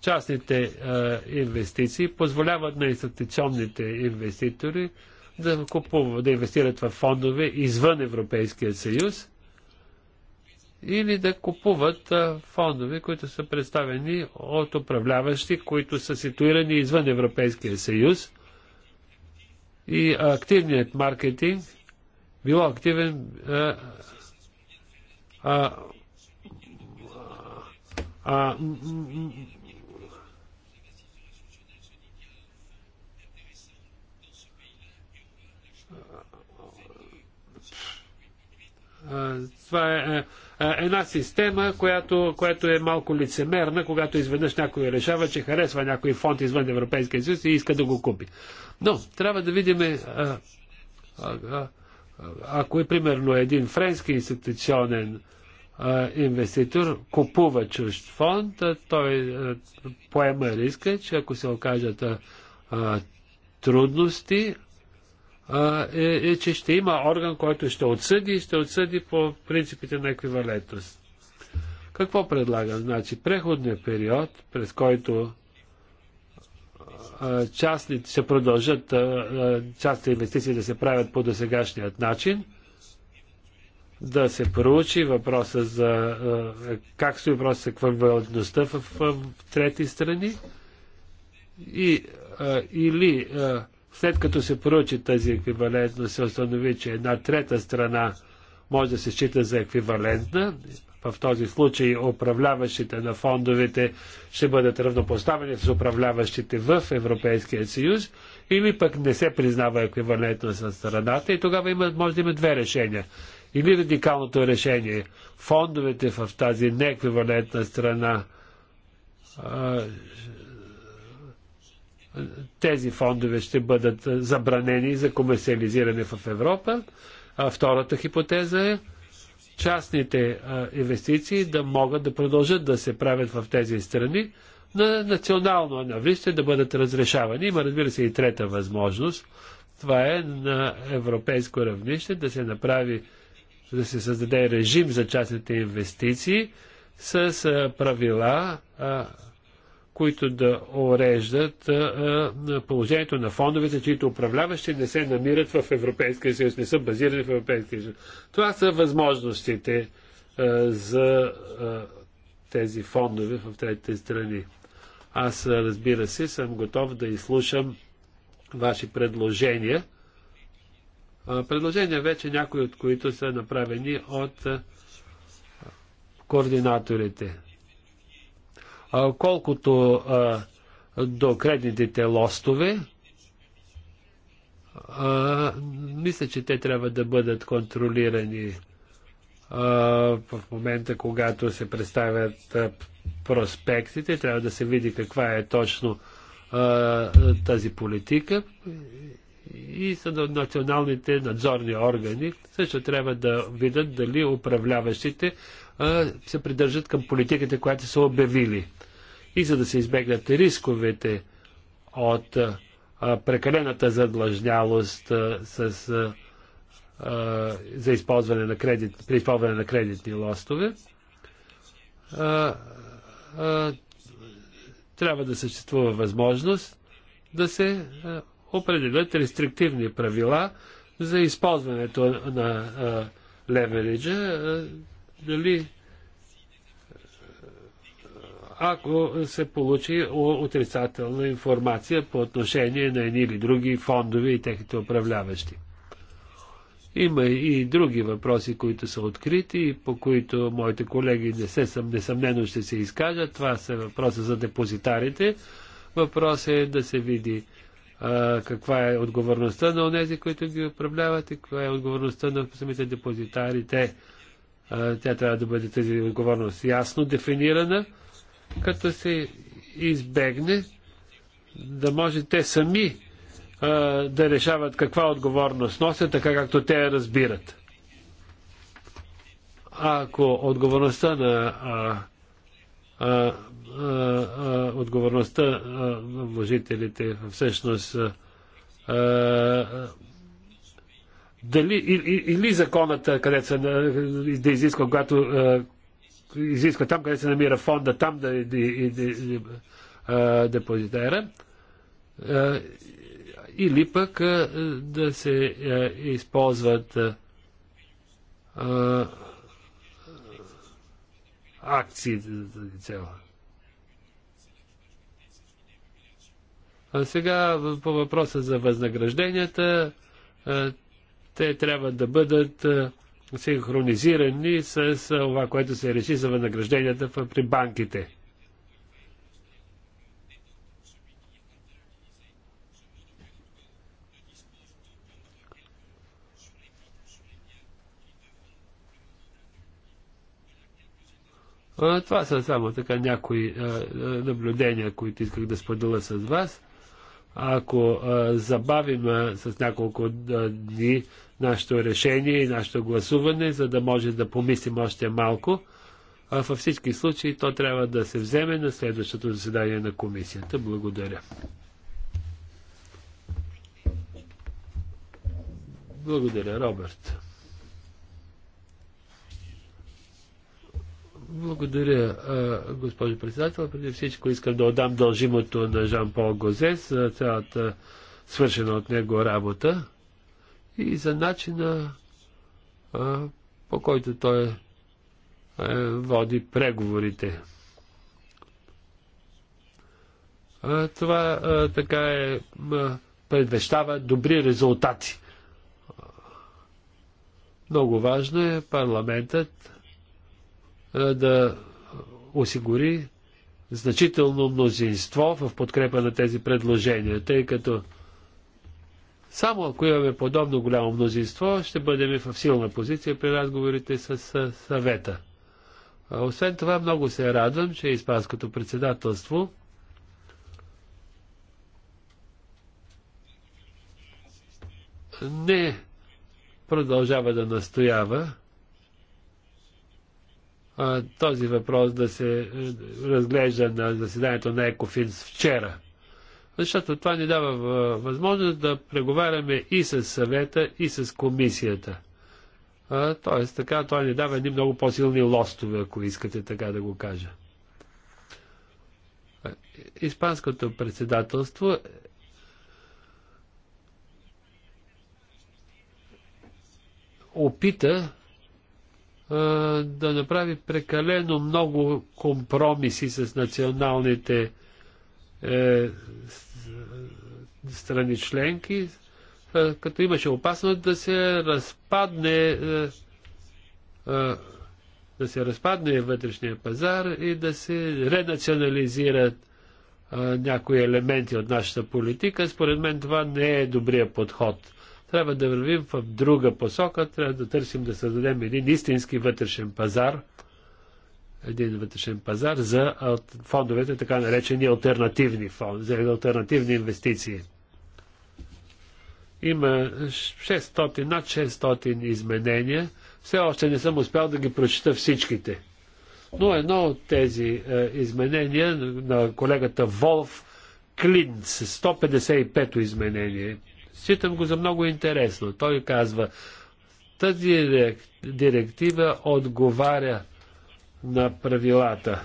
частните а, инвестиции позволяват на институционните инвеститори да купува, да инвестират в фондове извън Европейския съюз или да купуват а, фондове, които са представени от управляващи, които са ситуирани извън Европейския съюз. И активният маркетинг – било активен е, а, а, а, това е, е, е една система, която, която е малко лицемерна, когато изведнъж някой решава, че харесва някой фонд извън Европейския съюз и иска да го купи. Но трябва да видим а, а, ако е примерно един френски институционен инвеститор купува чужд фонд, той поема риска, че ако се окажат трудности, е, е, че ще има орган, който ще отсъди и ще отсъди по принципите на еквивалентност. Какво предлагам? Значи преходният период, през който частни, ще продължат частни инвестиции да се правят по досегашният начин, да се проучи въпроса за как се въпроса за еквивалентността в, в трети страни и, или след като се проучи тази еквивалентност, се установи, че една трета страна може да се счита за еквивалентна, в този случай управляващите на фондовете ще бъдат равнопоставени с управляващите в Европейския съюз или пък не се признава еквивалентност на страната и тогава има, може да има две решения. Или радикалното решение фондовете в тази нееквивалентна страна тези фондове ще бъдат забранени за комерциализиране в Европа. А втората хипотеза е частните а, инвестиции да могат да продължат да се правят в тези страни на национално навлище да бъдат разрешавани. Има, разбира се, и трета възможност. Това е на европейско равнище да се направи, да се създаде режим за частните инвестиции с а, правила, а, които да уреждат положението на фондовете, чието управляващи не се намират в Европейския съюз, не са базирани в Европейския съюз. Това са възможностите за тези фондове в третите страни. Аз, разбира се, съм готов да изслушам ваши предложения. Предложения вече някои от които са направени от координаторите. Колкото до кредитните лостове, мисля, че те трябва да бъдат контролирани в момента, когато се представят проспектите, трябва да се види каква е точно тази политика и са националните надзорни органи също трябва да видят дали управляващите се придържат към политиката, която са обявили. И за да се избегнат рисковете от прекалената задлъжнялост с, за използване на кредит, при използване на кредитни лостове, трябва да съществува възможност да се определят рестриктивни правила за използването на левериджа дали е, ако се получи отрицателна информация по отношение на едни или други фондове и техните управляващи. Има и други въпроси, които са открити и по които моите колеги не се, съм, несъмнено ще се изкажат. Това са въпроса за депозитарите. Въпрос е да се види а, е, каква е отговорността на онези, които ги управляват и каква е отговорността на самите депозитарите. Тя трябва да бъде тази отговорност ясно дефинирана, като се избегне да може те сами а, да решават каква отговорност носят, така както те я разбират. Ако отговорността на а, а, а, отговорността на вложителите всъщност а, а, дали, или, или законът, където се, да изисква, когато изисква там, където се намира фонда, там да, да, да, да или пък да се използват акции за тази цел. А сега по въпроса за възнагражденията, те трябва да бъдат синхронизирани с това, което се реши за възнагражденията при банките. Това са само така някои наблюдения, които исках да споделя с вас. Ако забавим с няколко дни нашето решение и нашето гласуване, за да може да помислим още малко. А във всички случаи то трябва да се вземе на следващото заседание на комисията. Благодаря. Благодаря, Роберт. Благодаря, госпожо председател. Преди всичко искам да отдам дължимото на Жан-Пол Гозес за цялата свършена от него работа и за начина а, по който той е, води преговорите. А, това а, така е, а, предвещава добри резултати. Много важно е парламентът а, да осигури значително мнозинство в подкрепа на тези предложения, тъй като само ако имаме подобно голямо мнозинство, ще бъдем в силна позиция при разговорите с съвета. Освен това, много се радвам, че Испанското председателство не продължава да настоява този въпрос да се разглежда на заседанието на Екофинс вчера защото това ни дава възможност да преговаряме и с съвета, и с комисията. Тоест, така, това ни дава едни много по-силни лостове, ако искате така да го кажа. Испанското председателство опита да направи прекалено много компромиси с националните е, е, е, страни членки, е, като имаше опасност да се разпадне да се разпадне вътрешния пазар и да се ренационализират някои елементи от нашата политика. Според мен това не е добрия подход. Трябва да вървим в друга посока, трябва да търсим да създадем един истински вътрешен пазар – един вътрешен пазар за фондовете, така наречени альтернативни фонд, за альтернативни инвестиции. Има 600, над 600 изменения. Все още не съм успял да ги прочита всичките. Но едно от тези е, изменения на колегата Волф Клинц, 155-то изменение, считам го за много интересно. Той казва, тази директива отговаря на правилата.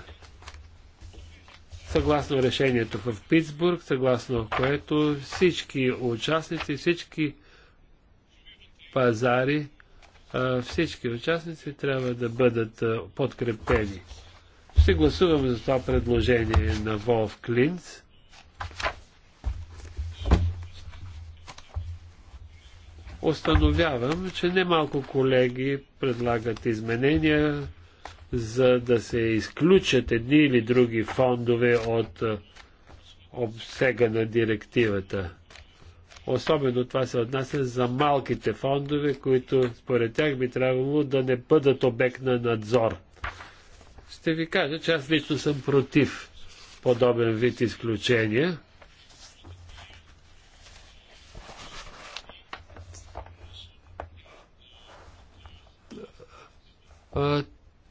Съгласно решението в Питсбург, съгласно което всички участници, всички пазари, всички участници трябва да бъдат подкрепени. Ще гласуваме за това предложение на Волф Клинц. Остановявам, че немалко колеги предлагат изменения, за да се изключат едни или други фондове от обсега на директивата. Особено това се отнася за малките фондове, които според тях би трябвало да не бъдат обект на надзор. Ще ви кажа, че аз лично съм против подобен вид изключения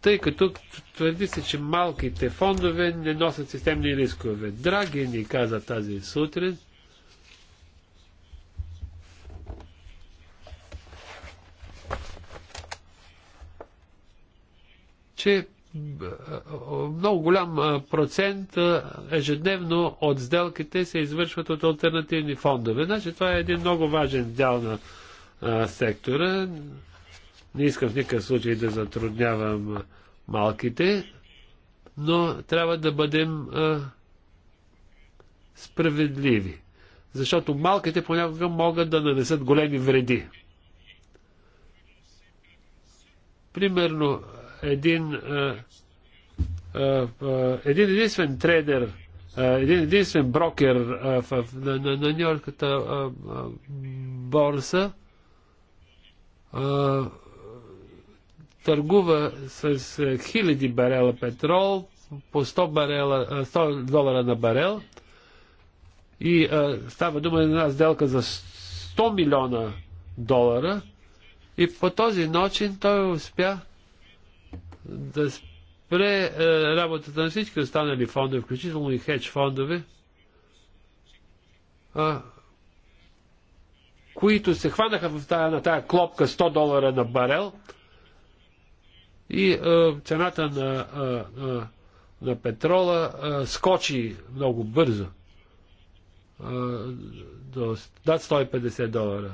тъй като твърди се, че малките фондове не носят системни рискове. Драги ни каза тази сутрин, че много голям процент ежедневно от сделките се извършват от альтернативни фондове. Значи това е един много важен дял на а, сектора. Не искам в никакъв случай да затруднявам малките, но трябва да бъдем а, справедливи. Защото малките понякога могат да нанесат големи вреди. Примерно, един, а, а, един единствен трейдер, а, един единствен брокер а, в, на, на, на Нью-Йоркската борса, а, търгува с е, хиляди барела петрол по 100, барела, 100 е, долара на барел и а, е, става дума на една сделка за 100 милиона долара и по този начин той успя да спре а, работата на всички останали фондове, включително и хедж фондове, а, които се хванаха в тая, на тая клопка 100 долара на барел – и а, е, цената на, а, е, а, е, на петрола а, скочи много бързо а, до над 150 долара.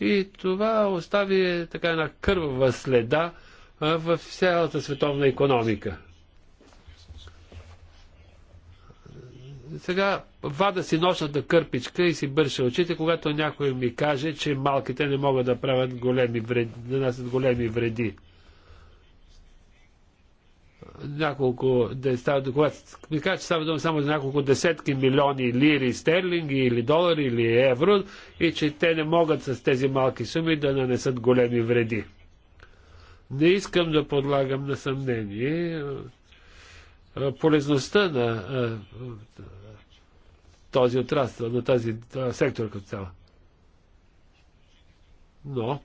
И това остави така една кървава следа а, в цялата световна економика. Сега вада си нощната кърпичка и си бърша очите, когато някой ми каже, че малките не могат да правят големи вреди, да нанасят големи вреди няколко, да става, когато ми кажа, че става дума само за няколко десетки милиони лири, стерлинги или долари или евро и че те не могат с тези малки суми да нанесат големи вреди. Не искам да подлагам на съмнение полезността на този отрасъл, на тази сектор като цяло. Но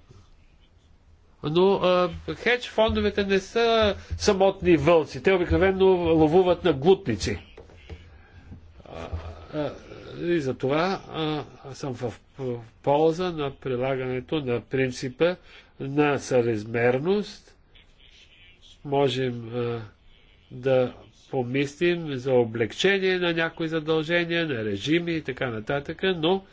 но а, хедж фондовете не са самотни вълци. Те обикновено ловуват на глутници. А, а, и за а, съм в, в полза на прилагането на принципа на съразмерност. Можем а, да помислим за облегчение на някои задължения, на режими и така нататък, но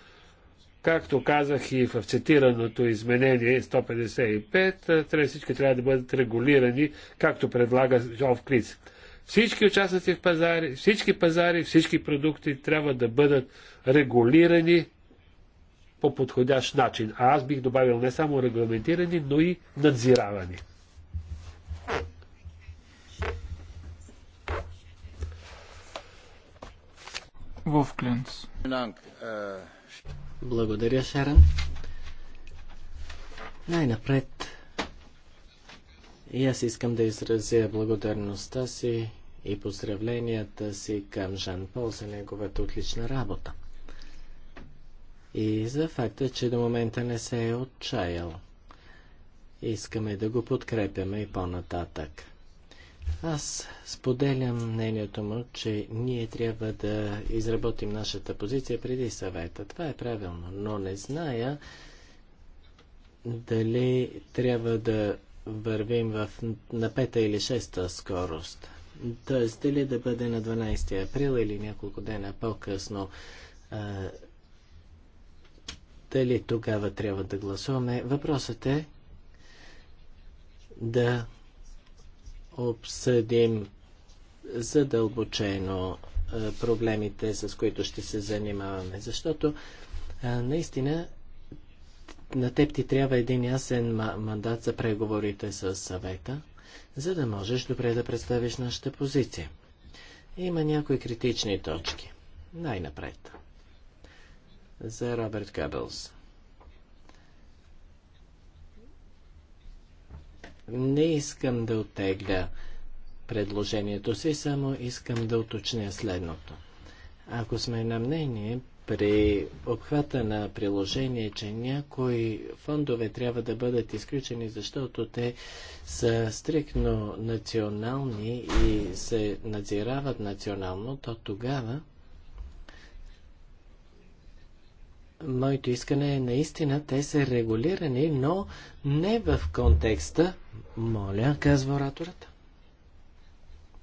Както казах и в цитираното изменение 155, трябва всички трябва да бъдат регулирани, както предлага Жов Криц. Всички участници в пазари, всички пазари, всички продукти трябва да бъдат регулирани по подходящ начин. А аз бих добавил не само регламентирани, но и надзиравани. Вовклинц. Благодаря, Шаран. Най-напред и аз искам да изразя благодарността си и поздравленията си към Жан Пол за неговата отлична работа. И за факта, че до момента не се е отчаял. Искаме да го подкрепяме и по-нататък. Аз споделям мнението му, че ние трябва да изработим нашата позиция преди съвета. Това е правилно, но не зная дали трябва да вървим в, на пета или шеста скорост. Тоест, дали да бъде на 12 април или няколко дена по-късно, дали тогава трябва да гласуваме. Въпросът е да обсъдим задълбочено проблемите, с които ще се занимаваме. Защото наистина на теб ти трябва един ясен мандат за преговорите с съвета, за да можеш добре да представиш нашата позиция. Има някои критични точки. Най-напред. За Роберт Кабелс. Не искам да отегля предложението си, само искам да уточня следното. Ако сме на мнение при обхвата на приложение, че някои фондове трябва да бъдат изключени, защото те са стрикно национални и се надзирават национално, то тогава моето искане е наистина те са регулирани, но не в контекста. Моля, казва ораторът.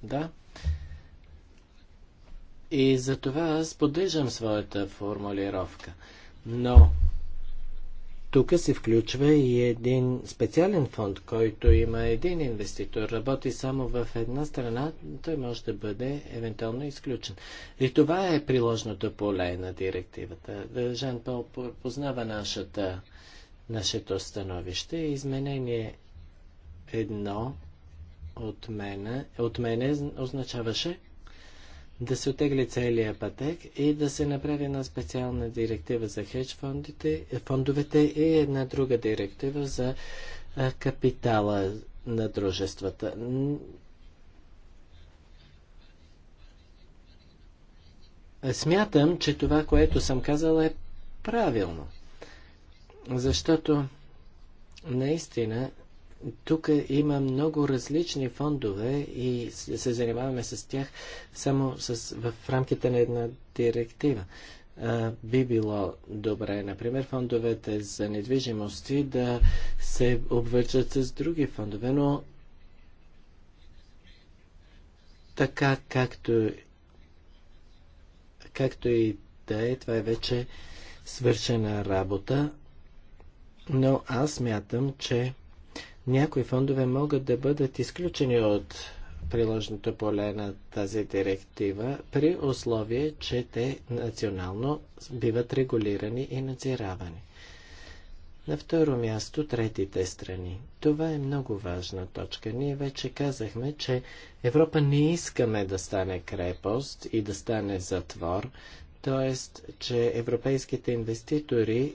Да. И за това аз поддържам своята формулировка. Но тук се включва и един специален фонд, който има един инвеститор, работи само в една страна, той може да бъде евентуално изключен. И това е приложното поле на директивата. Жан Пол познава нашата, нашето становище. Изменение едно от мене, от мене означаваше да се отегли целия пътек и да се направи една специална директива за хедж фондите, фондовете и една друга директива за капитала на дружествата. Смятам, че това, което съм казал е правилно. Защото наистина тук има много различни фондове и се занимаваме с тях само с, в рамките на една директива. А, би било добре, например, фондовете за недвижимости да се обвържат с други фондове, но така както, както и да е, това е вече свършена работа, но аз мятам, че някои фондове могат да бъдат изключени от приложното поле на тази директива при условие, че те национално биват регулирани и надзиравани. На второ място третите страни. Това е много важна точка. Ние вече казахме, че Европа не искаме да стане крепост и да стане затвор, т.е. че европейските инвеститори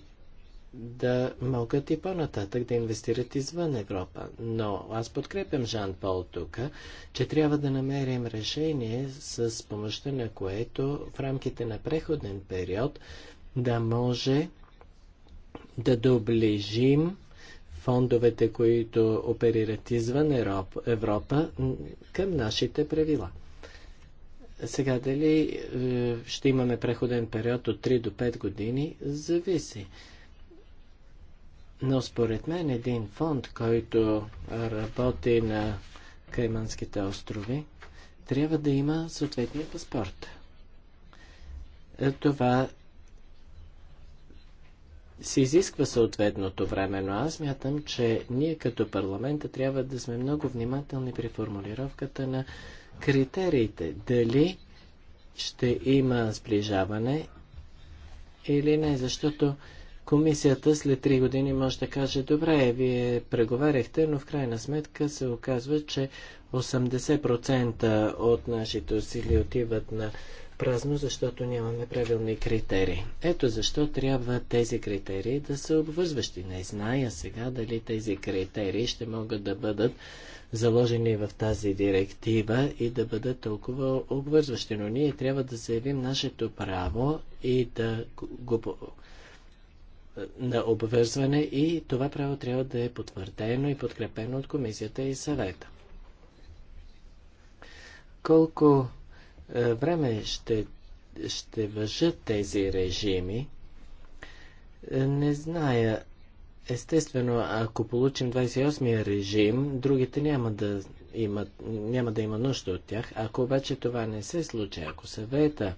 да могат и по-нататък да инвестират извън Европа. Но аз подкрепям Жан Пол тук, че трябва да намерим решение с помощта на което в рамките на преходен период да може да доближим фондовете, които оперират извън Европа, към нашите правила. Сега дали е, ще имаме преходен период от 3 до 5 години, зависи. Но според мен един фонд, който работи на Кайманските острови, трябва да има съответния паспорт. Е, това се изисква съответното време, но аз мятам, че ние като парламента трябва да сме много внимателни при формулировката на критериите. Дали ще има сближаване или не, защото Комисията след 3 години може да каже, добре, вие преговаряхте, но в крайна сметка се оказва, че 80% от нашите усилия отиват на празно, защото нямаме правилни критерии. Ето защо трябва тези критерии да са обвързващи. Не зная сега дали тези критерии ще могат да бъдат заложени в тази директива и да бъдат толкова обвързващи. Но ние трябва да заявим нашето право и да го на обвързване и това право трябва да е потвърдено и подкрепено от комисията и съвета. Колко е, време ще, ще въжат тези режими, е, не зная. Естествено, ако получим 28-я режим, другите няма да, имат, няма да има нужда от тях. Ако обаче това не се случи, ако съвета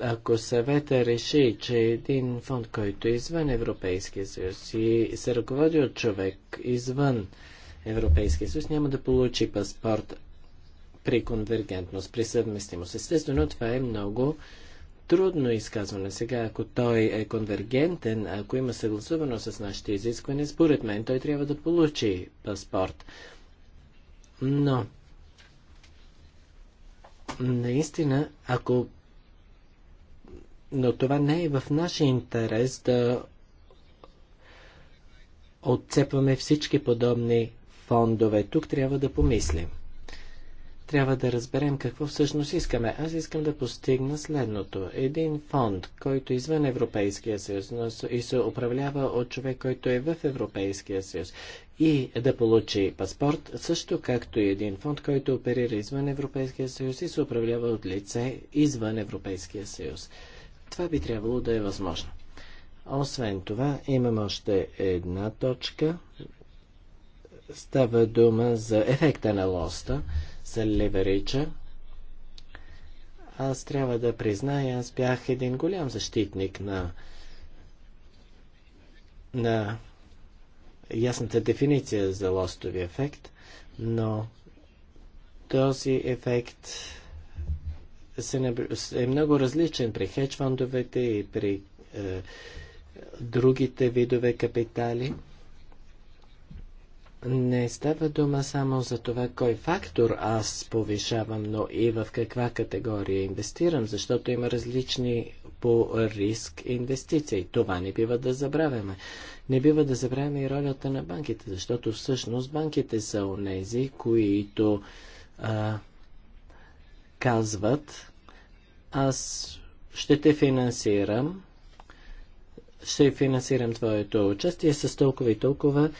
ако съвета реши, че един фонд, който е извън Европейския съюз и се ръководи от човек извън Европейския съюз, няма да получи паспорт при конвергентност, при съвместимост. Естествено, това е много трудно изказване. Сега, ако той е конвергентен, ако има съгласувано с нашите изисквания, според мен той трябва да получи паспорт. Но, наистина, ако но това не е в нашия интерес да отцепваме всички подобни фондове. Тук трябва да помислим. Трябва да разберем какво всъщност искаме. Аз искам да постигна следното. Един фонд, който е извън Европейския съюз но и се управлява от човек, който е в Европейския съюз и да получи паспорт, също както и един фонд, който оперира извън Европейския съюз и се управлява от лице извън Европейския съюз. Това би трябвало да е възможно. Освен това, имам още една точка. Става дума за ефекта на лоста, за леверича. Аз трябва да призная, аз бях един голям защитник на, на ясната дефиниция за лостови ефект, но този ефект е много различен при хедж-фондовете и при е, другите видове капитали. Не става дума само за това кой фактор аз повишавам, но и в каква категория инвестирам, защото има различни по риск инвестиции. Това не бива да забравяме. Не бива да забравяме и ролята на банките, защото всъщност банките са онези, които а, казват, аз ще те финансирам, ще финансирам твоето участие с толкова и толкова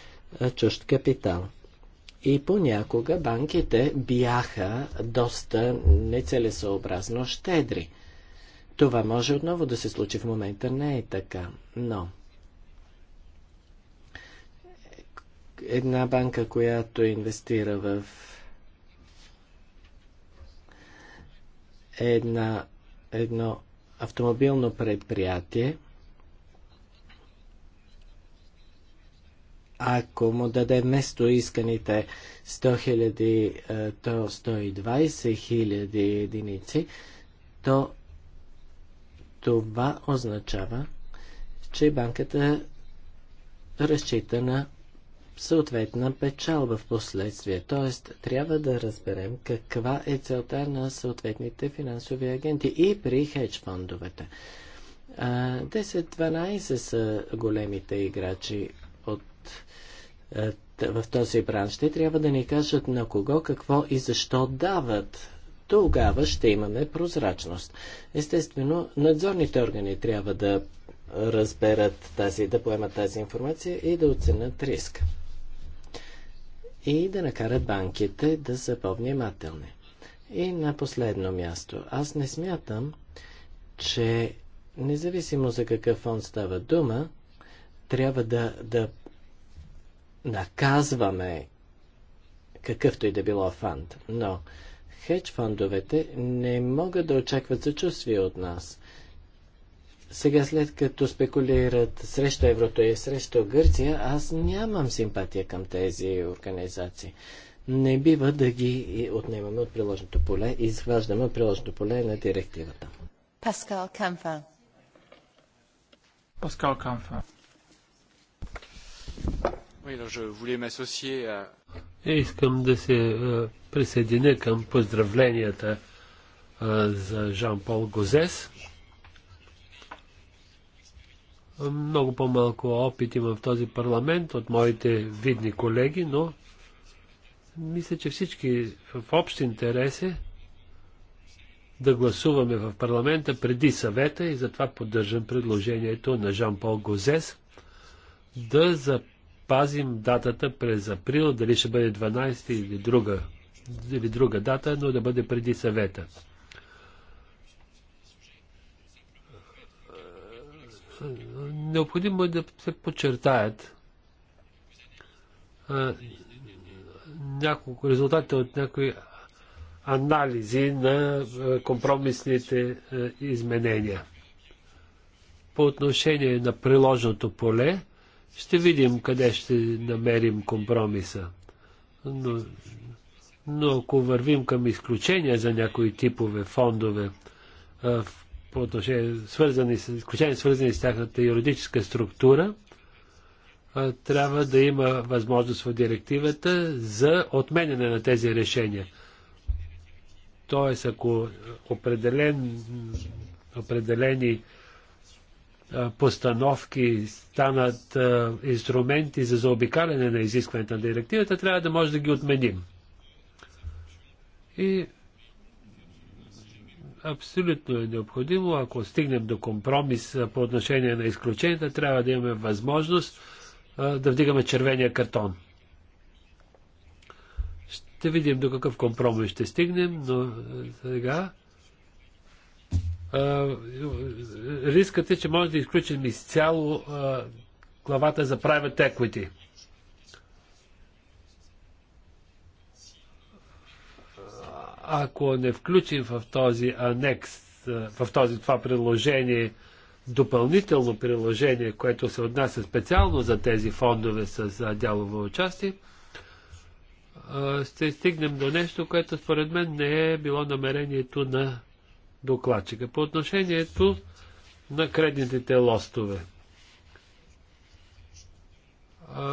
чужд капитал. И понякога банките бяха доста нецелесообразно щедри. Това може отново да се случи в момента, не е така, но една банка, която инвестира в една, едно автомобилно предприятие, ако му даде место исканите 100 000, е, то 120 000 единици, то това означава, че банката разчита на съответна печалба в последствие. Тоест, трябва да разберем каква е целта на съответните финансови агенти и при хедж фондовете. 10-12 са големите играчи от, в този бранш. Те трябва да ни кажат на кого, какво и защо дават. Тогава ще имаме прозрачност. Естествено, надзорните органи трябва да разберат тази, да поемат тази информация и да оценят риска и да накарат банките да са по-внимателни. И на последно място, аз не смятам, че независимо за какъв фонд става дума, трябва да, да наказваме какъвто и да било фонд. Но хедж фондовете не могат да очакват съчувствие от нас. Сега след като спекулират срещу еврото и срещу Гърция, аз нямам симпатия към тези организации. Не бива да ги отнемаме от приложното поле и изваждаме от приложното поле на директивата. Паскал Камфа. Паскал Камфа. Е, искам да се присъединя към поздравленията за Жан-Пол Гозес. Много по-малко опит имам в този парламент от моите видни колеги, но мисля, че всички в общ интерес е да гласуваме в парламента преди съвета и затова поддържам предложението на Жан-Пол Гозес да запазим датата през април, дали ще бъде 12 или друга, или друга дата, но да бъде преди съвета. необходимо е да се подчертаят няколко резултати от някои анализи на компромисните изменения. По отношение на приложното поле, ще видим къде ще намерим компромиса. Но, но ако вървим към изключения за някои типове фондове, по отношение, свързани с, изключение свързани с тяхната юридическа структура, трябва да има възможност в директивата за отменяне на тези решения. Тоест, ако определен, определени постановки станат инструменти за заобикаляне на изискването на директивата, трябва да може да ги отменим. И абсолютно е необходимо, ако стигнем до компромис по отношение на изключенията, трябва да имаме възможност да вдигаме червения картон. Ще видим до какъв компромис ще стигнем, но сега рискът е, че може да изключим изцяло главата за private equity – ако не включим в този анекс, в този това приложение, допълнително приложение, което се отнася специално за тези фондове с дялово участие, ще стигнем до нещо, което според мен не е било намерението на докладчика. По отношението на кредитните лостове.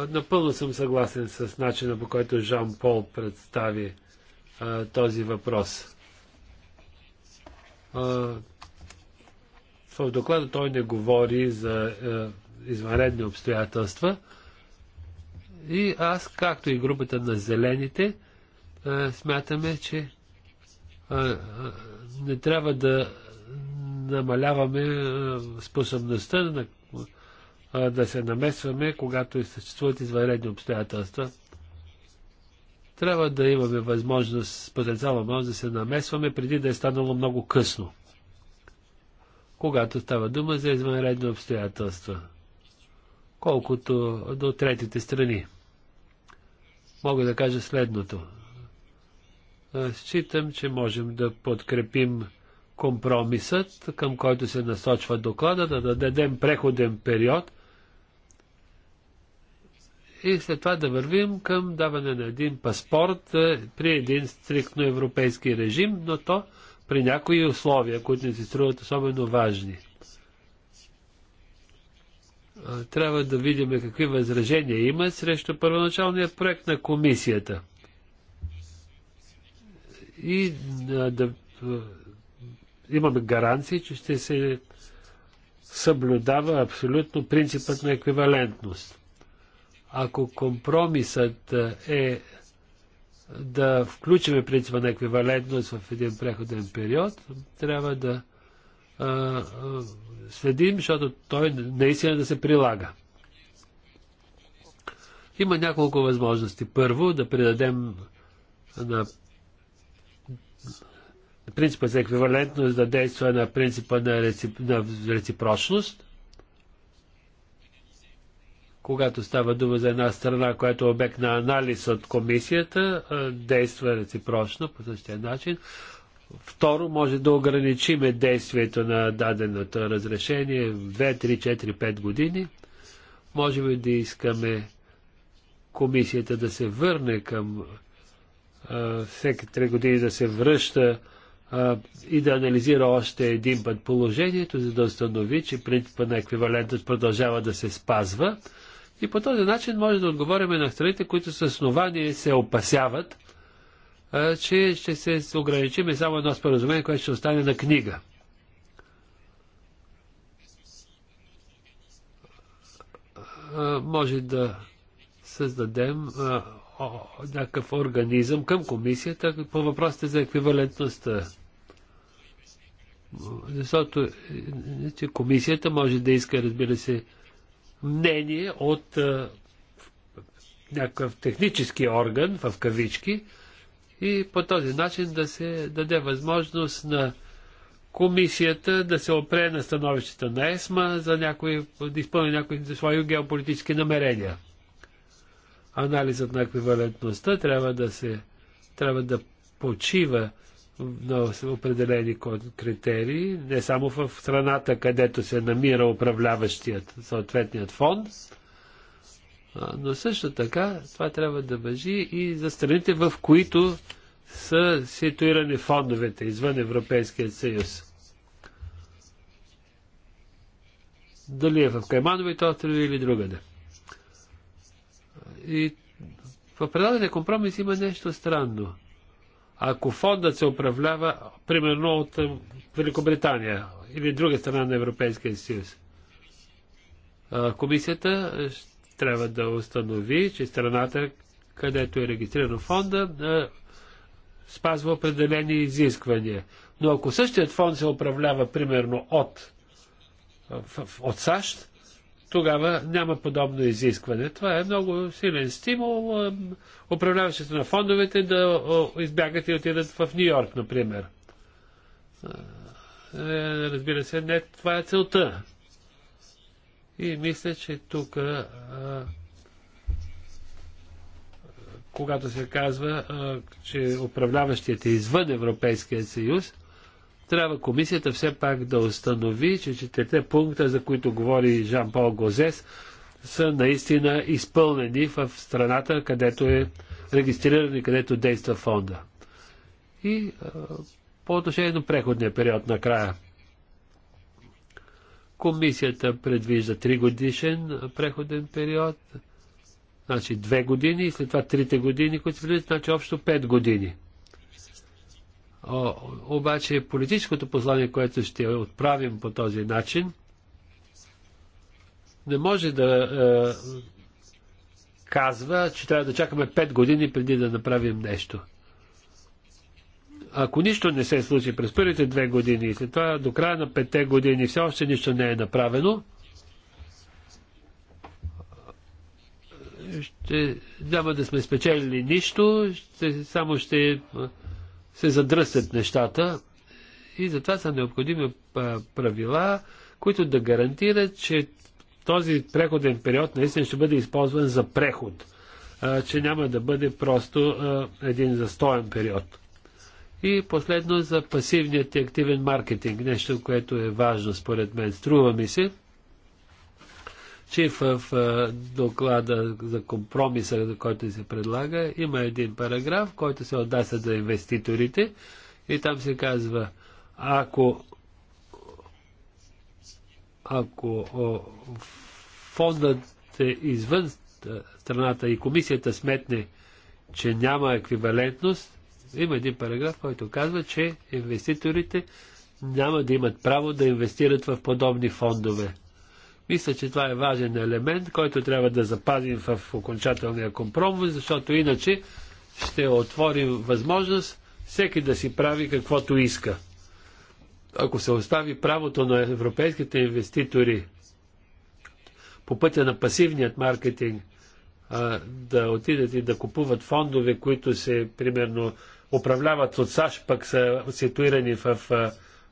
Напълно съм съгласен с начина по който Жан Пол представи а, този въпрос. А, в доклада той не говори за а, извънредни обстоятелства и аз, както и групата на зелените, а, смятаме, че а, не трябва да намаляваме способността на, да се намесваме, когато съществуват извънредни обстоятелства трябва да имаме възможност, потенциална възможност да се намесваме преди да е станало много късно. Когато става дума за извънредни обстоятелства, колкото до третите страни. Мога да кажа следното. Считам, че можем да подкрепим компромисът, към който се насочва доклада, да дадем преходен период – и след това да вървим към даване на един паспорт е, при един стриктно европейски режим, но то при някои условия, които ни се струват особено важни. Трябва да видим какви възражения има срещу първоначалния проект на комисията. И да имаме гаранции, че ще се съблюдава абсолютно принципът на еквивалентност. Ако компромисът е да включим принципа на еквивалентност в един преходен период, трябва да а, а, следим, защото той наистина да се прилага. Има няколко възможности. Първо, да придадем на принципа за еквивалентност да действа на принципа на, реци... на реципрочност когато става дума за една страна, която е обект на анализ от комисията, действа реципрочно по същия начин. Второ, може да ограничиме действието на даденото разрешение 2, 3, 4, 5 години. Можем да искаме комисията да се върне към всеки 3 години да се връща и да анализира още един път положението, за да установи, че принципа на еквивалентност продължава да се спазва и по този начин може да отговорим на страните, които с основание се опасяват, че ще се ограничим само едно споразумение, което ще остане на книга. Може да създадем някакъв организъм към комисията по въпросите за еквивалентността. Защото е, е, комисията може да иска, разбира се, мнение от е, някакъв технически орган, в кавички, и по този начин да се даде възможност на комисията да се опре на становищата на ЕСМА за някои, да изпълни някои свои геополитически намерения. Анализът на еквивалентността трябва да се трябва да почива на определени критерии, не само в страната, където се намира управляващият съответният фонд, но също така това трябва да бъжи и за страните, в които са ситуирани фондовете извън Европейския съюз. Дали е в Каймановите острови или другаде. И в предадения компромис има нещо странно – ако фондът се управлява примерно от Великобритания или друга страна на Европейския съюз, комисията трябва да установи, че страната, където е регистрирано фонда, е, спазва определени изисквания. Но ако същият фонд се управлява примерно от, е, от САЩ, тогава няма подобно изискване. Това е много силен стимул управляващите на фондовете да избягат и отидат в Нью Йорк, например. Е, разбира се, не това е целта. И мисля, че тук, когато се казва, че управляващият е извън Европейския съюз, трябва комисията все пак да установи, че четирите пункта, за които говори Жан-Пол Гозес, са наистина изпълнени в страната, където е регистриран и където действа фонда. И а, по отношение на преходния период на края. Комисията предвижда 3 годишен преходен период, значи 2 години и след това 3 години, които се влизат, значи общо 5 години. Обаче политическото послание, което ще отправим по този начин, не може да е, казва, че трябва да чакаме 5 години преди да направим нещо. Ако нищо не се случи през първите две години и след това до края на петте години все още нищо не е направено, ще, няма да сме спечелили нищо, ще, само ще се задръстят нещата и затова са необходими правила, които да гарантират, че този преходен период наистина ще бъде използван за преход, че няма да бъде просто един застоен период. И последно за пасивният и активен маркетинг, нещо, което е важно според мен. Струва ми се, че в доклада за компромиса, който се предлага, има един параграф, който се отдаса за инвеститорите и там се казва, ако ако фондът е извън страната и комисията сметне, че няма еквивалентност, има един параграф, който казва, че инвеститорите няма да имат право да инвестират в подобни фондове. Мисля, че това е важен елемент, който трябва да запазим в окончателния компромис, защото иначе ще отворим възможност всеки да си прави каквото иска. Ако се остави правото на европейските инвеститори по пътя на пасивният маркетинг да отидат и да купуват фондове, които се примерно управляват от САЩ, пък са ситуирани в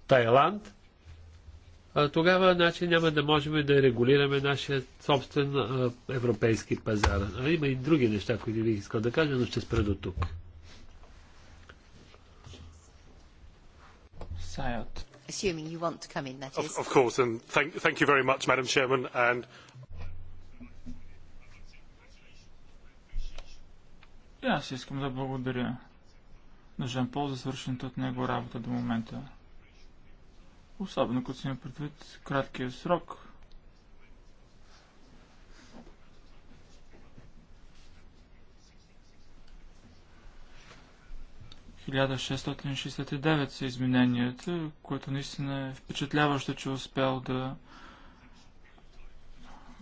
Тайланд, тогава значи, няма да можем да регулираме нашия собствен европейски пазар. А има и други неща, които бих искал да кажа, но ще спра до тук. Assuming you want to come in, that is. Of, of course, and thank, thank you very much, Madam Chairman, and аз искам да благодаря на Жан Пол за свършената от него работа до момента. Особено като си има предвид краткия срок. ...1669 са измененията, което наистина е впечатляващо, че е успял да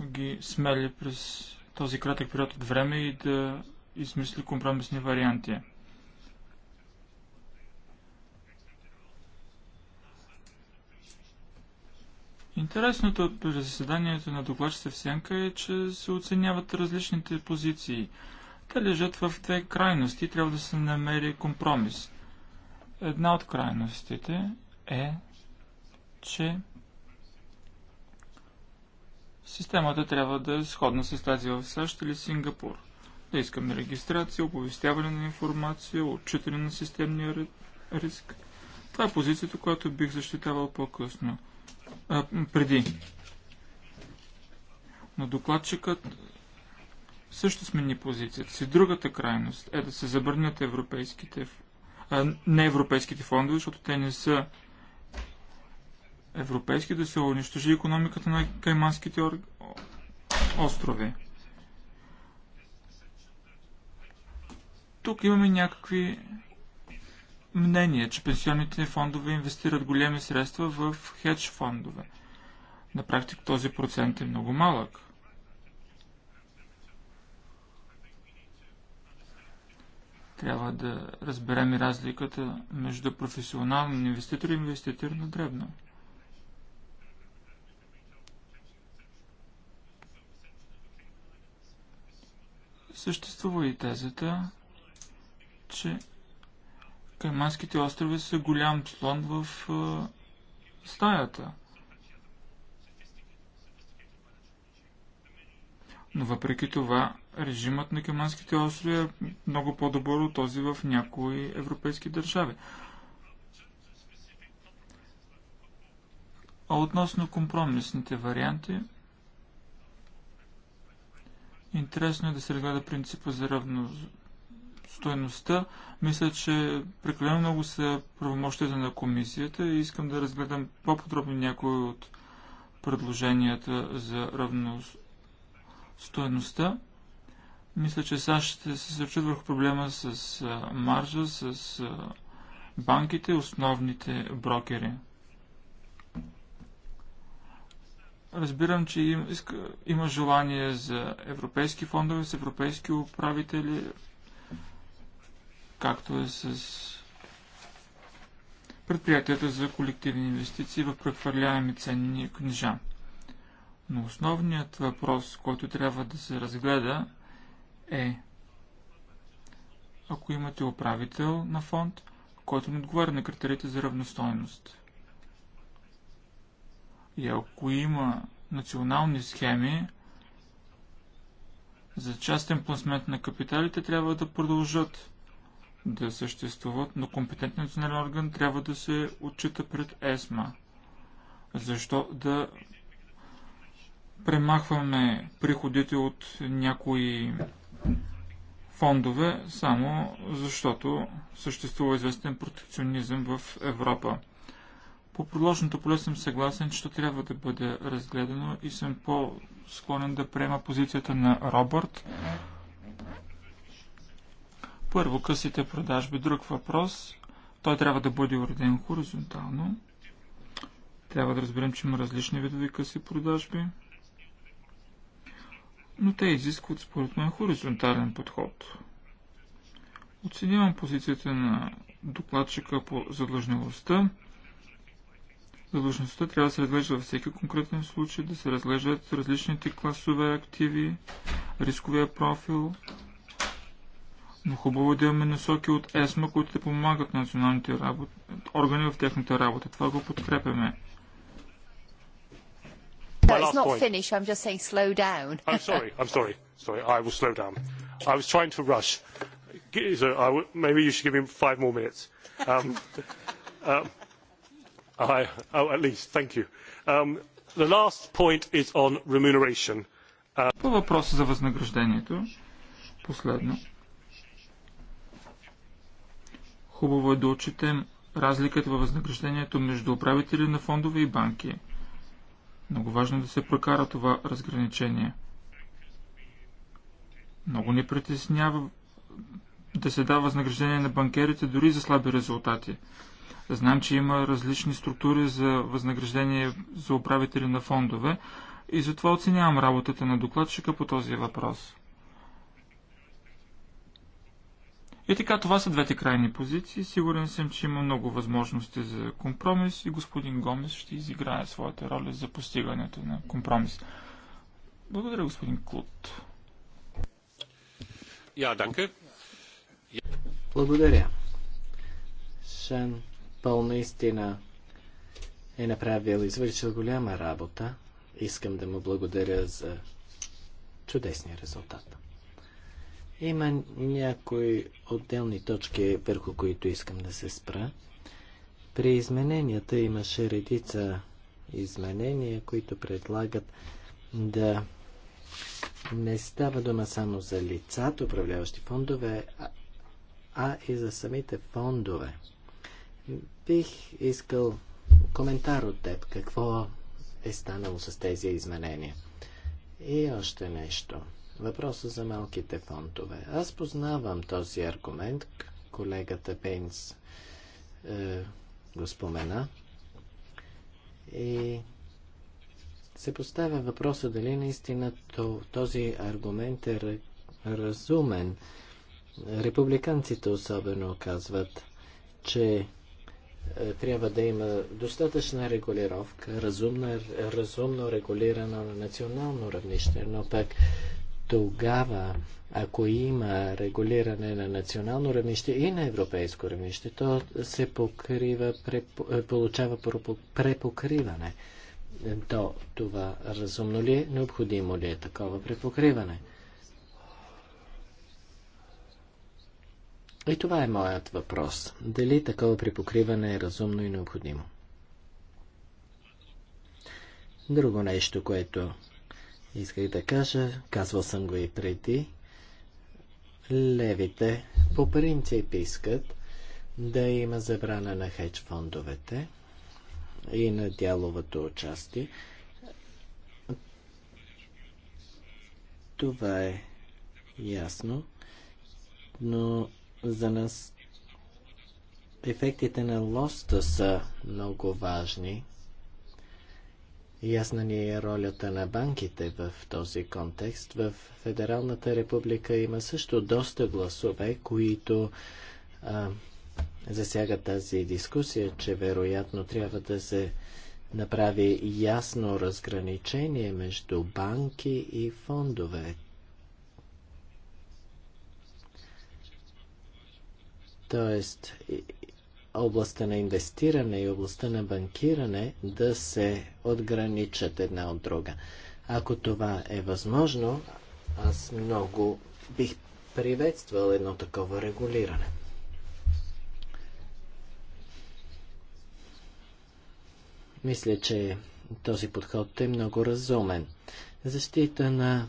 ги смели през този кратък период от време и да измисли компромисни варианти. Интересното от заседанието на докладчица в Сянка е, че се оценяват различните позиции. Те лежат в две крайности и трябва да се намери компромис. Една от крайностите е, че системата трябва да е сходна с тази в САЩ или Сингапур. Да искаме регистрация, оповестяване на информация, отчитане на системния риск. Това е позицията, която бих защитавал по-късно а, преди. Но докладчикът също смени позицията си. Другата крайност е да се забърнят европейските, а, не европейските фондове, защото те не са европейски, да се унищожи економиката на Кайманските ор... острови. Тук имаме някакви мнение, че пенсионните фондове инвестират големи средства в хедж фондове. На практика този процент е много малък. Трябва да разберем и разликата между професионален инвеститор и инвеститор на дребно. Съществува и тезата, че Кайманските острови са голям слон в стаята. Но въпреки това, режимът на Кайманските острови е много по-добър от този в някои европейски държави. А относно компромисните варианти, интересно е да се разгледа принципа за равно стоеността, мисля, че прекалено много са правомощията на комисията и искам да разгледам по-подробно някои от предложенията за равностойността. Мисля, че САЩ ще се съсредоточат върху проблема с маржа, с банките, основните брокери. Разбирам, че има желание за европейски фондове с европейски управители, както е с предприятията за колективни инвестиции в прехвърляеми ценни книжа. Но основният въпрос, който трябва да се разгледа е ако имате управител на фонд, който не отговаря на критериите за равностойност. И ако има национални схеми за частен пласмент на капиталите, трябва да продължат да съществуват, но компетентният национален орган трябва да се отчита пред ЕСМА. Защо да премахваме приходите от някои фондове, само защото съществува известен протекционизъм в Европа. По предложеното поле съм съгласен, че трябва да бъде разгледано и съм по-склонен да приема позицията на Робърт, първо, късите продажби. Друг въпрос. Той трябва да бъде уреден хоризонтално. Трябва да разберем, че има различни видове къси продажби. Но те изискват, според мен, хоризонтален подход. Оценявам позицията на докладчика по задлъжнилостта. Задлъжността трябва да се разглежда във всеки конкретен случай, да се разглеждат различните класове активи, рисковия профил, но хубаво е да имаме насоки от ЕСМА, които да помагат на националните работ... органи в техната работа. Това го подкрепяме. No, it's not finished. I'm just saying slow down. I'm sorry. I'm sorry. Sorry. I will slow down. I was trying to rush. So I w- maybe you should give me five more minutes. Um, uh, I, oh, at least. Thank you. Um, the last point is on remuneration. Uh... По въпроса за възнаграждението, последно. Хубаво е да отчетем разликата във възнаграждението между управители на фондове и банки. Много важно е да се прокара това разграничение. Много ни притеснява да се дава възнаграждение на банкерите дори за слаби резултати. Знам, че има различни структури за възнаграждение за управители на фондове и затова оценявам работата на докладчика по този въпрос. И така, това са двете крайни позиции. Сигурен съм, че има много възможности за компромис и господин Гомес ще изиграе своята роля за постигането на компромис. Благодаря, господин Клуд. Я, данке. Благодаря. Шен Пол наистина е направил, извършил голяма работа. Искам да му благодаря за чудесния резултат. Има някои отделни точки, върху които искам да се спра. При измененията имаше редица изменения, които предлагат да не става дума само за лицата, управляващи фондове, а, а и за самите фондове. Бих искал коментар от теб, какво е станало с тези изменения. И още нещо – въпроса за малките фонтове. Аз познавам този аргумент. Колегата Пейнс е, го спомена. И се поставя въпроса дали наистина този аргумент е разумен. Републиканците особено казват, че е, трябва да има достатъчна регулировка, разумно, разумно регулирана на национално равнище, но пък тогава, ако има регулиране на национално равнище и на европейско равнище, то се покрива, е, получава препокриване. То това разумно ли е? Необходимо ли е такова препокриване? И това е моят въпрос. Дали такова припокриване е разумно и необходимо? Друго нещо, което Исках да кажа, казвал съм го и преди, левите по принцип искат да има забрана на хедж фондовете и на дяловото участие. Това е ясно, но за нас ефектите на лоста са много важни. Ясна ни е ролята на банките в този контекст. В Федералната република има също доста гласове, които а, засягат тази дискусия, че вероятно трябва да се направи ясно разграничение между банки и фондове. Тоест, областта на инвестиране и областта на банкиране да се отграничат една от друга. Ако това е възможно, аз много бих приветствал едно такова регулиране. Мисля, че този подход е много разумен. Защита на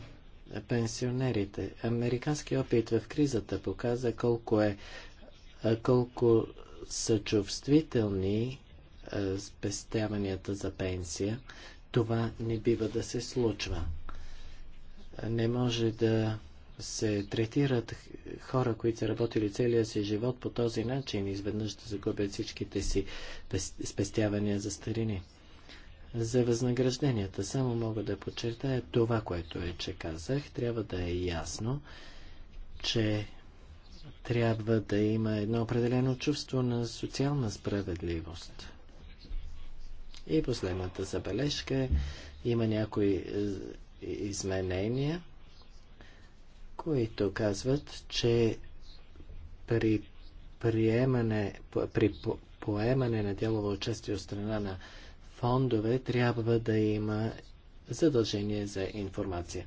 пенсионерите. Американски опит в кризата показа колко е колко са чувствителни е, спестяванията за пенсия, това не бива да се случва. Не може да се третират хора, които са работили целия си живот по този начин, изведнъж да загубят всичките си спестявания за старини. За възнагражденията само мога да подчертая това, което е, че казах. Трябва да е ясно, че трябва да има едно определено чувство на социална справедливост. И последната забележка е, има някои е, изменения, които казват, че при приемане, при поемане на дялово участие от страна на фондове трябва да има задължение за информация.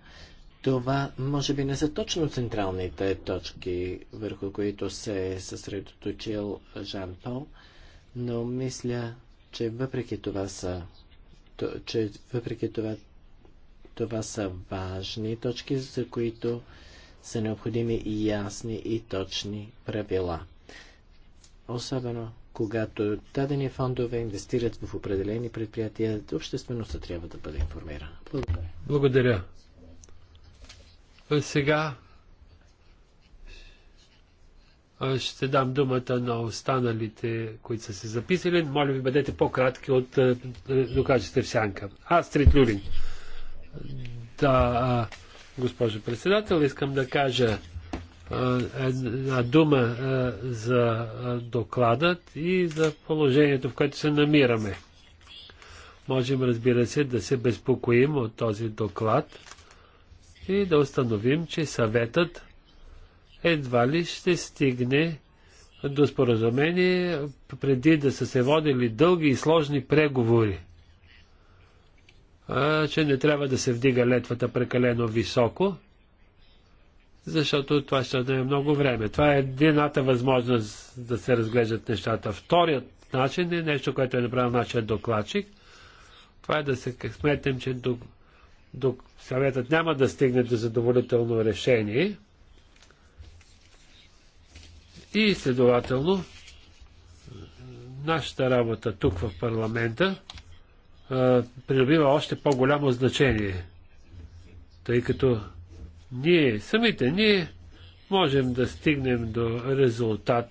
Това може би не са точно централните точки, върху които се е съсредоточил Жан Пол, но мисля, че въпреки това са, че въпреки това, това са важни точки, за които са необходими и ясни и точни правила. Особено когато дадени фондове инвестират в определени предприятия, обществеността трябва да бъде информирана. Благодаря. Благодаря. Сега ще дам думата на останалите, които са се записали. Моля ви, бъдете по-кратки от докажете в сянка. Астрид Люрин. Да, госпожо председател, искам да кажа една дума за докладът и за положението, в което се намираме. Можем, разбира се, да се безпокоим от този доклад – и да установим, че съветът едва ли ще стигне до споразумение преди да са се водили дълги и сложни преговори. А, че не трябва да се вдига летвата прекалено високо, защото това ще даде много време. Това е едната възможност да се разглеждат нещата. Вторият начин е нещо, което е направил нашия докладчик. Това е да се сметнем, че док съветът няма да стигне до задоволително решение и следователно нашата работа тук в парламента а, придобива още по-голямо значение, тъй като ние самите, ние можем да стигнем до резултат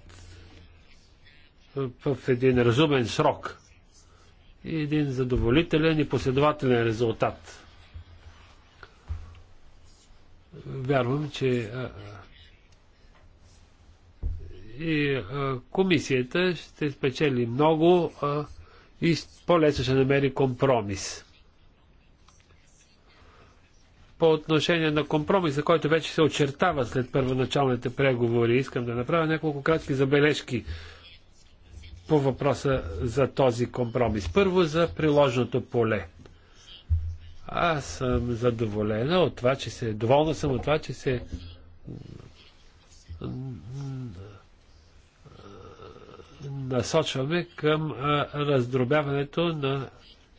в един разумен срок и един задоволителен и последователен резултат. Вярвам, че и комисията ще спечели много и по-лесно ще намери компромис. По отношение на компромиса, който вече се очертава след първоначалните преговори, искам да направя няколко кратки забележки по въпроса за този компромис. Първо за приложното поле. Аз съм задоволена от това, че се... Доволна съм от това, че се... Насочваме към раздробяването на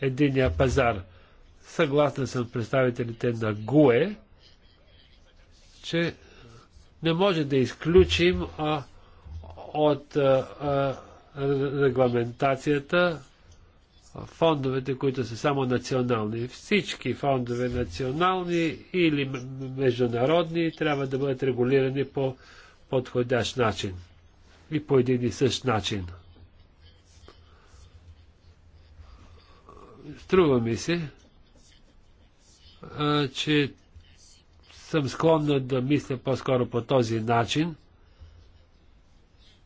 единия пазар. Съгласна съм представителите на ГУЕ, че не може да изключим а, от а, регламентацията фондовете, които са само национални. Всички фондове, национални или международни, трябва да бъдат регулирани по подходящ начин и по един и същ начин. Струва ми се, че съм склонна да мисля по-скоро по този начин.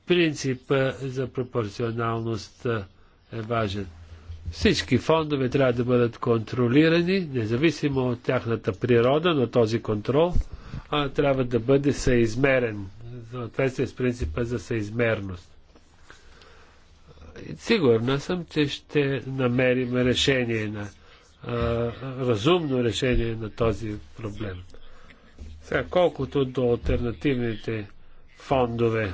Принципът за пропорционалност е важен. Всички фондове трябва да бъдат контролирани, независимо от тяхната природа, но този контрол а, трябва да бъде съизмерен, в съответствие с принципа за съизмерност. Сигурна съм, че ще намерим решение на а, разумно решение на този проблем. Сега, колкото до альтернативните фондове,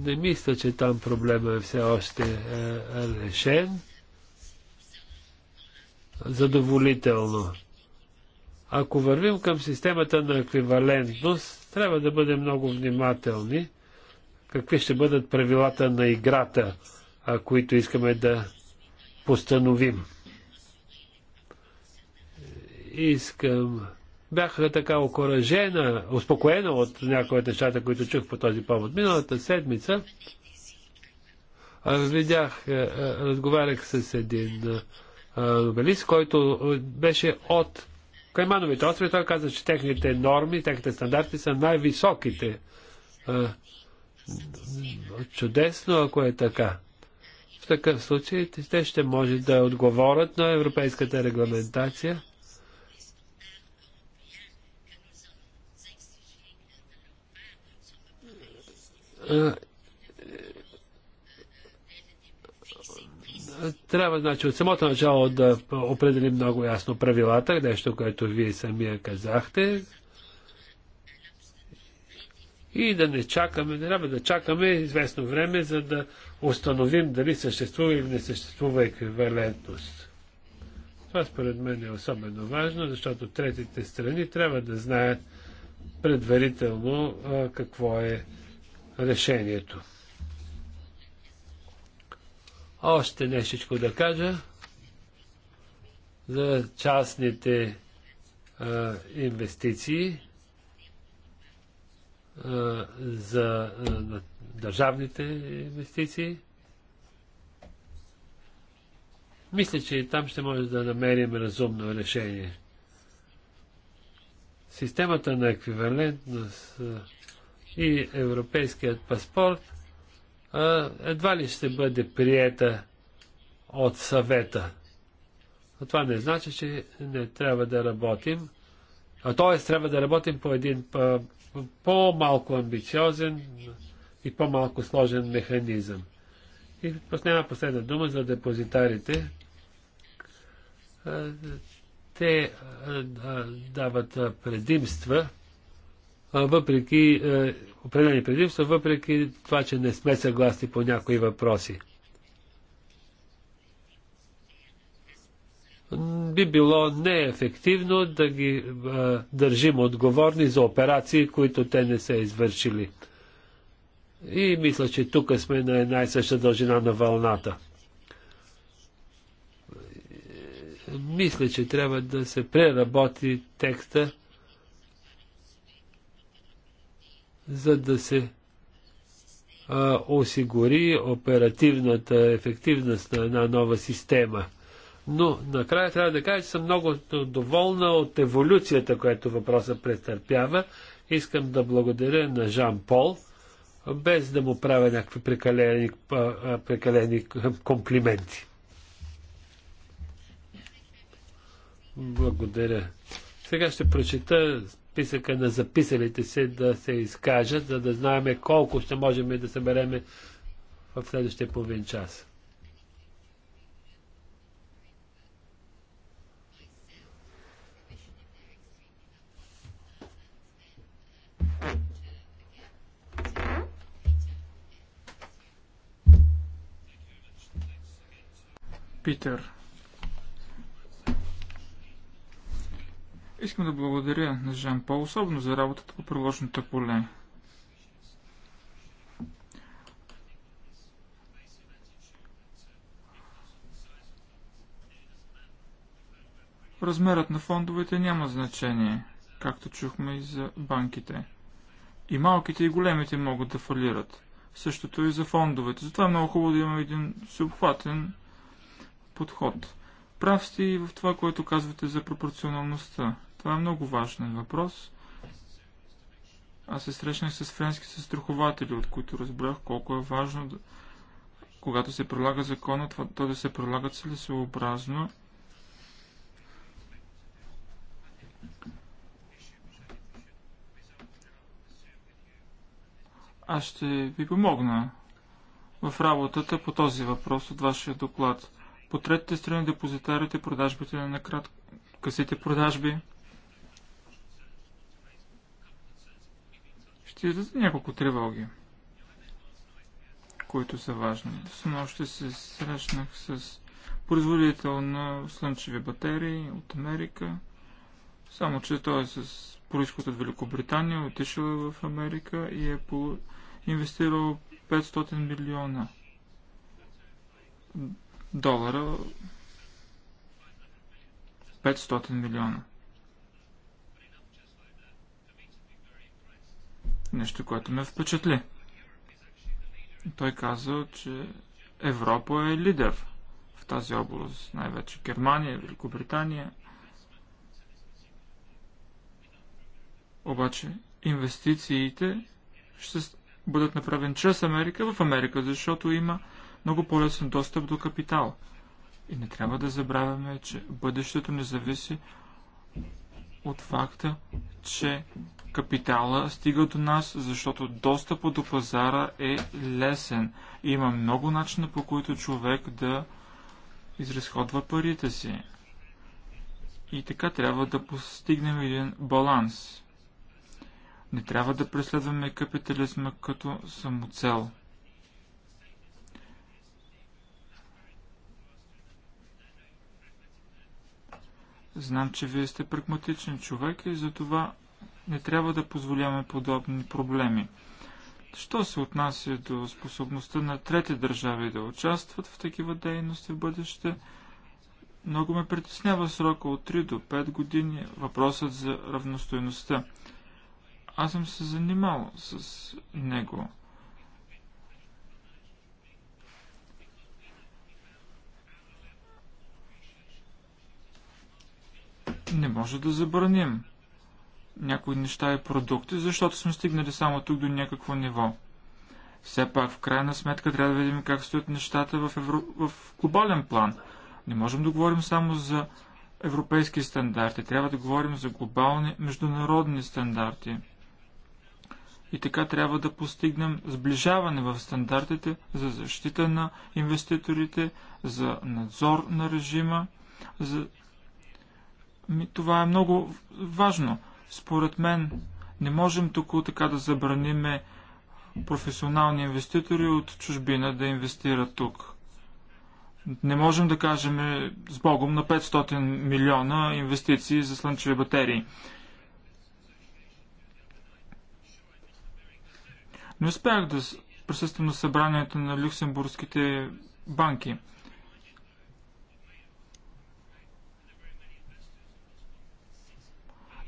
не мисля, че там проблема е все още е решен задоволително. Ако вървим към системата на еквивалентност, трябва да бъдем много внимателни какви ще бъдат правилата на играта, които искаме да постановим. Искам бях така окоръжена, успокоена от някои от нещата, които чух по този повод. Миналата седмица видях, разговарях с един нобелист, който беше от Каймановите острови. Той каза, че техните норми, техните стандарти са най-високите. Чудесно, ако е така. В такъв случай те ще може да отговорят на европейската регламентация – трябва, значи, от самото начало да определим много ясно правилата, нещо, което вие самия казахте. И да не чакаме, трябва да чакаме известно време, за да установим дали съществува или не съществува еквивалентност. Това според мен е особено важно, защото третите страни трябва да знаят предварително а, какво е решението. Още нещичко да кажа за частните а, инвестиции, а, за а, държавните инвестиции. Мисля, че и там ще може да намерим разумно решение. Системата на еквивалентност и европейският паспорт едва ли ще бъде приета от съвета. Но това не значи, че не трябва да работим. А т.е. трябва да работим по един по-малко амбициозен и по-малко сложен механизъм. И последна, последна дума за депозитарите. Те дават предимства въпреки е, определени предимства, въпреки това, че не сме съгласни по някои въпроси. Би било неефективно да ги а, е, държим отговорни за операции, които те не са извършили. И мисля, че тук сме на една и съща дължина на вълната. Мисля, че трябва да се преработи текста за да се а, осигури оперативната ефективност на една нова система. Но накрая трябва да кажа, че съм много доволна от еволюцията, която въпроса претърпява. Искам да благодаря на Жан Пол, без да му правя някакви прекалени, прекалени комплименти. Благодаря. Сега ще прочета списъка на записалите се да се изкажат, за да знаем колко ще можем да събереме в следващия половин час. Питер. Искам да благодаря на Жан Пол, особено за работата по приложното поле. Размерът на фондовете няма значение, както чухме и за банките. И малките и големите могат да фалират. Същото и за фондовете. Затова е много хубаво да имаме един всеобхватен подход. Прав сте и в това, което казвате за пропорционалността. Това е много важен въпрос. Аз се срещнах с френски застрахователи, от които разбрах колко е важно, да, когато се прилага закона, това, то да се прилага целесообразно. Аз ще ви помогна в работата по този въпрос от вашия доклад. По третите страни депозитарите, продажбите на накратко, късите продажби, ще издадат няколко тревоги, които са важни. Само още се срещнах с производител на слънчеви батерии от Америка, само че той е с происход от Великобритания, отишъл е в Америка и е инвестирал 500 милиона долара 500 милиона. нещо, което ме впечатли. Той каза, че Европа е лидер в тази област, най-вече Германия, Великобритания. Обаче инвестициите ще бъдат направени чрез Америка в Америка, защото има много по-лесен достъп до капитал. И не трябва да забравяме, че бъдещето не зависи от факта, че капитала стига до нас, защото достъпът до пазара е лесен. Има много начина по които човек да изразходва парите си. И така трябва да постигнем един баланс. Не трябва да преследваме капитализма като самоцел. Знам, че вие сте прагматичен човек и затова не трябва да позволяваме подобни проблеми. Що се отнася до способността на трети държави да участват в такива дейности в бъдеще, много ме притеснява срока от 3 до 5 години въпросът за равностойността. Аз съм се занимал с него. не може да забраним някои неща и продукти, защото сме стигнали само тук до някакво ниво. Все пак, в крайна сметка, трябва да видим как стоят нещата в, евро... в глобален план. Не можем да говорим само за европейски стандарти, трябва да говорим за глобални международни стандарти. И така трябва да постигнем сближаване в стандартите за защита на инвеститорите, за надзор на режима, за това е много важно. Според мен не можем тук така да забраниме професионални инвеститори от чужбина да инвестират тук. Не можем да кажем е, с Богом на 500 милиона инвестиции за слънчеви батерии. Не успях да присъствам на събранието на люксембургските банки –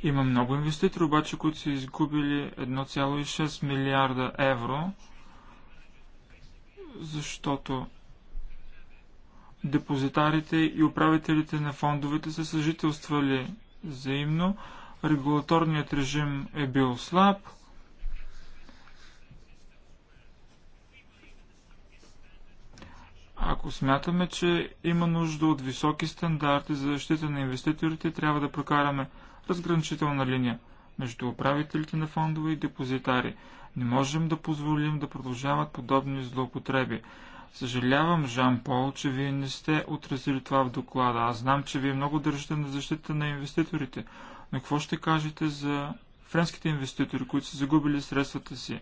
Има много инвеститори, обаче, които са изгубили 1,6 милиарда евро, защото депозитарите и управителите на фондовете са съжителствали взаимно, регулаторният режим е бил слаб, Ако смятаме, че има нужда от високи стандарти за защита на инвеститорите, трябва да прокараме разграничителна линия между управителите на фондове и депозитари. Не можем да позволим да продължават подобни злоупотреби. Съжалявам, Жан Пол, че вие не сте отразили това в доклада. Аз знам, че вие много държите на защита на инвеститорите. Но какво ще кажете за френските инвеститори, които са загубили средствата си?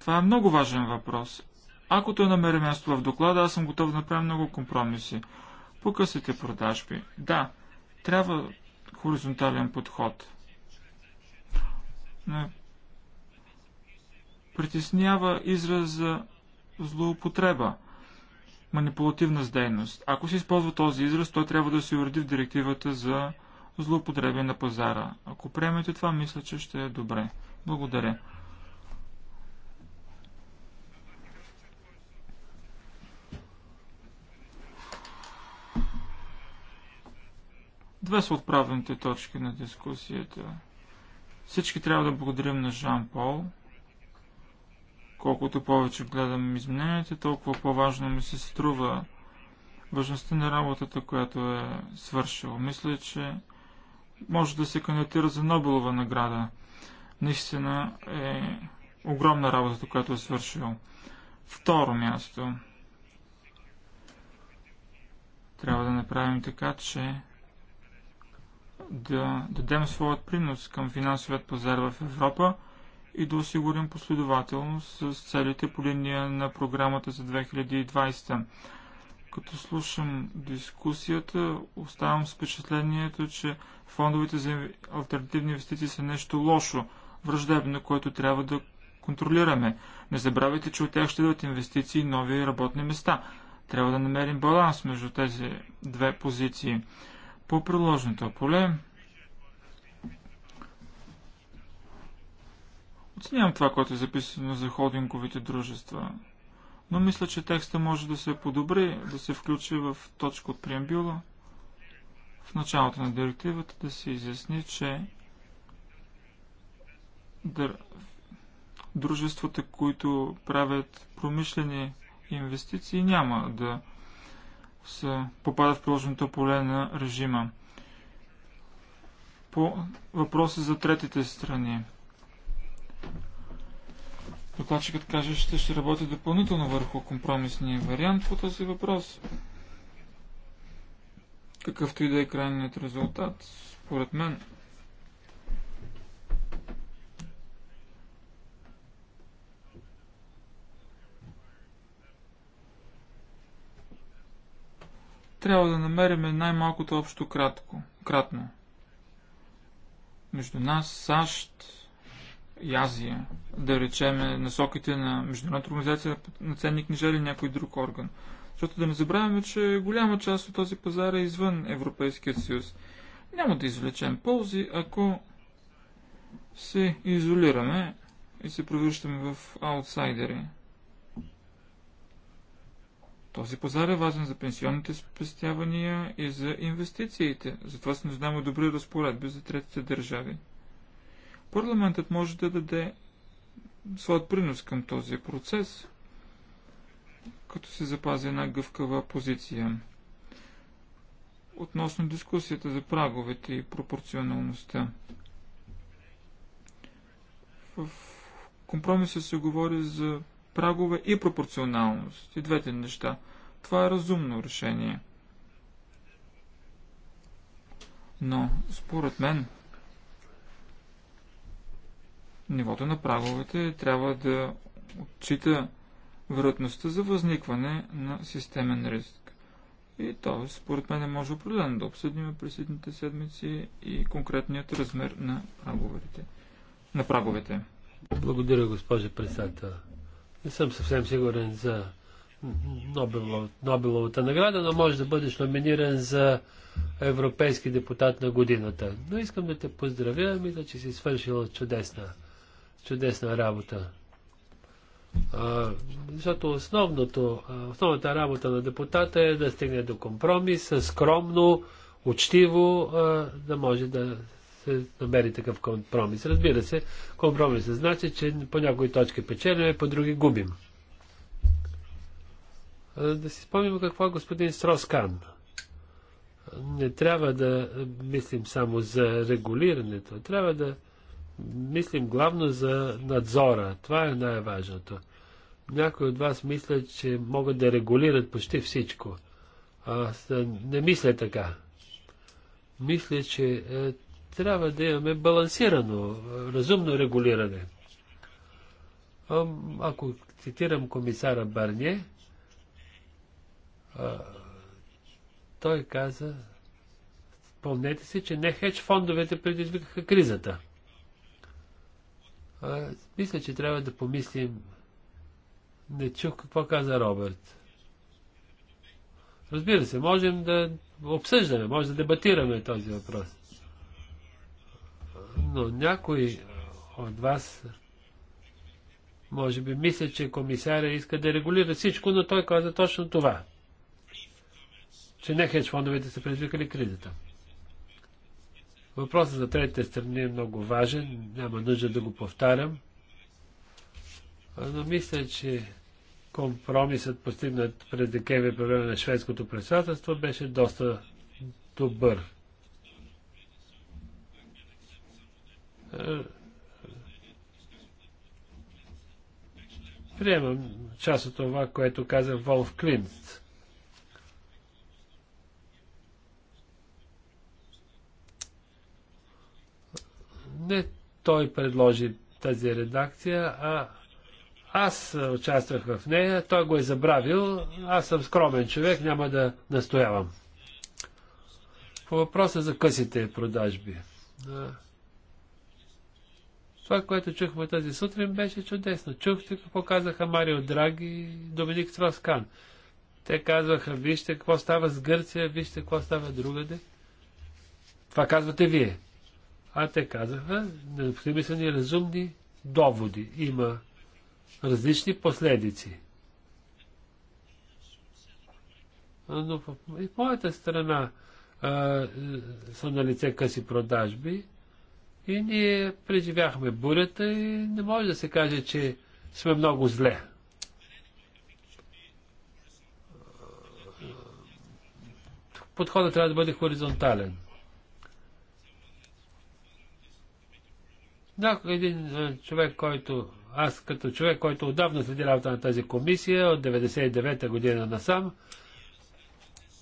Това е много важен въпрос. Ако той намери място в доклада, аз съм готов да направя много компромиси. По продажби. Да, трябва хоризонтален подход. Но притеснява израз за злоупотреба, манипулативна дейност. Ако се използва този израз, той трябва да се уреди в директивата за злоупотреби на пазара. Ако приемете това, мисля, че ще е добре. Благодаря. Две са отправните точки на дискусията. Всички трябва да благодарим на Жан Пол. Колкото повече гледам измененията, толкова по-важно ми се струва важността на работата, която е свършила. Мисля, че може да се кандидатира за Нобелова награда. Наистина е огромна работата, която е свършил. Второ място. Трябва да направим така, че да дадем своят принос към финансовият пазар в Европа и да осигурим последователност с целите по линия на програмата за 2020. Като слушам дискусията, оставам с впечатлението, че фондовете за альтернативни инвестиции са нещо лошо, враждебно, което трябва да контролираме. Не забравяйте, че от тях ще дадат инвестиции и нови работни места. Трябва да намерим баланс между тези две позиции. По приложното поле оценявам това, което е записано за холдинговите дружества, но мисля, че текста може да се подобри, да се включи в точка от преамбюла. В началото на директивата да се изясни, че дружествата, които правят промишлени инвестиции, няма да са, попадат в приложеното поле на режима. По въпроса за третите страни. Докладчикът каже, че ще, ще работи допълнително върху компромисния вариант по този въпрос. Какъвто и да е крайният резултат, според мен, трябва да намерим най-малкото общо кратко, кратно. Между нас, САЩ и Азия, да речеме насоките на Международната организация на ценни книжа или някой друг орган. Защото да не забравяме, че голяма част от този пазар е извън Европейския съюз. Няма да извлечем ползи, ако се изолираме и се превръщаме в аутсайдери. Този пазар е важен за пенсионните спестявания и за инвестициите. Затова се нуждаем добри разпоредби за третите държави. Парламентът може да даде своят принос към този процес, като се запази една гъвкава позиция. Относно дискусията за праговете и пропорционалността. В компромиса се говори за прагове и пропорционалност. И двете неща. Това е разумно решение. Но, според мен, нивото на праговете трябва да отчита вероятността за възникване на системен риск. И то, според мен, е може определено да обсъдим през следните седмици и конкретният размер на праговете. На праговете. Благодаря, госпожа председател. Не съм съвсем сигурен за Нобелов, Нобеловата награда, но може да бъдеш номиниран за европейски депутат на годината. Но искам да те поздравя, мисля, че си свършила чудесна, чудесна работа. А, защото основното, основната работа на депутата е да стигне до компромис, скромно, учтиво, а, да може да се намери такъв компромис. Разбира се, компромисът значи, че по някои точки печелим, по други губим. Да си спомним какво е господин Строскан. Не трябва да мислим само за регулирането, трябва да мислим главно за надзора. Това е най-важното. Някои от вас мислят, че могат да регулират почти всичко. Аз не мисля така. Мисля, че е, трябва да имаме балансирано, разумно регулиране. Ако цитирам комисара Барне, той каза, спомнете си, че не хедж фондовете предизвикаха кризата. А, мисля, че трябва да помислим. Не чух какво каза Робърт. Разбира се, можем да обсъждаме, може да дебатираме този въпрос но някой от вас може би мисля, че комисаря иска да регулира всичко, но той каза точно това. Че не хедж фондовете са предизвикали кризата. Въпросът за третите страни е много важен, няма нужда да го повтарям. Но мисля, че компромисът постигнат през декември по време на шведското председателство беше доста добър. Е, приемам част от това, което каза Волф Клинт. Не той предложи тази редакция, а аз участвах в нея, той го е забравил, аз съм скромен човек, няма да настоявам. По въпроса за късите продажби. Това, което чухме тази сутрин, беше чудесно. Чухте какво казаха Марио Драги и Доминик Троскан. Те казваха, вижте какво става с Гърция, вижте какво става другаде. Това казвате вие. А те казаха, необходими са ни разумни доводи. Има различни последици. Но в моята страна а, е, са на лице къси продажби. И ние преживяхме бурята и не може да се каже, че сме много зле. Подходът трябва да бъде хоризонтален. Да, един е, човек, който аз като човек, който отдавна следи работа на тази комисия, от 99-та година насам,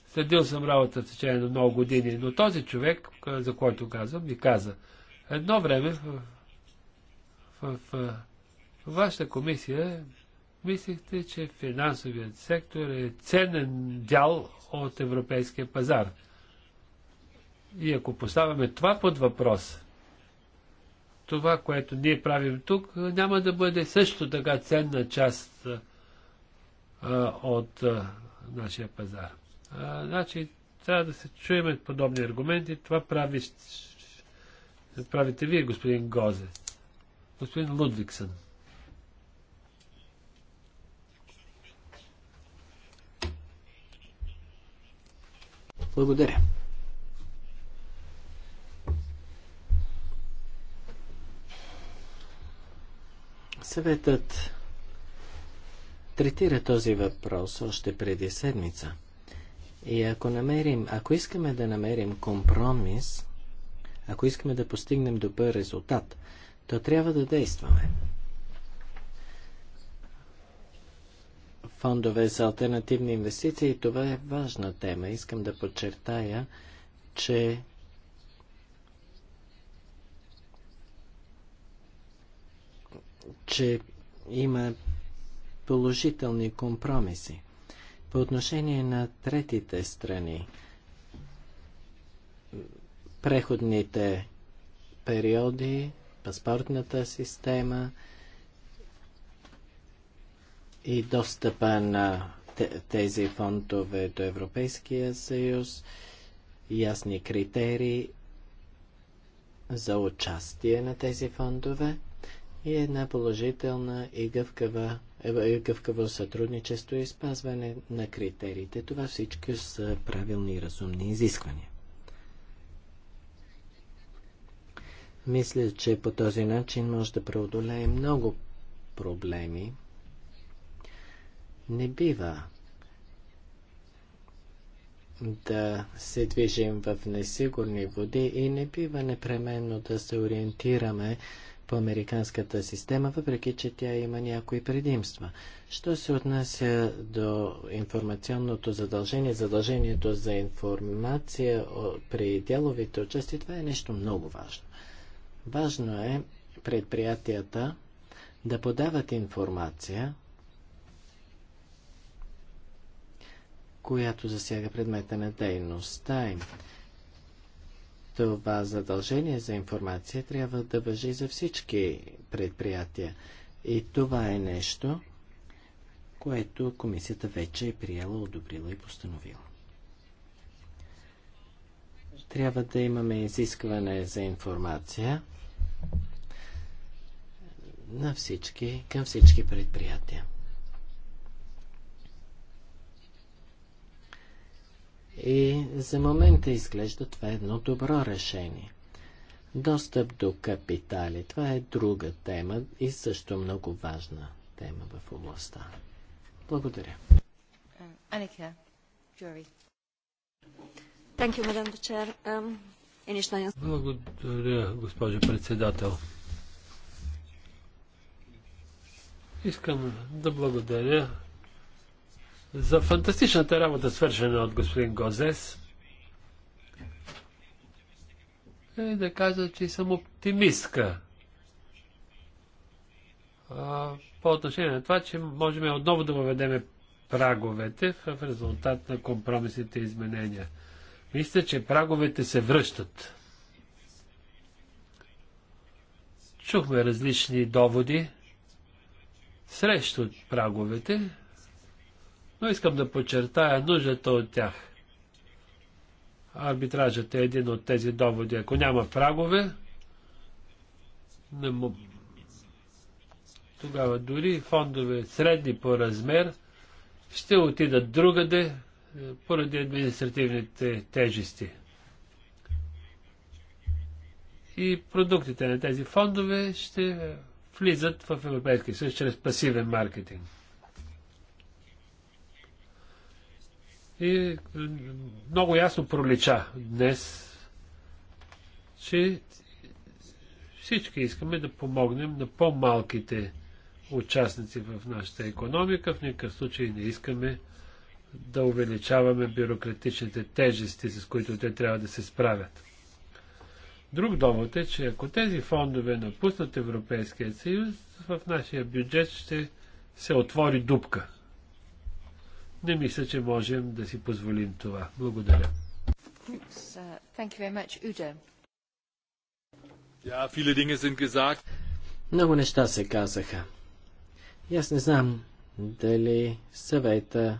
следил съм работа в течение на много години, но този човек, за който казвам, ми каза – Едно време в, в, в вашата комисия мислихте, че финансовият сектор е ценен дял от европейския пазар. И ако поставяме това под въпрос, това, което ние правим тук, няма да бъде също така ценна част а, от а, нашия пазар. А, значи, трябва да се чуем подобни аргументи. Това правиш Предправите вие, господин Гозе. Господин Лудвиксън. Благодаря. Съветът третира този въпрос още преди седмица. И ако намерим, ако искаме да намерим компромис, ако искаме да постигнем добър резултат, то трябва да действаме. Фондове за альтернативни инвестиции, това е важна тема. Искам да подчертая, че че има положителни компромиси. По отношение на третите страни, преходните периоди, паспортната система и достъпа на тези фондове до Европейския съюз, ясни критерии за участие на тези фондове и една положителна и гъвкава, и гъвкаво сътрудничество и спазване на критериите. Това всички са правилни и разумни изисквания. Мисля, че по този начин може да преодолее много проблеми. Не бива да се движим в несигурни води и не бива непременно да се ориентираме по американската система, въпреки че тя има някои предимства. Що се отнася до информационното задължение, задължението за информация при деловите участия, това е нещо много важно. Важно е предприятията да подават информация, която засяга предмета на дейността им. Това задължение за информация трябва да въжи за всички предприятия. И това е нещо, което комисията вече е приела, одобрила и постановила. Трябва да имаме изискване за информация на всички, към всички предприятия. И за момента изглежда това е едно добро решение. Достъп до капитали. Това е друга тема и също много важна тема в областта. Благодаря. Е, Аника, Джори. Thank you, Madam Chair. Um, е, благодаря, госпожо председател. Искам да благодаря за фантастичната работа, свършена от господин Гозес. И да кажа, че съм оптимистка по отношение на това, че можем отново да въведеме праговете в резултат на компромисните изменения. Мисля, че праговете се връщат. Чухме различни доводи срещу праговете, но искам да подчертая нуждата от тях. Арбитражът е един от тези доводи. Ако няма прагове, не му... тогава дори фондове средни по размер ще отидат другаде, е, поради административните тежести. И продуктите на тези фондове ще влизат в Европейския съюз чрез пасивен маркетинг. И е, много ясно пролича днес, че всички искаме да помогнем на по-малките участници в нашата економика. В никакъв случай не искаме да увеличаваме бюрократичните тежести, с които те трябва да се справят. Друг довод е, че ако тези фондове напуснат Европейския съюз, в нашия бюджет ще се отвори дупка. Не мисля, че можем да си позволим това. Благодаря. Много неща се казаха. И аз не знам дали съвета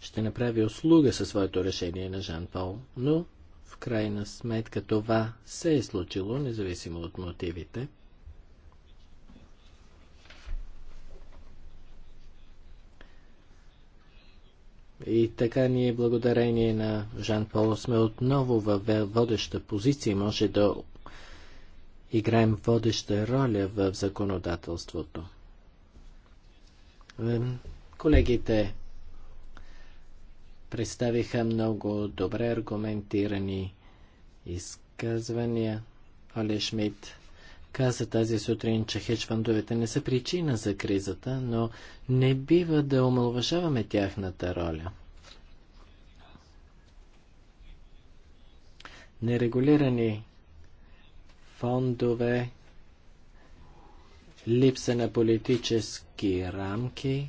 ще направи услуга със своето решение на Жан Пол, но в крайна сметка това се е случило, независимо от мотивите. И така ние благодарение на Жан Пол сме отново в водеща позиция може да играем водеща роля в законодателството. Колегите представиха много добре аргументирани изказвания. Оле Шмидт каза тази сутрин, че хечвандовете не са причина за кризата, но не бива да омалважаваме тяхната роля. Нерегулирани фондове, липса на политически рамки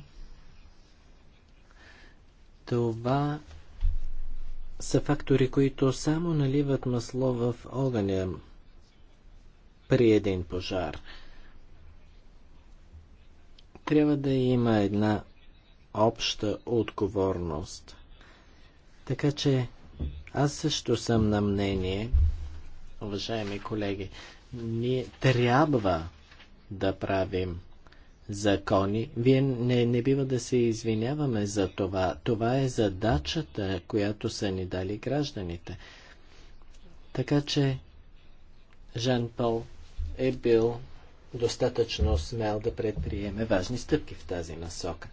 това са фактори, които само наливат масло в огъня при един пожар. Трябва да има една обща отговорност. Така че аз също съм на мнение, уважаеми колеги, ние трябва да правим закони. Вие не, не бива да се извиняваме за това. Това е задачата, която са ни дали гражданите. Така че Жан Пол е бил достатъчно смел да предприеме важни стъпки в тази насока.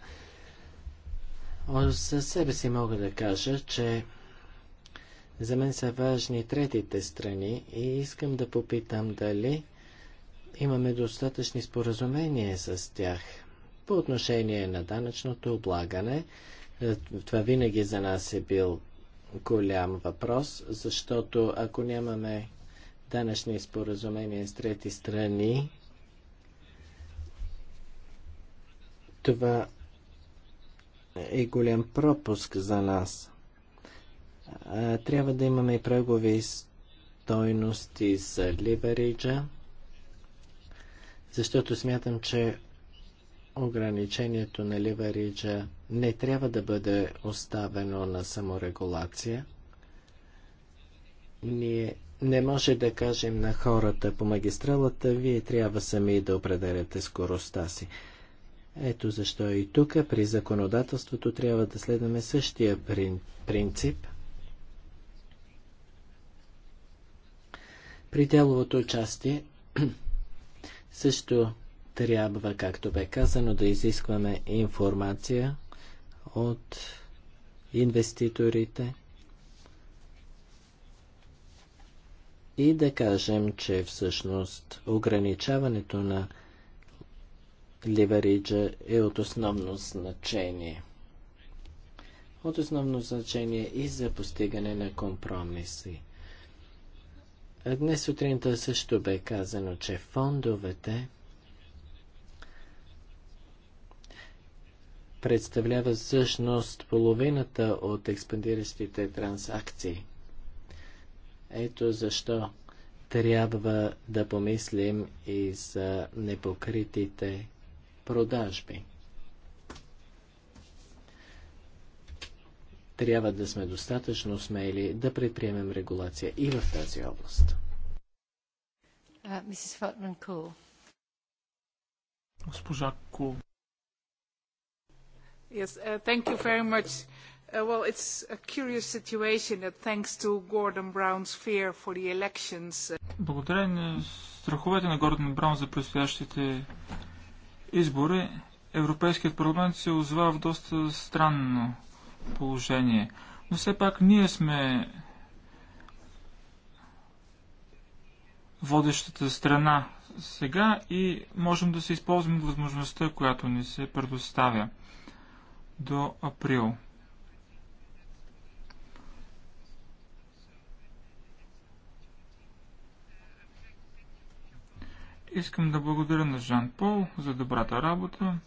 За себе си мога да кажа, че за мен са важни третите страни и искам да попитам дали Имаме достатъчни споразумения с тях. По отношение на данъчното облагане, е, това винаги за нас е бил голям въпрос, защото ако нямаме данъчни споразумения с трети страни, това е голям пропуск за нас. Е, трябва да имаме и прегови стойности за ливериджа защото смятам, че ограничението на ливариджа не трябва да бъде оставено на саморегулация. Ние не може да кажем на хората по магистралата, вие трябва сами да определяте скоростта си. Ето защо и тук при законодателството трябва да следваме същия принцип. При деловото участие също трябва, както бе казано, да изискваме информация от инвеститорите и да кажем, че всъщност ограничаването на ливериджа е от основно значение. От основно значение и за постигане на компромиси. Днес сутринта също бе казано, че фондовете представлява всъщност половината от експандиращите трансакции. Ето защо трябва да помислим и за непокритите продажби. Трябва да сме достатъчно смели да предприемем регулация и в тази област. Uh, Кул. Yes, uh, thank you very much. Uh, well, it's a curious situation that thanks to Gordon Brown's fear for the elections. Uh, страховете на Гордон Браун за предстоящите избори, Европейският парламент се озва в доста странно положение. Но все пак ние сме водещата страна сега и можем да се използваме от възможността, която ни се предоставя до април. Искам да благодаря на Жан Пол за добрата работа.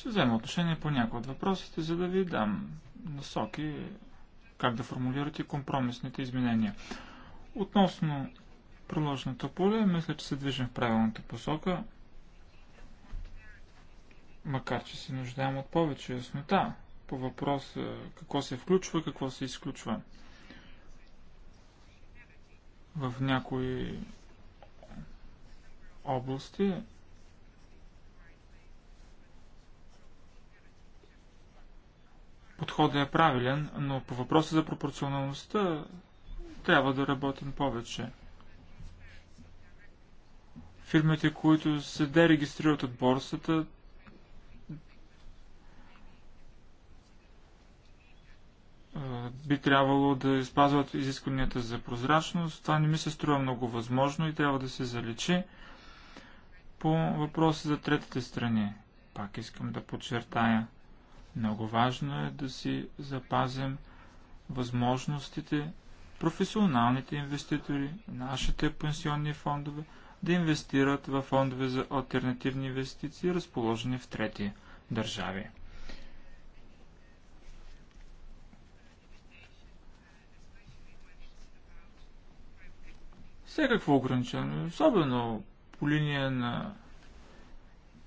Ще взема отношение по някои от въпросите, за да ви дам насоки как да формулирате компромисните изменения. Относно приложеното поле, мисля, че се движим в правилната посока, макар че се нуждаем от повече яснота по въпроса какво се включва, какво се изключва. В някои области подходът е правилен, но по въпроса за пропорционалността трябва да работим повече. Фирмите, които се дерегистрират от борсата, би трябвало да изпазват изискванията за прозрачност. Това не ми се струва много възможно и трябва да се заличи. По въпроса за третите страни, пак искам да подчертая – много важно е да си запазим възможностите професионалните инвеститори, нашите пенсионни фондове да инвестират в фондове за альтернативни инвестиции, разположени в трети държави. Всякакво ограничено, особено по линия на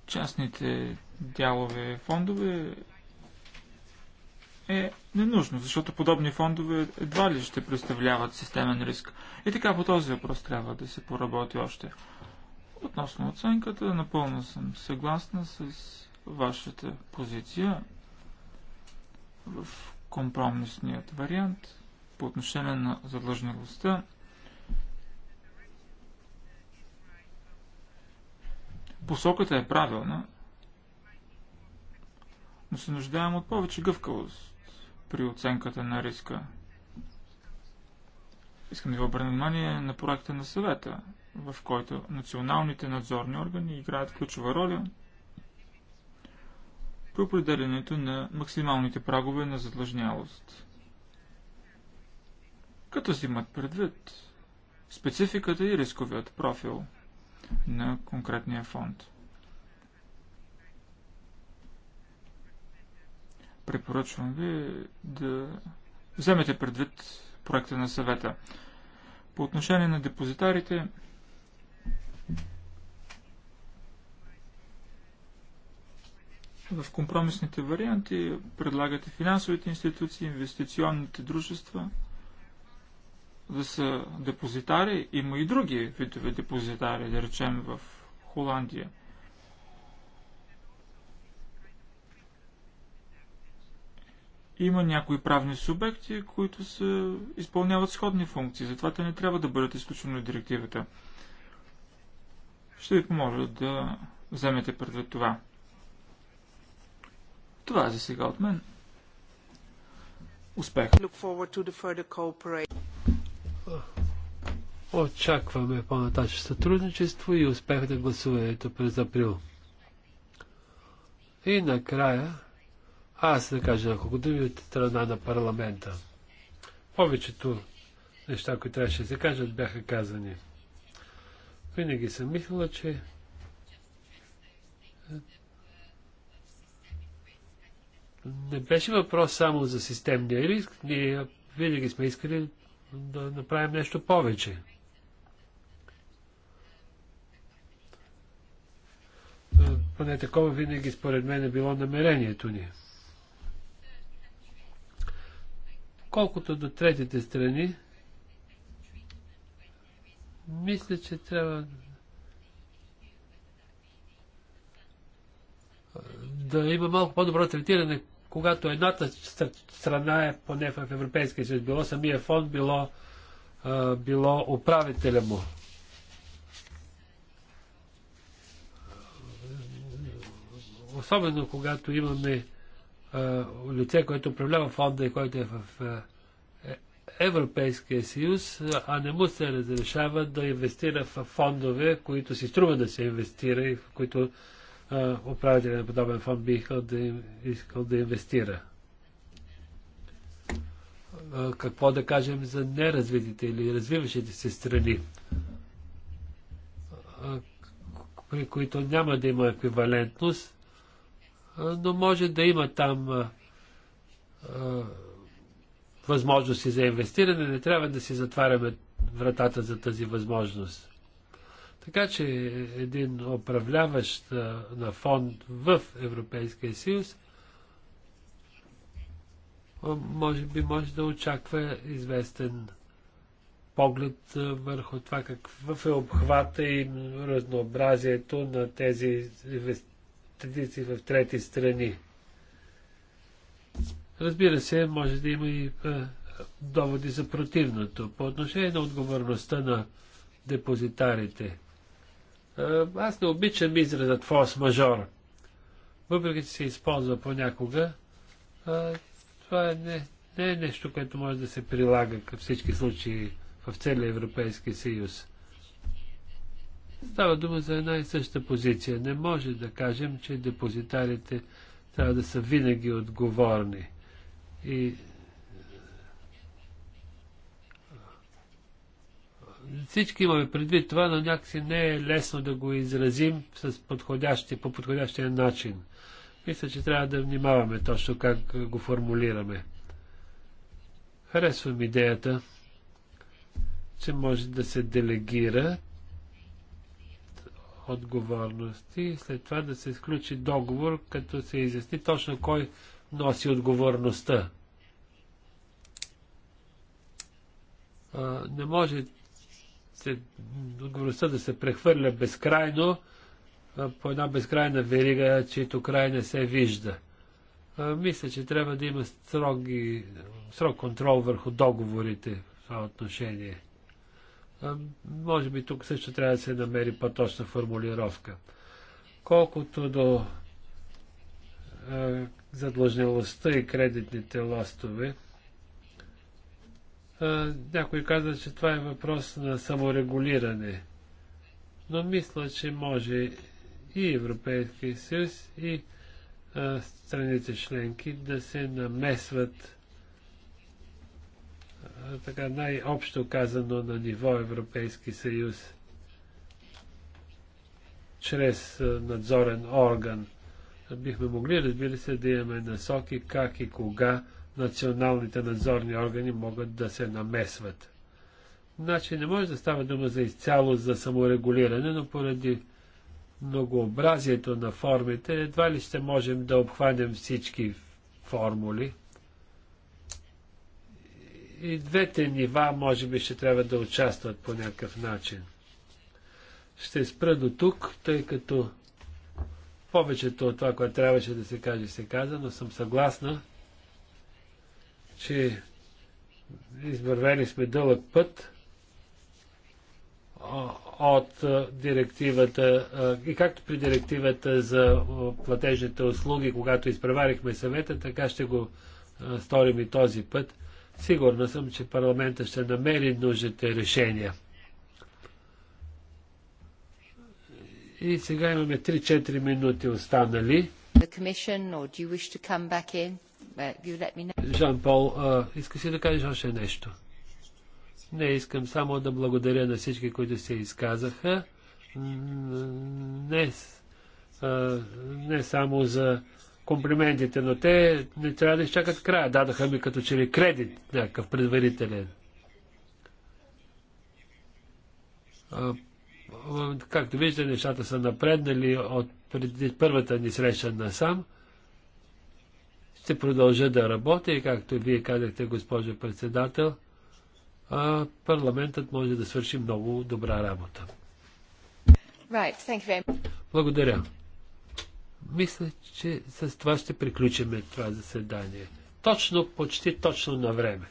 частните дялове фондове, е ненужно, защото подобни фондове едва ли ще представляват системен риск. И така по този въпрос трябва да се поработи още. Относно оценката, напълно съм съгласна с вашата позиция в компромисният вариант по отношение на задлъжнилостта. Посоката е правилна, но се нуждаем от повече гъвкавост при оценката на риска. Искам да ви обърна внимание на проекта на съвета, в който националните надзорни органи играят ключова роля при определенето на максималните прагове на задлъжнялост. Като взимат предвид спецификата и рисковият профил на конкретния фонд – Препоръчвам ви да вземете предвид проекта на съвета. По отношение на депозитарите, в компромисните варианти предлагате финансовите институции, инвестиционните дружества да са депозитари. Има и други видове депозитари, да речем в Холандия – Има някои правни субекти, които са, изпълняват сходни функции, затова те не трябва да бъдат изключени от директивата. Ще ви помоля да вземете предвид това. Това е за сега от мен. Успех! Очакваме по-нататъчно сътрудничество и успех на гласуването през април. И накрая аз да кажа, ако го от страна на парламента, повечето неща, които трябваше да се кажат, бяха казани. Винаги съм мислила, че не беше въпрос само за системния риск. Ние винаги сме искали да направим нещо повече. Е, поне такова винаги според мен е било намерението ни. Колкото до третите страни, мисля, че трябва да има малко по-добро третиране, когато едната страна е поне в Европейския съюз, било самия фонд, било, било управителя му. Особено когато имаме лице, което управлява фонда и който е в е, Европейския съюз, а не му се разрешава да инвестира в фондове, които си струва да се инвестира и в които управителят на подобен фонд би искал да, искал да инвестира. Какво да кажем за неразвитите или развиващите се страни, при които няма да има еквивалентност, но може да има там възможности за инвестиране, не трябва да си затваряме вратата за тази възможност. Така че един управляващ на фонд в Европейския съюз може би може да очаква известен поглед върху това какъв е обхвата и разнообразието на тези традиции в трети страни. Разбира се, може да има и доводи за противното. По отношение на отговорността на депозитарите. Аз не обичам изразът фос мажор Въпреки, че се използва понякога, това е не, не е нещо, което може да се прилага към всички случаи в целия Европейски съюз. Става дума за една и съща позиция. Не може да кажем, че депозитарите трябва да са винаги отговорни. И всички имаме предвид това, но някакси не е лесно да го изразим с подходящи, по подходящия начин. Мисля, че трябва да внимаваме точно как го формулираме. Харесвам идеята, че може да се делегират отговорности, след това да се изключи договор, като се изясни точно кой носи отговорността. Не може се, отговорността да се прехвърля безкрайно по една безкрайна верига, чието край не се вижда. Мисля, че трябва да има строги, строг контрол върху договорите в това отношение. Може би тук също трябва да се намери по-точна формулировка. Колкото до задлъжнялостта и кредитните ластове, някой каза, че това е въпрос на саморегулиране. Но мисля, че може и Европейския съюз, и страните членки да се намесват така най-общо казано на ниво Европейски съюз чрез надзорен орган. Бихме могли, разбира се, да имаме насоки как и кога националните надзорни органи могат да се намесват. Значи не може да става дума за изцяло за саморегулиране, но поради многообразието на формите едва ли ще можем да обхванем всички формули – и двете нива може би ще трябва да участват по някакъв начин. Ще спра до тук, тъй като повечето от това, което трябваше да се каже, се каза, но съм съгласна, че извървени сме дълъг път от директивата и както при директивата за платежните услуги, когато изпреварихме съвета, така ще го сторим и този път. Сигурна съм, че парламента ще намери нужните решения. И сега имаме 3-4 минути останали. Uh, Жан-Пол, искаш ли да кажеш още нещо? Не, искам само да благодаря на всички, които се изказаха. Не, не само за комплиментите, но те не трябва да изчакат края. Дадаха ми като че ли кредит някакъв предварителен. А, както виждате, нещата са напреднали от преди първата ни среща насам. Ще продължа да работя и както вие казахте, госпожо председател, а, парламентът може да свърши много добра работа. Right, Благодаря. Мисля, че с това ще приключим това заседание. Точно, почти точно на време.